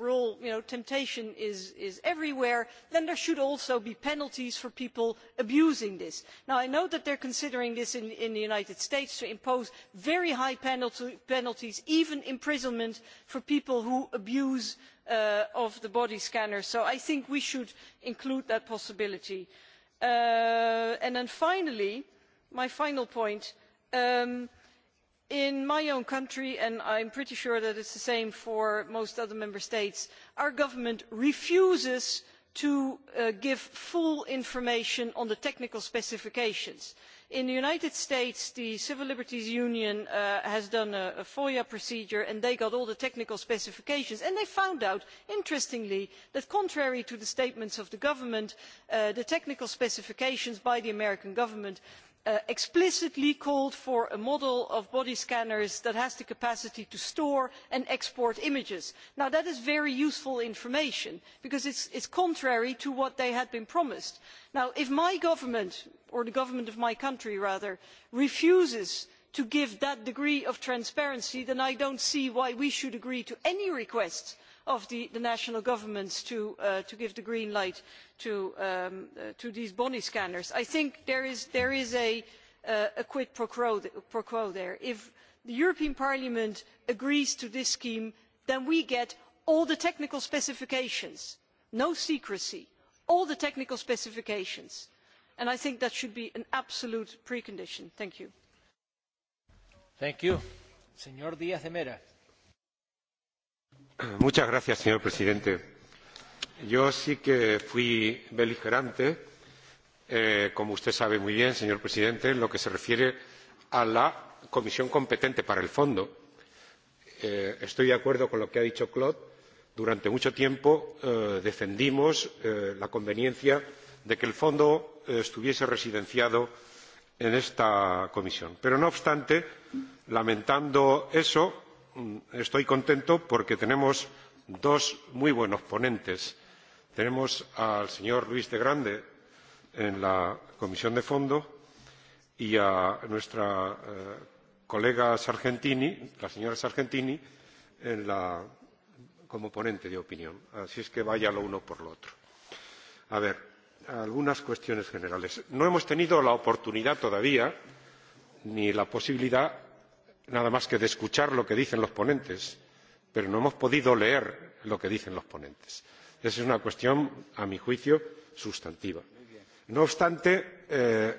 temptation is everywhere then there should also be penalties for people abusing this. i know that they are considering this in the united states to impose very high penalties even imprisonment for people who abuse uh, the body scanners so i think we should include that possibility. Uh, finally my final point is um, in my own country and i am pretty sure that it is the same for most other member states our government refuses to uh, give full information on the technical specifications. in the united states the civil liberties union uh, has done a foia procedure and they got all the technical specifications and they found out interestingly that contrary to the statements of the government uh, the technical specifications by the american government Uh, explicitly called for a model of body scanners that has the capacity to store and export images. that is very useful information because it is contrary to what they had been promised. if my government or the government of my country rather refuses to give that degree of transparency then i do not see why we should agree to any requests of the national governments uh, to give the green light to um, uh, these body scanners. i think there is uh, a quid pro quo there. if the european parliament agrees to this scheme then we get all the technical specifications no secrecy all the technical specifications and i think that should be an absolute precondition señor presidente yo sí que fui beligerante eh, como usted sabe muy bien señor presidente en lo que se refiere a la comisión competente para el fondo. Eh, estoy de acuerdo con lo que ha dicho claude durante mucho tiempo eh, defendimos la conveniencia de que el fondo estuviese residenciado en esta comisión pero no obstante lamentando eso Mm, estoy contento porque tenemos dos muy buenos ponentes tenemos al señor luis de grande en la comisión de fondos y a nuestra eh, colega sargentini la señora sargentini como ponente de opinión así es que vaya lo uno por lo otro. a ver algunas cuestiones generales. no hemos tenido la oportunidad todavía ni la posibilidad nada más que de escuchar lo que dicen los ponentes pero no hemos podido leer lo que dicen los ponentes. esa es una cuestión a mi juicio sustantiva. no obstante eh,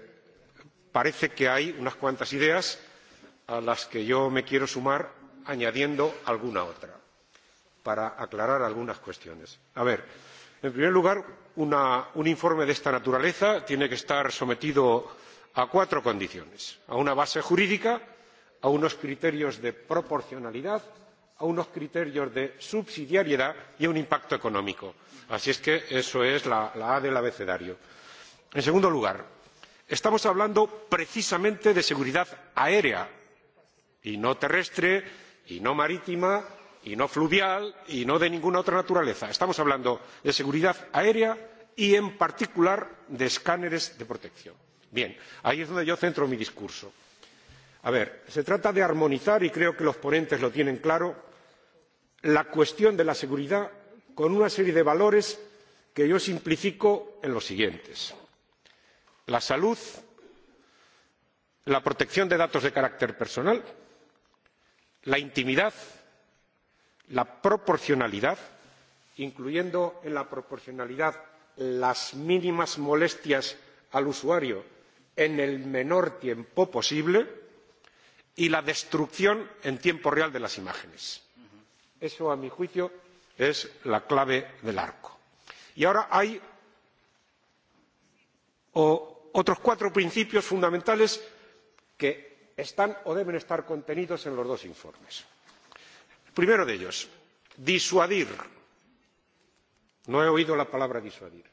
parece que hay unas cuantas ideas a las que yo me quiero sumar añadiendo alguna otra para aclarar algunas cuestiones. A ver, en primer lugar, una, un informe de esta naturaleza tiene que estar sometido a cuatro condiciones a una base jurídica a unos criterios de proporcionalidad a unos criterios de subsidiariedad y a un impacto económico. así es que eso es la a del abecedario. en segundo lugar estamos hablando precisamente de seguridad aérea y no terrestre y no marítima y no fluvial y no de ninguna otra naturaleza. estamos hablando de seguridad aérea y en particular de escáneres de protección. bien ahí es donde yo centro mi discurso se trata de armonizar y creo que los ponentes lo tienen claro la cuestión de la seguridad con una serie de valores que yo simplifico en los siguientes la salud la protección de datos de carácter personal la intimidad la proporcionalidad incluyendo en la proporcionalidad las mínimas molestias al usuario en el menor tiempo posible y la destrucción en tiempo real de las imágenes. eso a mi juicio es la clave del arco. y ahora hay otros cuatro principios fundamentales que están o deben estar contenidos en los dos informes. el primero de ellos disuadir. no he oído la palabra disuadir.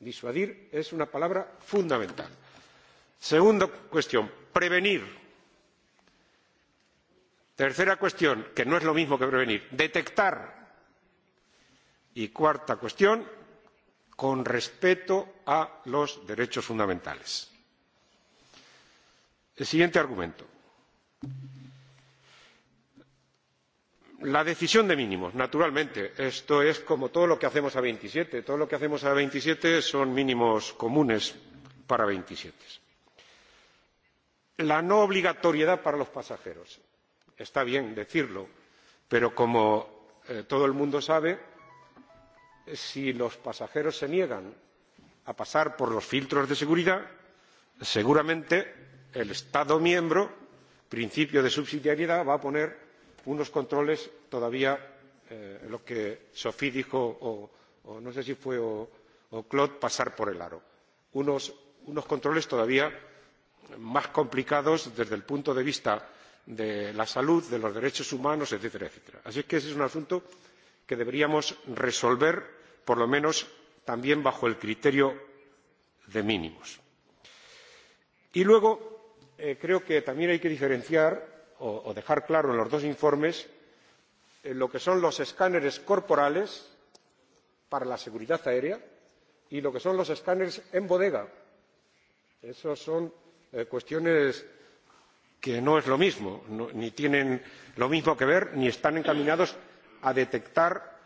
disuadir es una palabra fundamental. segunda cuestión prevenir tercera cuestión que no es lo mismo que prevenir detectar. y cuarta cuestión con respeto a los derechos fundamentales. el siguiente argumento la decisión de mínimos naturalmente esto es como todo lo que hacemos a veintisiete todo lo que hacemos a veintisiete son mínimos comunes para veintisiete la no obligatoriedad para los pasajeros está bien decirlo pero como eh, todo el mundo sabe si los pasajeros se niegan a pasar por los filtros de seguridad seguramente el estado miembro principio de subsidiariedad va a poner unos controles todavía eh, lo que Sophie dijo o, o no sé si fue o, o Claude pasar por el aro unos, unos controles todavía más complicados desde el punto de vista de la salud de los derechos humanos etcétera etcétera. así que ese es un asunto que deberíamos resolver por lo menos también bajo el criterio de mínimos. y luego eh, creo que también hay que diferenciar o dejar claro en los dos informes eh, lo que son los escáneres corporales para la seguridad aérea y lo que son los escáneres en bodega. esas son eh, cuestiones que no es lo mismo no, ni tienen lo mismo que ver ni están encaminados a detectar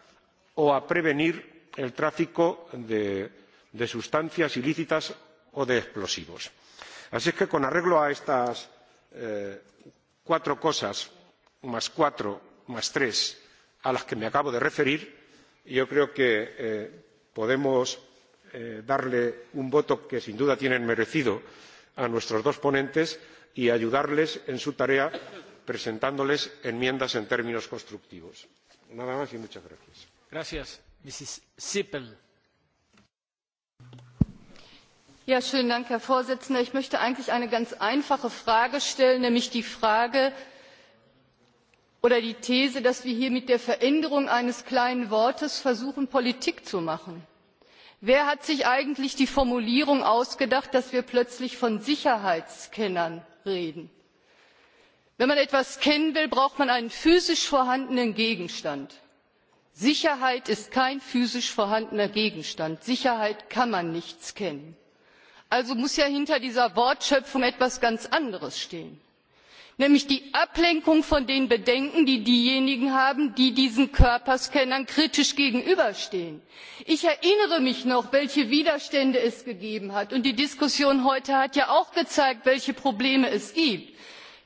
o a prevenir el tráfico de sustancias ilícitas o de explosivos. así es que con arreglo a estas eh, cuatro cosas más cuatro más tres a las que me acabo de referir yo creo que eh, podemos eh, darle un voto que sin duda tienen merecido a nuestros dos ponentes y ayudarles en su tarea presentándoles enmiendas en términos constructivos. nada más y muchas gracias. Ja, herr präsident! ich möchte eigentlich eine ganz einfache frage stellen nämlich die frage oder die these dass wir hier mit der veränderung eines kleinen wortes versuchen politik zu machen. wer hat sich eigentlich die formulierung ausgedacht dass wir plötzlich von sicherheitsscannern reden. wenn man etwas kennen will braucht man einen physisch vorhandenen gegenstand. sicherheit ist kein physisch vorhandener gegenstand. sicherheit kann man nicht scannen. also muss ja hinter dieser wortschöpfung etwas ganz anderes stehen nämlich die ablenkung von den bedenken die diejenigen haben die diesen körperscannern kritisch gegenüberstehen. ich erinnere mich noch welche widerstände es gegeben hat und die diskussion heute hat ja auch gezeigt welche probleme es gibt.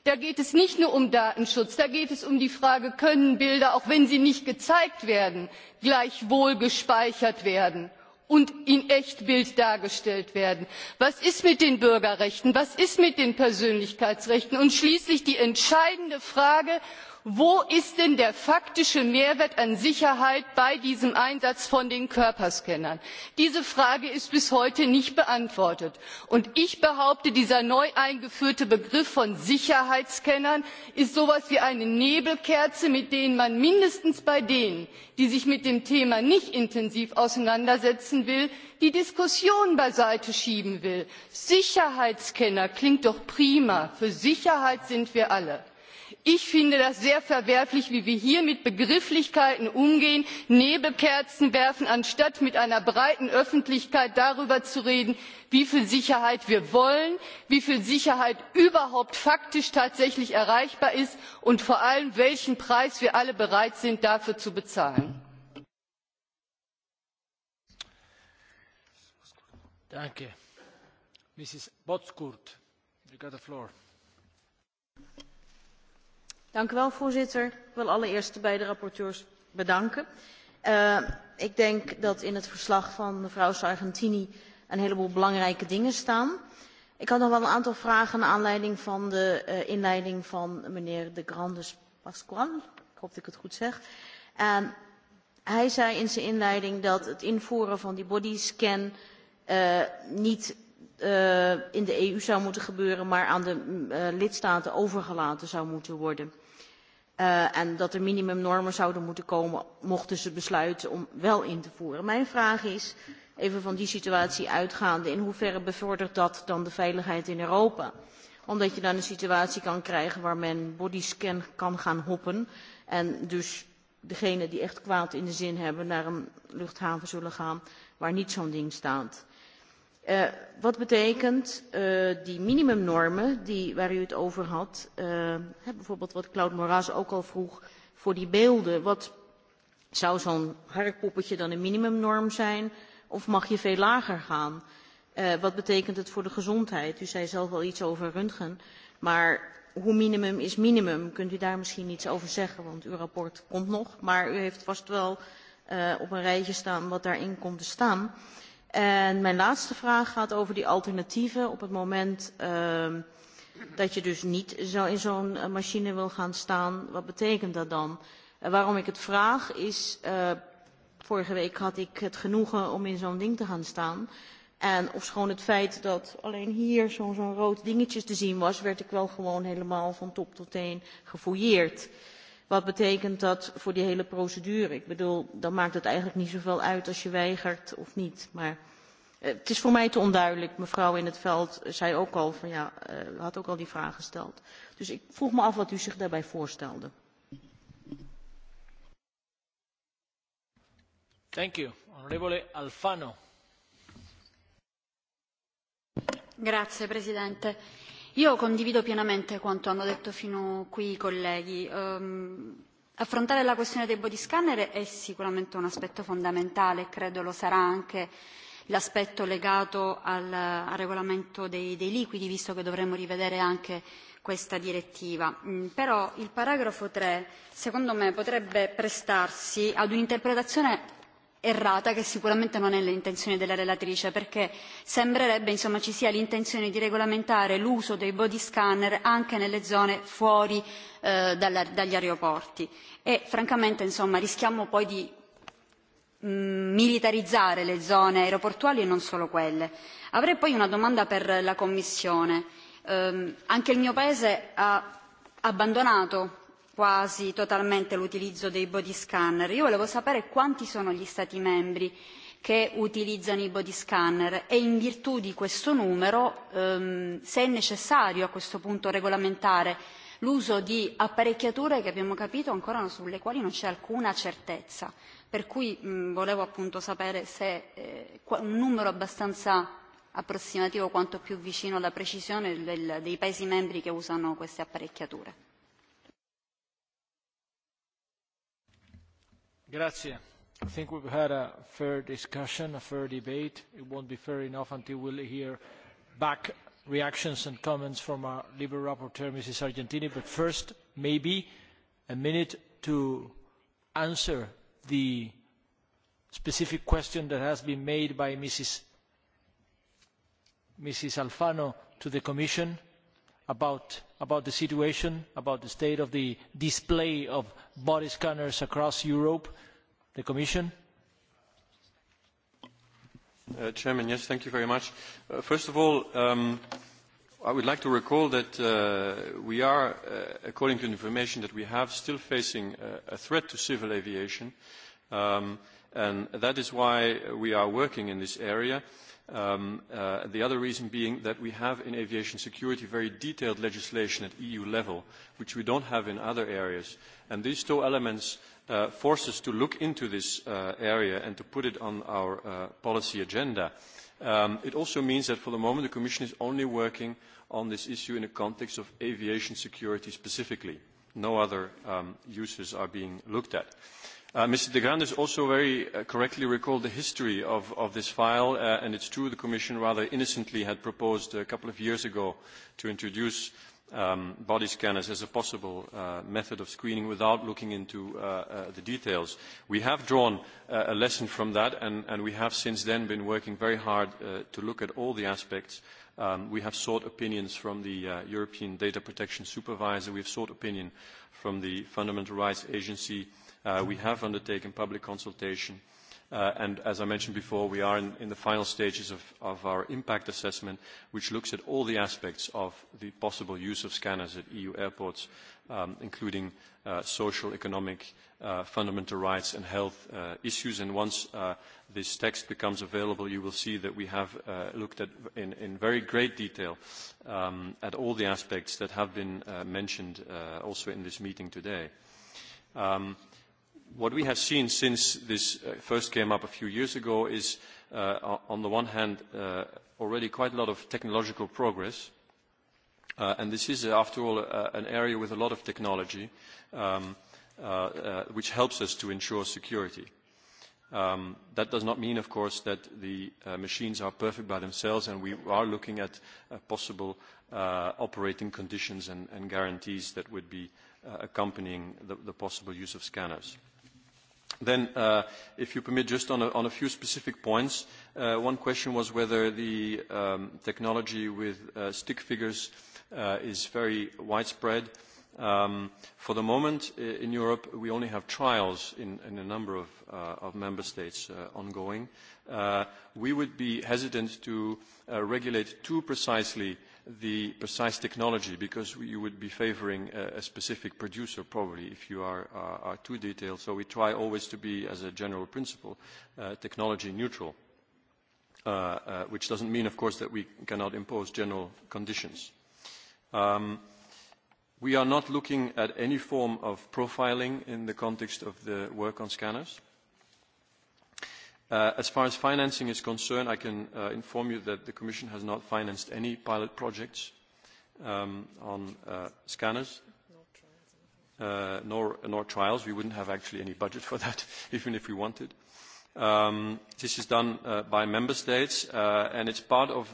da geht es nicht nur um datenschutz da geht es um die frage können bilder auch wenn sie nicht gezeigt werden gleichwohl gespeichert werden? und in echtbild dargestellt werden? was ist mit den bürgerrechten was ist mit den persönlichkeitsrechten? und schließlich die entscheidende frage wo ist denn der faktische mehrwert an sicherheit bei diesem einsatz von den körperscannern? diese frage ist bis heute nicht beantwortet und ich behaupte dieser neu eingeführte begriff von sicherheitsscannern ist so etwas wie eine nebelkerze mit der man mindestens bei denen die sich mit dem thema nicht intensiv auseinandersetzen wollen die diskussion beiseite schieben will. sicherheitsscanner klingt doch prima für sicherheit sind wir alle ich finde das sehr verwerflich wie wir hier mit begrifflichkeiten umgehen nebelkerzen werfen anstatt mit einer breiten öffentlichkeit darüber zu reden wie viel sicherheit wir wollen wie viel sicherheit überhaupt faktisch tatsächlich erreichbar ist und vor allem welchen preis wir alle dafür bereit sind zu bezahlen voorzitter ik wil allereerst de beide rapporteurs bedanken. Eh, ik denk dat in het verslag van mevrouw sargentini een heleboel belangrijke dingen staan. ik had nog wel een aantal vragen naar aanleiding van de eh, inleiding van mijnheer de grandes pascual ik hoop dat ik het goed zeg. hij zei in zijn inleiding dat het invoeren van die bodyscan eh, niet in de eu zou moeten gebeuren maar aan de mm, lidstaten overgelaten zou moeten worden. Eh, en dat er minimumnormen zouden moeten komen mochten ze besluiten om wel in te voeren. Mijn vraag is, even van die situatie uitgaande, in hoeverre bevordert dat dan de veiligheid in Europa? Omdat je dan een situatie kan krijgen waar men bodyscan kan gaan hoppen en dus degenen die echt kwaad in de zin hebben naar een luchthaven zullen gaan waar niet zo'n ding staat. Eh, wat betekent eh, die minimumnormen waar u het over had eh, bijvoorbeeld wat claude moraes ook al vroeg voor die beelden wat zou zo'n harkpoppetje dan een minimumnorm zijn of mag je veel lager gaan wat betekent het voor de gezondheid u zei zelf al iets over röntgen maar hoe minimum is minimum kunt u daar misschien iets over zeggen want uw rapport komt nog maar u heeft vast wel op een rijtje staan wat daarin komt te staan. En mijn laatste vraag gaat over die alternatieven op het moment uh, dat je dus niet zo in zo'n eh, machine wil gaan staan. Wat betekent dat dan? En eh, waarom ik het vraag is, uh, vorige week had ik het genoegen om in zo'n ding te gaan staan. En ofschoon het feit dat alleen hier zo'n zo rood dingetje te zien was, werd ik wel gewoon helemaal van top tot teen gefouilleerd. Uh, Wat betekent dat voor die hele procedure? Ik bedoel, dan maakt het eigenlijk niet zoveel uit als je weigert of niet. Maar eh, het is voor mij te onduidelijk. Mevrouw in het veld eh, zei ook al van ja, eh, had ook al die vraag gesteld. Dus ik vroeg me af wat u zich daarbij voorstelde. Thank you. Honorable Alfano. Grazie, Presidente io condivido pienamente quanto hanno detto fino qui i colleghi ehm, affrontare la questione dei body scanner è sicuramente un aspetto fondamentale e credo lo sarà anche l'aspetto legato al, al regolamento dei, dei liquidi visto che dovremmo rivedere anche questa direttiva. Mm, però il paragrafo 3 secondo me potrebbe prestarsi ad un'interpretazione errata che sicuramente non è l'intenzione della relatrice perché sembrerebbe insomma ci sia l'intenzione di regolamentare l'uso dei body scanner anche nelle zone fuori eh, dalla, dagli aeroporti e francamente insomma rischiamo poi di mm, militarizzare le zone aeroportuali e non solo quelle. Avrei poi una domanda per la Commissione. Eh, anche il mio Paese ha abbandonato quasi totalmente l'utilizzo dei body scanner. Io volevo sapere quanti sono gli Stati membri che utilizzano i body scanner e in virtù di questo numero ehm, se è necessario a questo punto regolamentare l'uso di apparecchiature che abbiamo capito ancora sulle quali non c'è alcuna certezza. Per cui mh, volevo appunto sapere se eh, un numero abbastanza approssimativo quanto più vicino alla precisione del, dei Paesi membri che usano queste apparecchiature. i think we have had a fair discussion a fair debate. it will not be fair enough until we hear back reactions and comments from our libe rapporteur ms sargentini but first maybe a minute to answer the specific question that has been made by ms alfano to the commission about the situation about the state of the display of body scanners across europe the commission? Uh, thank you very much. Uh, first of all um, i would like to recall that uh, we are according to the information that we have still facing a threat to civil aviation um, and that is why we are working in this area. Um, uh, the other reason being that we have in aviation security very detailed legislation at EU level, which we don't have in other areas. And these two elements uh, force us to look into this uh, area and to put it on our uh, policy agenda. Um, it also means that for the moment the Commission is only working on this issue in the context of aviation security specifically. No other um, uses are being looked at. Uh, Uh, mr de grandes also very uh, correctly recalled the history of this file uh, and it is true the commission rather innocently had proposed a couple of years ago to introduce um, body scanners as a possible method of screening without looking into the details. we have drawn a lesson from that and we have since then been working very hard to look at all the aspects. Um, we have sought opinions from the european data protection supervisor we have sought opinion from the fundamental rights agency Uh, we have undertaken public consultation. Uh, as I mentioned before, we are in the final stages of our impact assessment, which looks at all the aspects of the possible use of scanners at EU airports, um, including uh, social, economic, fundamental rights, and health issues. Once this text becomes available, you will see that we have looked at, in very great detail, um, at all the aspects that have been mentioned also in this meeting today. Um, what we have seen since this uh, first came up a few years ago is uh, on the one hand uh, already quite a lot of technological progress uh, and this is uh, after all uh, an area with a lot of technology um, uh, uh, which helps us to ensure security um, that does not mean, of course, that the uh, machines are perfect by themselves, and we are looking at uh, possible uh, operating conditions and, and guarantees that would be uh, accompanying the, the possible use of scanners. Then, uh, if you permit, just on a, on a few specific points, uh, one question was whether the um, technology with uh, stick figures uh, is very widespread. Um, for the moment, in Europe, we only have trials in, in a number of, uh, of member states uh, ongoing. Uh, we would be hesitant to uh, regulate too precisely uh, the precise technology because you would be favouring a, a specific producer probably if you are, are, are too detailed. So we try always to be, as a general principle, uh, technology neutral, uh, uh, which doesn't mean, of course, that we cannot impose general conditions. Um, we are not looking at any form of profiling in the context of the work on scanners. Uh, Uh, as far as financing is concerned i can uh, inform you that the commission has not financed any pilot projects um, on uh, scanners nor trials we would not have actually any budget for that (laughs) even if we wanted. Um, this is done by member states and it is part of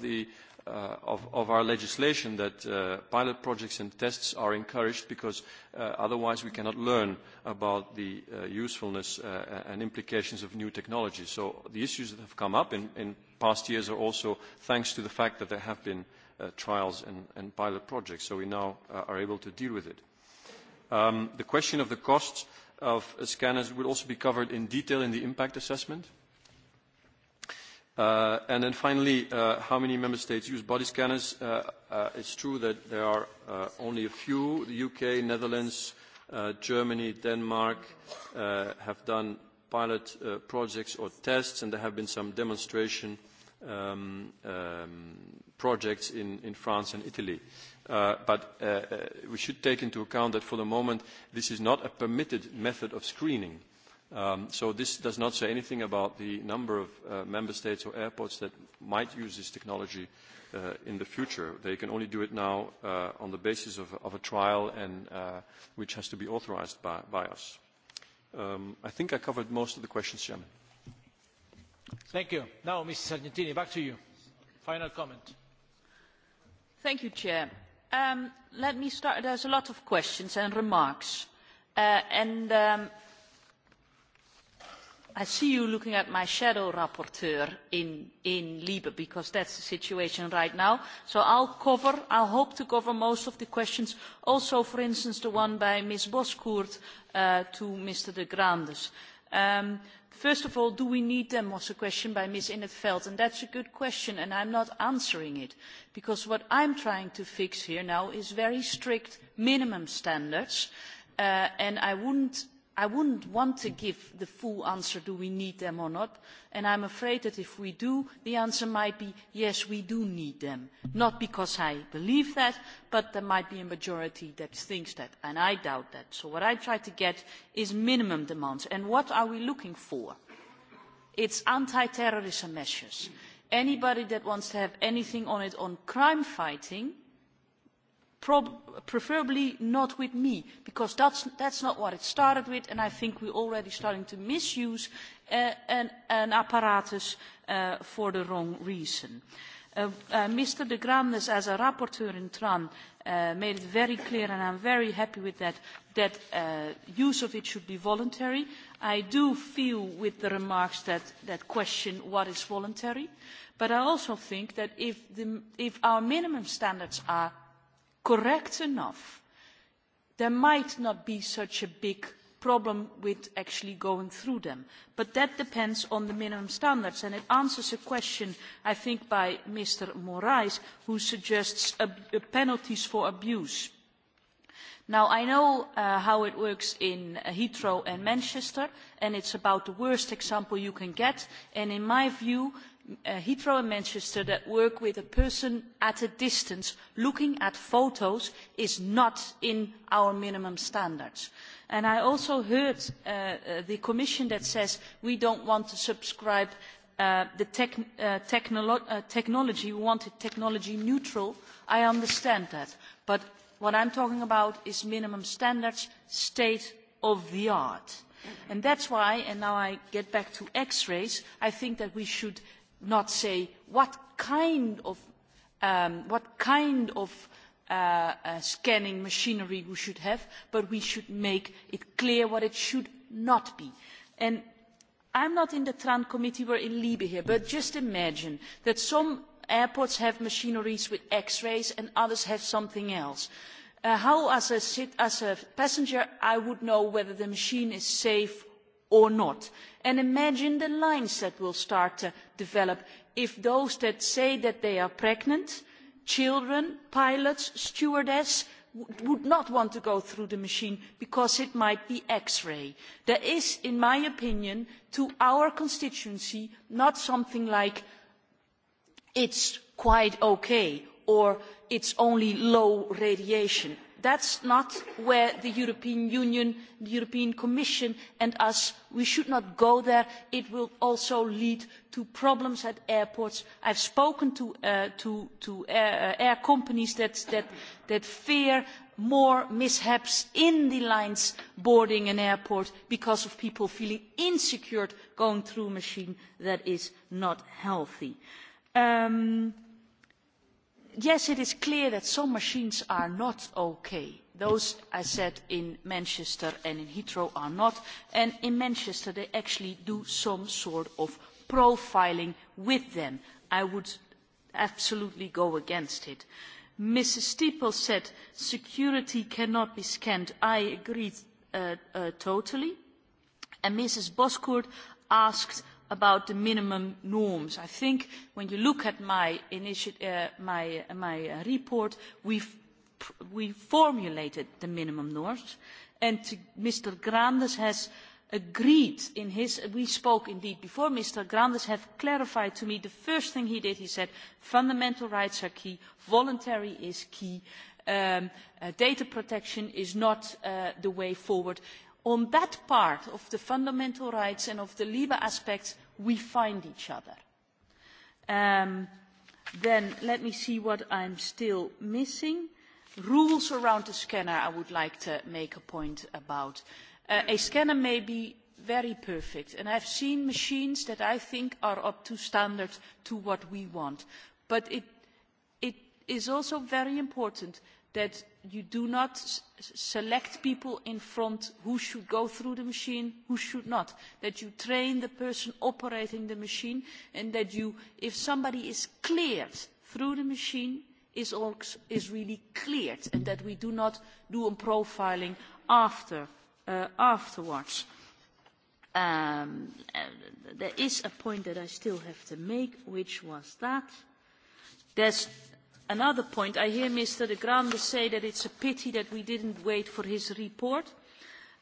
Uh, of, of our legislation that uh, pilot projects and tests are encouraged because uh, otherwise we cannot learn about the uh, usefulness uh, and implications of new technologies. So the issues that have come up in, in past years are also thanks to the fact that there have been uh, trials and, and pilot projects, so we now uh, are able to deal with it. Um, the question of the costs of uh, scanners will also be covered in detail in the impact assessment. Uh, finally uh, how many member states use body scanners? Uh, it is true that there are only a few the uk netherlands germany and denmark have done pilot projects or tests and there have been some demonstration um, um, projects in france and italy but we should take into account that for the moment this is not a permitted method of screening. Um, so this does not say anything about the number of uh, member states or airports that might use this technology uh, in the future. They can only do it now uh, on the basis of, of a trial and, uh, which has to be authorised by, by us. Um, I think I covered most of the questions, Chairman. Thank you. Now, Mr. Sargentini, back to you. Final comment. Thank you, Chair. Um, let me start. There's a lot of questions and remarks. Uh, and um, I see you looking at my shadow rapporteur in, in Libe, because that's the situation right now. So I'll cover, I'll hope to cover most of the questions, also, for instance, the one by Ms. Boskoert uh, to Mr. de Grandes. Um, first of all, do we need them was a question by Ms. Innetveld, and that's a good question, and I'm not answering it, because what I'm trying to fix here now is very strict minimum standards, uh, and I wouldn't i would not want to give the full answer do we need them or not and i am afraid that if we do the answer might be yes we do need them not because i believe that but there might be a majority that thinks that and i doubt that. so what i try to get is minimum demands and what are we looking for? it is anti terrorism measures. anybody that wants to have anything on it on crime fighting preferably not with me because that's, that's not what it started with and I think we're already starting to misuse uh, an, an apparatus uh, for the wrong reason. Uh, uh, Mr. de Grandes, as a rapporteur in Tran, uh, made it very clear, and I'm very happy with that, that uh, use of it should be voluntary. I do feel with the remarks that, that question what is voluntary, but I also think that if, the, if our minimum standards are correct enough there might not be such a big problem with actually going through them but that depends on the minimum standards and it answers a question i think by mr moraes who suggests uh, penalties for abuse. now i know uh, how it works in heathrow and manchester and it is about the worst example you can get and in my view Uh, heathrow and manchester that work with a person at a distance looking at photos is not in our minimum standards. And I also heard uh, uh, the commission that says we don't want to subscribe uh, the tech, uh, technolo uh, technology, we want it technology neutral. I understand that. But what I'm talking about is minimum standards, state of the art. And that's why, and now I get back to x-rays, I think that we should not say what kind of um, what kind of uh, uh, scanning machinery we should have, but we should make it clear what it should not be. And I'm not in the TRAN committee, we're in Libya here, but just imagine that some airports have machineries with x-rays and others have something else. Uh, how, as a, sit, as a passenger, I would know whether the machine is safe or not. imagine the lines that will start to develop if those that say that they are pregnant children pilots stewardess would not want to go through the machine because it might be x-ray. there is in my opinion to our constituency not something like it's quite okay or it's only low radiation that is not where the european union the european commission and we should not go there it will also lead to problems at airports. i have spoken to uh, uh, air companies that fear more mishaps in the lines boarding an airport because of people feeling insecure going through a machine that is not healthy. Um, yes it is clear that some machines are not okay those i said in manchester and in heathrow are not and in manchester they actually do some sort of profiling with them i would absolutely go against it mrs steeple said security cannot be scanned i agree uh, uh, totally and mrs boscourt asked about the minimum norms. I think when you look at my, uh, my, uh, my uh, report, we've, we formulated the minimum norms, and to, Mr. Grandes has agreed in his, we spoke indeed before, Mr. Grandes have clarified to me the first thing he did, he said fundamental rights are key, voluntary is key, um, uh, data protection is not uh, the way forward. On that part of the fundamental rights and of the LIBA aspects, we find each other. Um, then let me see what I'm still missing. Rules around the scanner, I would like to make a point about. Uh, a scanner may be very perfect, and I've seen machines that I think are up to standard to what we want. But it, it is also very important that you do not select people in front who should go through the machine and who should not that you train the person operating the machine and that if somebody is cleared through the machine is is really cleared and that we do not do a profiling after uh, afterwards. Um, uh, there is a point that I still have to make, which was that there's another point i hear mr de grandes say that it is a pity that we did not wait for his report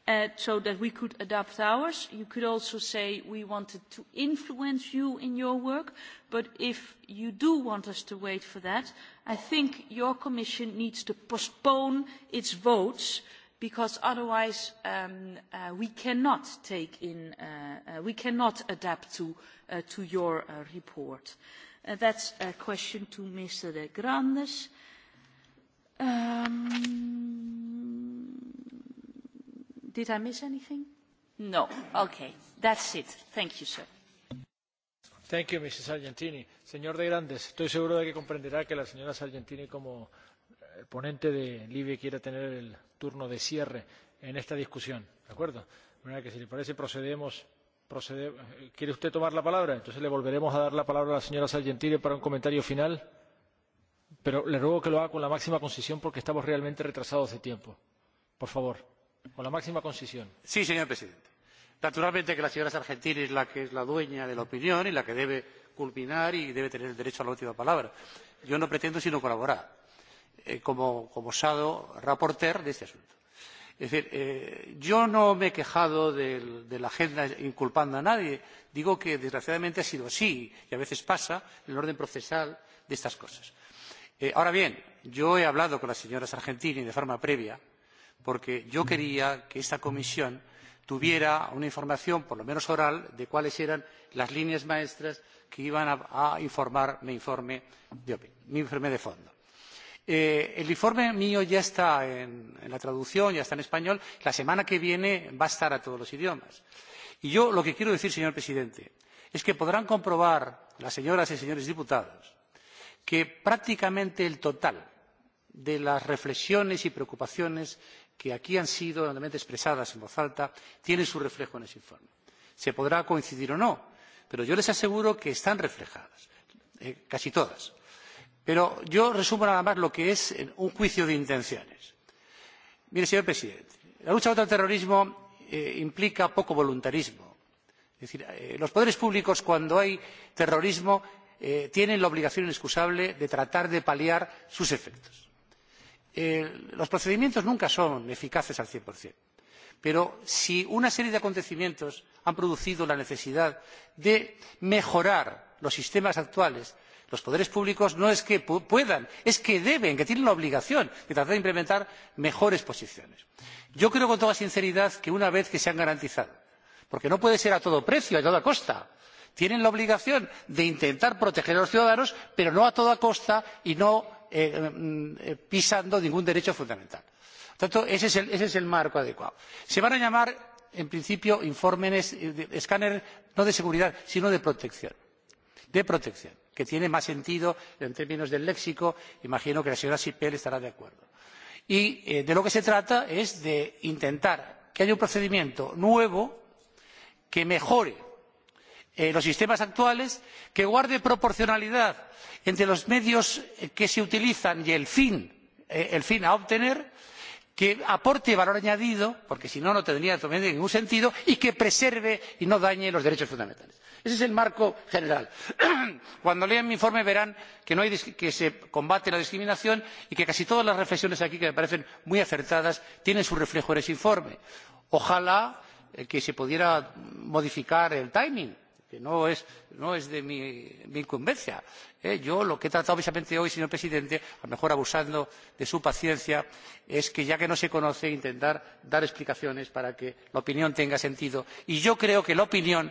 uh, so that we could adopt ours. you could also say we wanted to influence you in your work but if you do want us to wait for that i think your commission needs to postpone its votes because otherwise um, uh, uh, we cannot adapt to your report. Uh, that's a question to Mr. De Grandes. Um, did I miss anything? No. Okay. That's it. Thank you, sir. Thank you, Mrs. Argentini. Señor De Grandes, estoy seguro de que comprenderá que la señora Sargentini, como eh, ponente de Libia, quiera tener el turno de cierre en esta discusión. ¿De acuerdo? De manera que, si le parece, procedemos quiere usted tomar la palabra? entonces le volveremos a dar la palabra a la señora sargentini para un comentario final pero le ruego que lo haga con la máxima concisión porque estamos realmente retrasados de tiempo. por favor con la máxima concisión. sí señor presidente. naturalmente que la señora sargentini es la que es la dueña de la opinión y la que debe culminar y debe tener el derecho a la última palabra. yo no pretendo sino colaborar eh, como, como sado relator de este asunto. Es decir, eh, yo no me he quejado del, de la agenda inculpando a nadie. Digo que, desgraciadamente, ha sido así y a veces pasa el orden procesal de estas cosas. Eh, ahora bien, yo he hablado con la señora Sargentini de forma previa porque yo quería que esta comisión tuviera una información, por lo menos oral, de cuáles eran las líneas maestras que iban a, a informar mi informe, de, mi informe de fondo. Eh, el informe mío ya está en la traducción ya está en español la semana que viene va a estar en todos los idiomas y yo lo que quiero decir señor presidente es que podrán comprobar las señoras y señores diputados que prácticamente el total de las reflexiones y preocupaciones que aquí han sido expresadas en voz alta tiene su reflejo en ese informe. se podrá coincidir o no pero yo les aseguro que están reflejadas eh, casi todas pero yo resumo nada más lo que es un juicio de intenciones. mire señor presidente la lucha contra el terrorismo eh, implica poco voluntarismo. es decir eh, los poderes públicos cuando hay terrorismo eh, tienen la obligación inexcusable de tratar de paliar sus efectos. los procedimientos nunca son eficaces al cien por cien pero si una serie de acontecimientos han producido la necesidad de mejorar los sistemas actuales los poderes públicos no es que puedan es que deben que tienen la obligación de tratar de implementar mejores posiciones. yo creo con toda sinceridad que una vez que se han garantizado porque no puede ser a todo precio a toda costa tienen la obligación de intentar proteger a los ciudadanos pero no a toda costa y no eh, mm, eh pisando ningún derecho fundamental. Por tanto, ese es, el, ese es el marco adecuado. Se van a llamar, en principio, informes, escáneres no de seguridad, sino de protección. De protección que tiene más sentido en términos del léxico imagino que la señora zippel estará de acuerdo. y eh, de lo que se trata es de intentar que haya un procedimiento nuevo que mejore eh, los sistemas actuales que guarde proporcionalidad entre los medios eh, que se utilizan y el fin a obtener que aporte valor añadido porque si no no tendría ningún sentido y que preserve y no dañe los derechos fundamentales ese es el marco general. (clears throat) cuando lean mi informe verán no que se combate la discriminación y que casi todas las reflexiones aquí que me parecen muy acertadas tienen su reflejo en ese informe. ojalá eh, se pudiera modificar el timing que no es no de mi incumbencia. Eh, yo lo que he tratado precisamente hoy señor presidente a lo mejor abusando de su paciencia es que ya que no se conoce intentar dar explicaciones para que la opinión tenga sentido. y yo creo que la opinión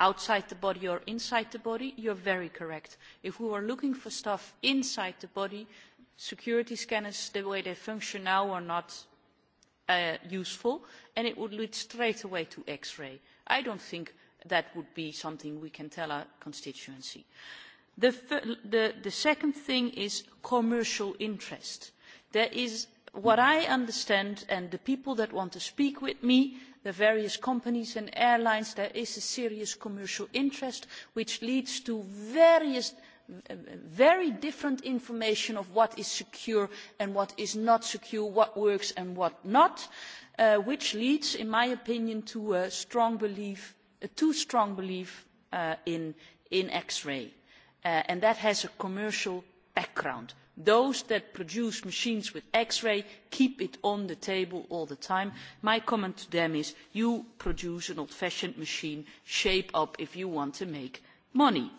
outside the body or inside the body, you're very correct. If we were looking for stuff inside the body, security scanners, the way they function now, are not uh, useful, and it would lead straight away to X-ray. I don't think that would be something we can tell our constituency. The, the, the second thing is commercial interest. There is what i understand and the people who want to speak with me the various companies and airlines is that there is a serious commercial interest which leads to very different information about what is secure and what is not secure what works and what does not uh, which leads in my opinion to a strong belief a too strong belief uh, in x ray uh, and that has a commercial background those that produce machines with x ray keep it on the table all the time. my comment to them is you produce an old fashioned machine shape up if you want to make money.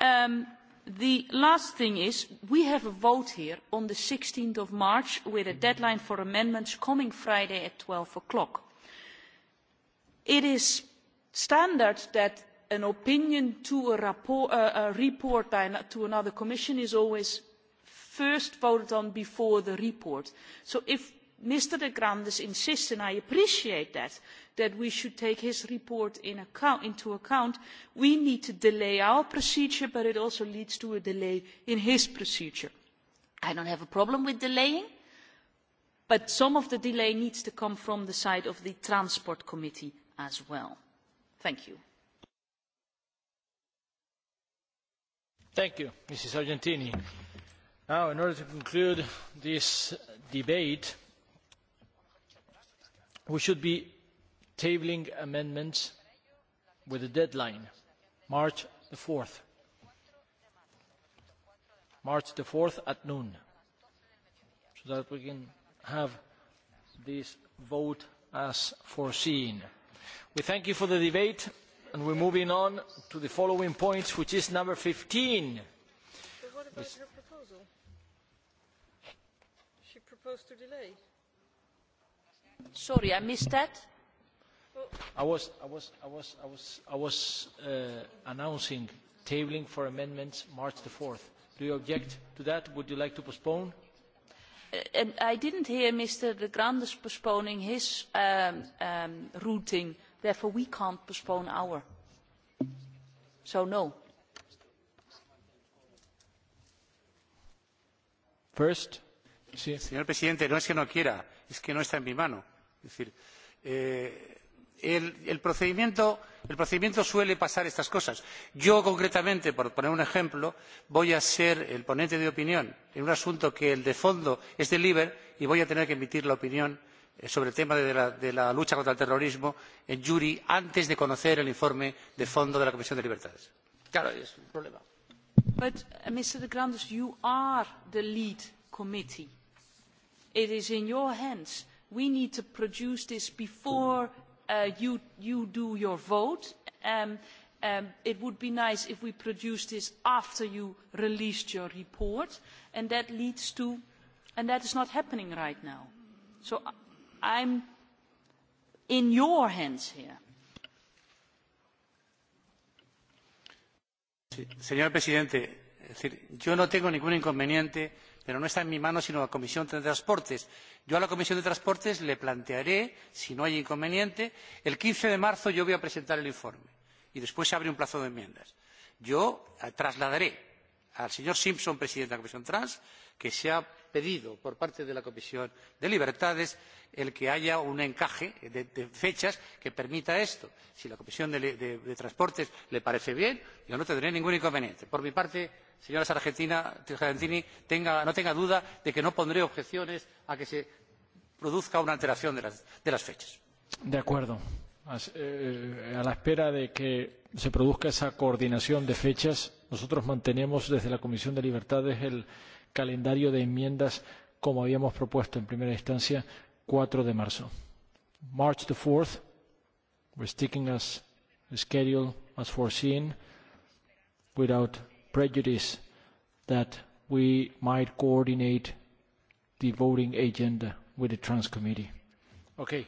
Um, the last thing is we have a vote here on the sixteenth of march with a deadline for amendments coming friday at twelve o'clock. it is standard that an opinion to a report, uh, a report to another commission is always first voted on before the report. so if mr de grandes insists and i appreciate that that we should take his report into account we need to delay our procedure but it also leads to a delay in his procedure. i do not have a problem with delaying but some of the delay needs to come from the side of the transport committee as well. thank you. thank you ms sargentini in order to conclude this debate we should be tabling amendments with a deadline march four march four at noon so that we can have this vote as foreseen. we thank you for the debate and we are moving on to the following point which is number fifteen which supposed to delay? sorry i missed that. i was, I was, I was, I was, I was uh, announcing tabling for amendments march the 4th. do you object to that? would you like to postpone? Uh, and I didn't hear Mr. De Grandes postponing his um, um, routing, therefore we can't postpone our. So no. First señor presidente no es que no quiera es que no está en mi mano. Eh, el procedimiento suele pasar estas cosas. yo concretamente por poner un ejemplo voy a ser el ponente de opinión en un asunto que de fondo es de la comisión libe y voy a tener que emitir la opinión eh, sobre el tema de la lucha contra el terrorismo en juri antes de conocer el informe de fondo de la comisión de libertades civiles. claro es un problema. Uh, it is in your hands. We need to produce this before uh, you, you do your vote. Um, um, it would be nice if we produced this after you released your report. And that leads to, and that is not happening right now. So uh, I'm in your hands here. Señor Presidente, Es decir, yo no tengo ningún inconveniente, pero no está en mi mano sino la Comisión de Transportes. Yo a la Comisión de Transportes le plantearé, si no hay inconveniente, el 15 de marzo yo voy a presentar el informe y después se abre un plazo de enmiendas. Yo trasladaré al señor Simpson, presidente de la Comisión Trans, que se ha pedido por parte de la Comisión de Libertades el que haya un encaje de, de fechas que permita esto. Si la Comisión de, de, de Transportes le parece bien, yo no tendré ningún inconveniente. Por mi parte, señora sargentini no tenga duda de que no pondré objeciones a que se produzca una alteración de las fechas. de acuerdo. Eh, a la espera de que se produzca esa coordinación de fechas nosotros mantenemos desde la comisión de libertades el calendario de enmiendas como habíamos propuesto en primera instancia cuatro de marzo. march the fourth we're sticking as scheduled as foreseen without prejudice that we might coordinate the voting agenda with the trans committee. Okay.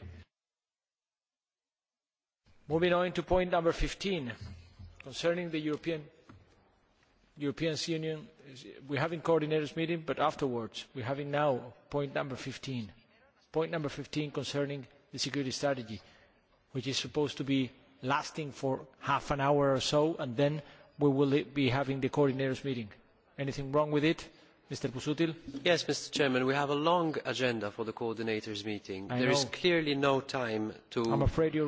Moving on to point number 15, concerning the European, European Union, we're having coordinators meeting, but afterwards, we're having now point number 15. Point number 15 concerning the security strategy, which is supposed to be lasting for half an hour or so, and then we will be having the coordinators' meeting. anything wrong with it mr busuttil? yes mr president we have a long agenda for the coordinators' meeting. there is clearly no time to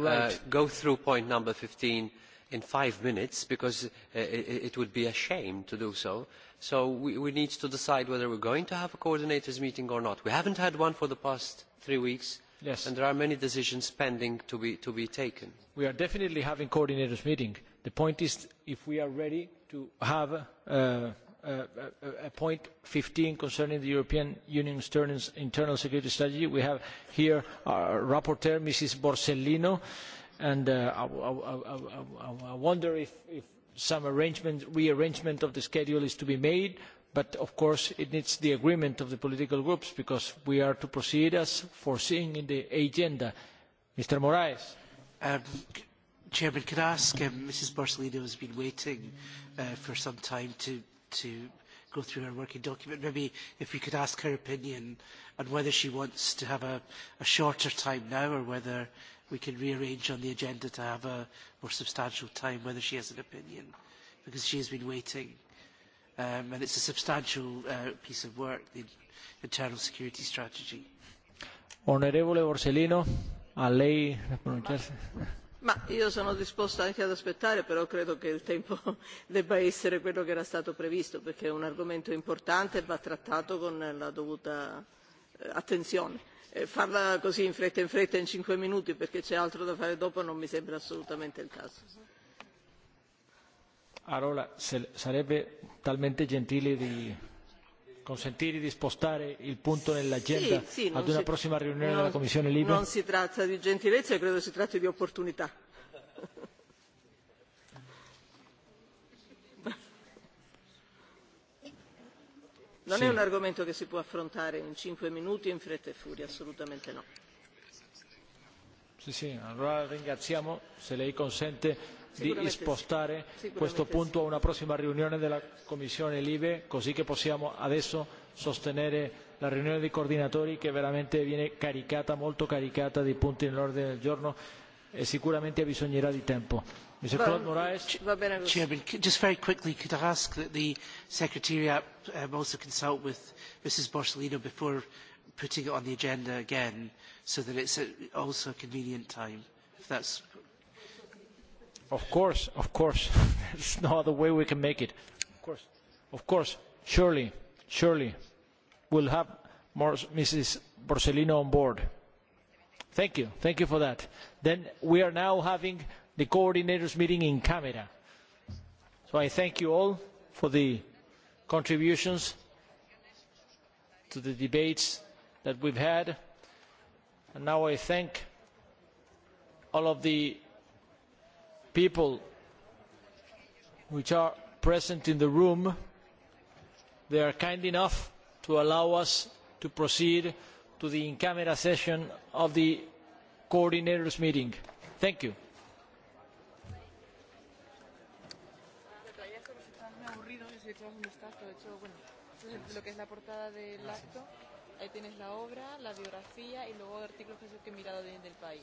uh, go through point number fifteen in five minutes because uh, it would be a shame to do so. so we need to decide whether we are going to have a coordinators' meeting or not. we have not had one for the past three weeks and there are many decisions pending to be taken. we are definitely having a coordinators' meeting the point is if we are ready to have a point fifteen concerning the european union's internal security strategy we have here our rapporteur mrs borsellino and uh, i wonder if some rearrangement of the schedule is to be made but of course it needs the agreement of the political groups because we are to proceed as foreseen in the agenda. mr moraes uh, Chairman, can I ask, um, Mrs Borsellino has been waiting uh, for some time to, to go through her working document. Maybe if we could ask her opinion on whether she wants to have a, a shorter time now or whether we can rearrange on the agenda to have a more substantial time, whether she has an opinion, because she has been waiting. Um, and it's a substantial uh, piece of work, the internal security strategy. Honorable Borsellino, a lei pronunciarse. Ma io sono disposta anche ad aspettare, però credo che il tempo (laughs) debba essere quello che era stato previsto, perché è un argomento importante e va trattato con la dovuta eh, attenzione. E farla così in fretta in fretta in cinque minuti, perché c'è altro da fare dopo, non mi sembra assolutamente il caso. Allora, sarebbe talmente gentile di consentire di spostare il punto nell'agenda no ad una prossima riunione no della commissione libe? non si tratta di gentilezza credo si tratti di opportunità. (laughs) non è un argomento che si può affrontare in cinque minuti in fretta e furia assolutamente no. sì sì allora la ringraziamo se lei consente spostare questo punto a una prossima riunione della commissione libe così che possiamo adesso sostenere la riunione dei coordinatori che veramente viene caricata molto caricata di punti nell'ordine del giorno e sicuramente bisognerà di tempo. Mr. Claude Moraes. Chairman, just very quickly, could I ask that the Secretariat um, also consult with Mrs. Borsellino before putting it on the agenda again, so that it's also a convenient time, if that's Of course, of course. (laughs) There's no other way we can make it. Of course, of course. Surely, surely. We'll have more Mrs. Borsellino on board. Thank you. Thank you for that. Then we are now having the coordinators meeting in camera. So I thank you all for the contributions to the debates that we've had. And now I thank all of the people who are present in the room are kind enough to allow us to proceed to the in camera session of the coordinators' meeting. Thank you. lo que es la portada del acto, ahí tienes la obra, la biografía y luego artículos que he mirado bien del país.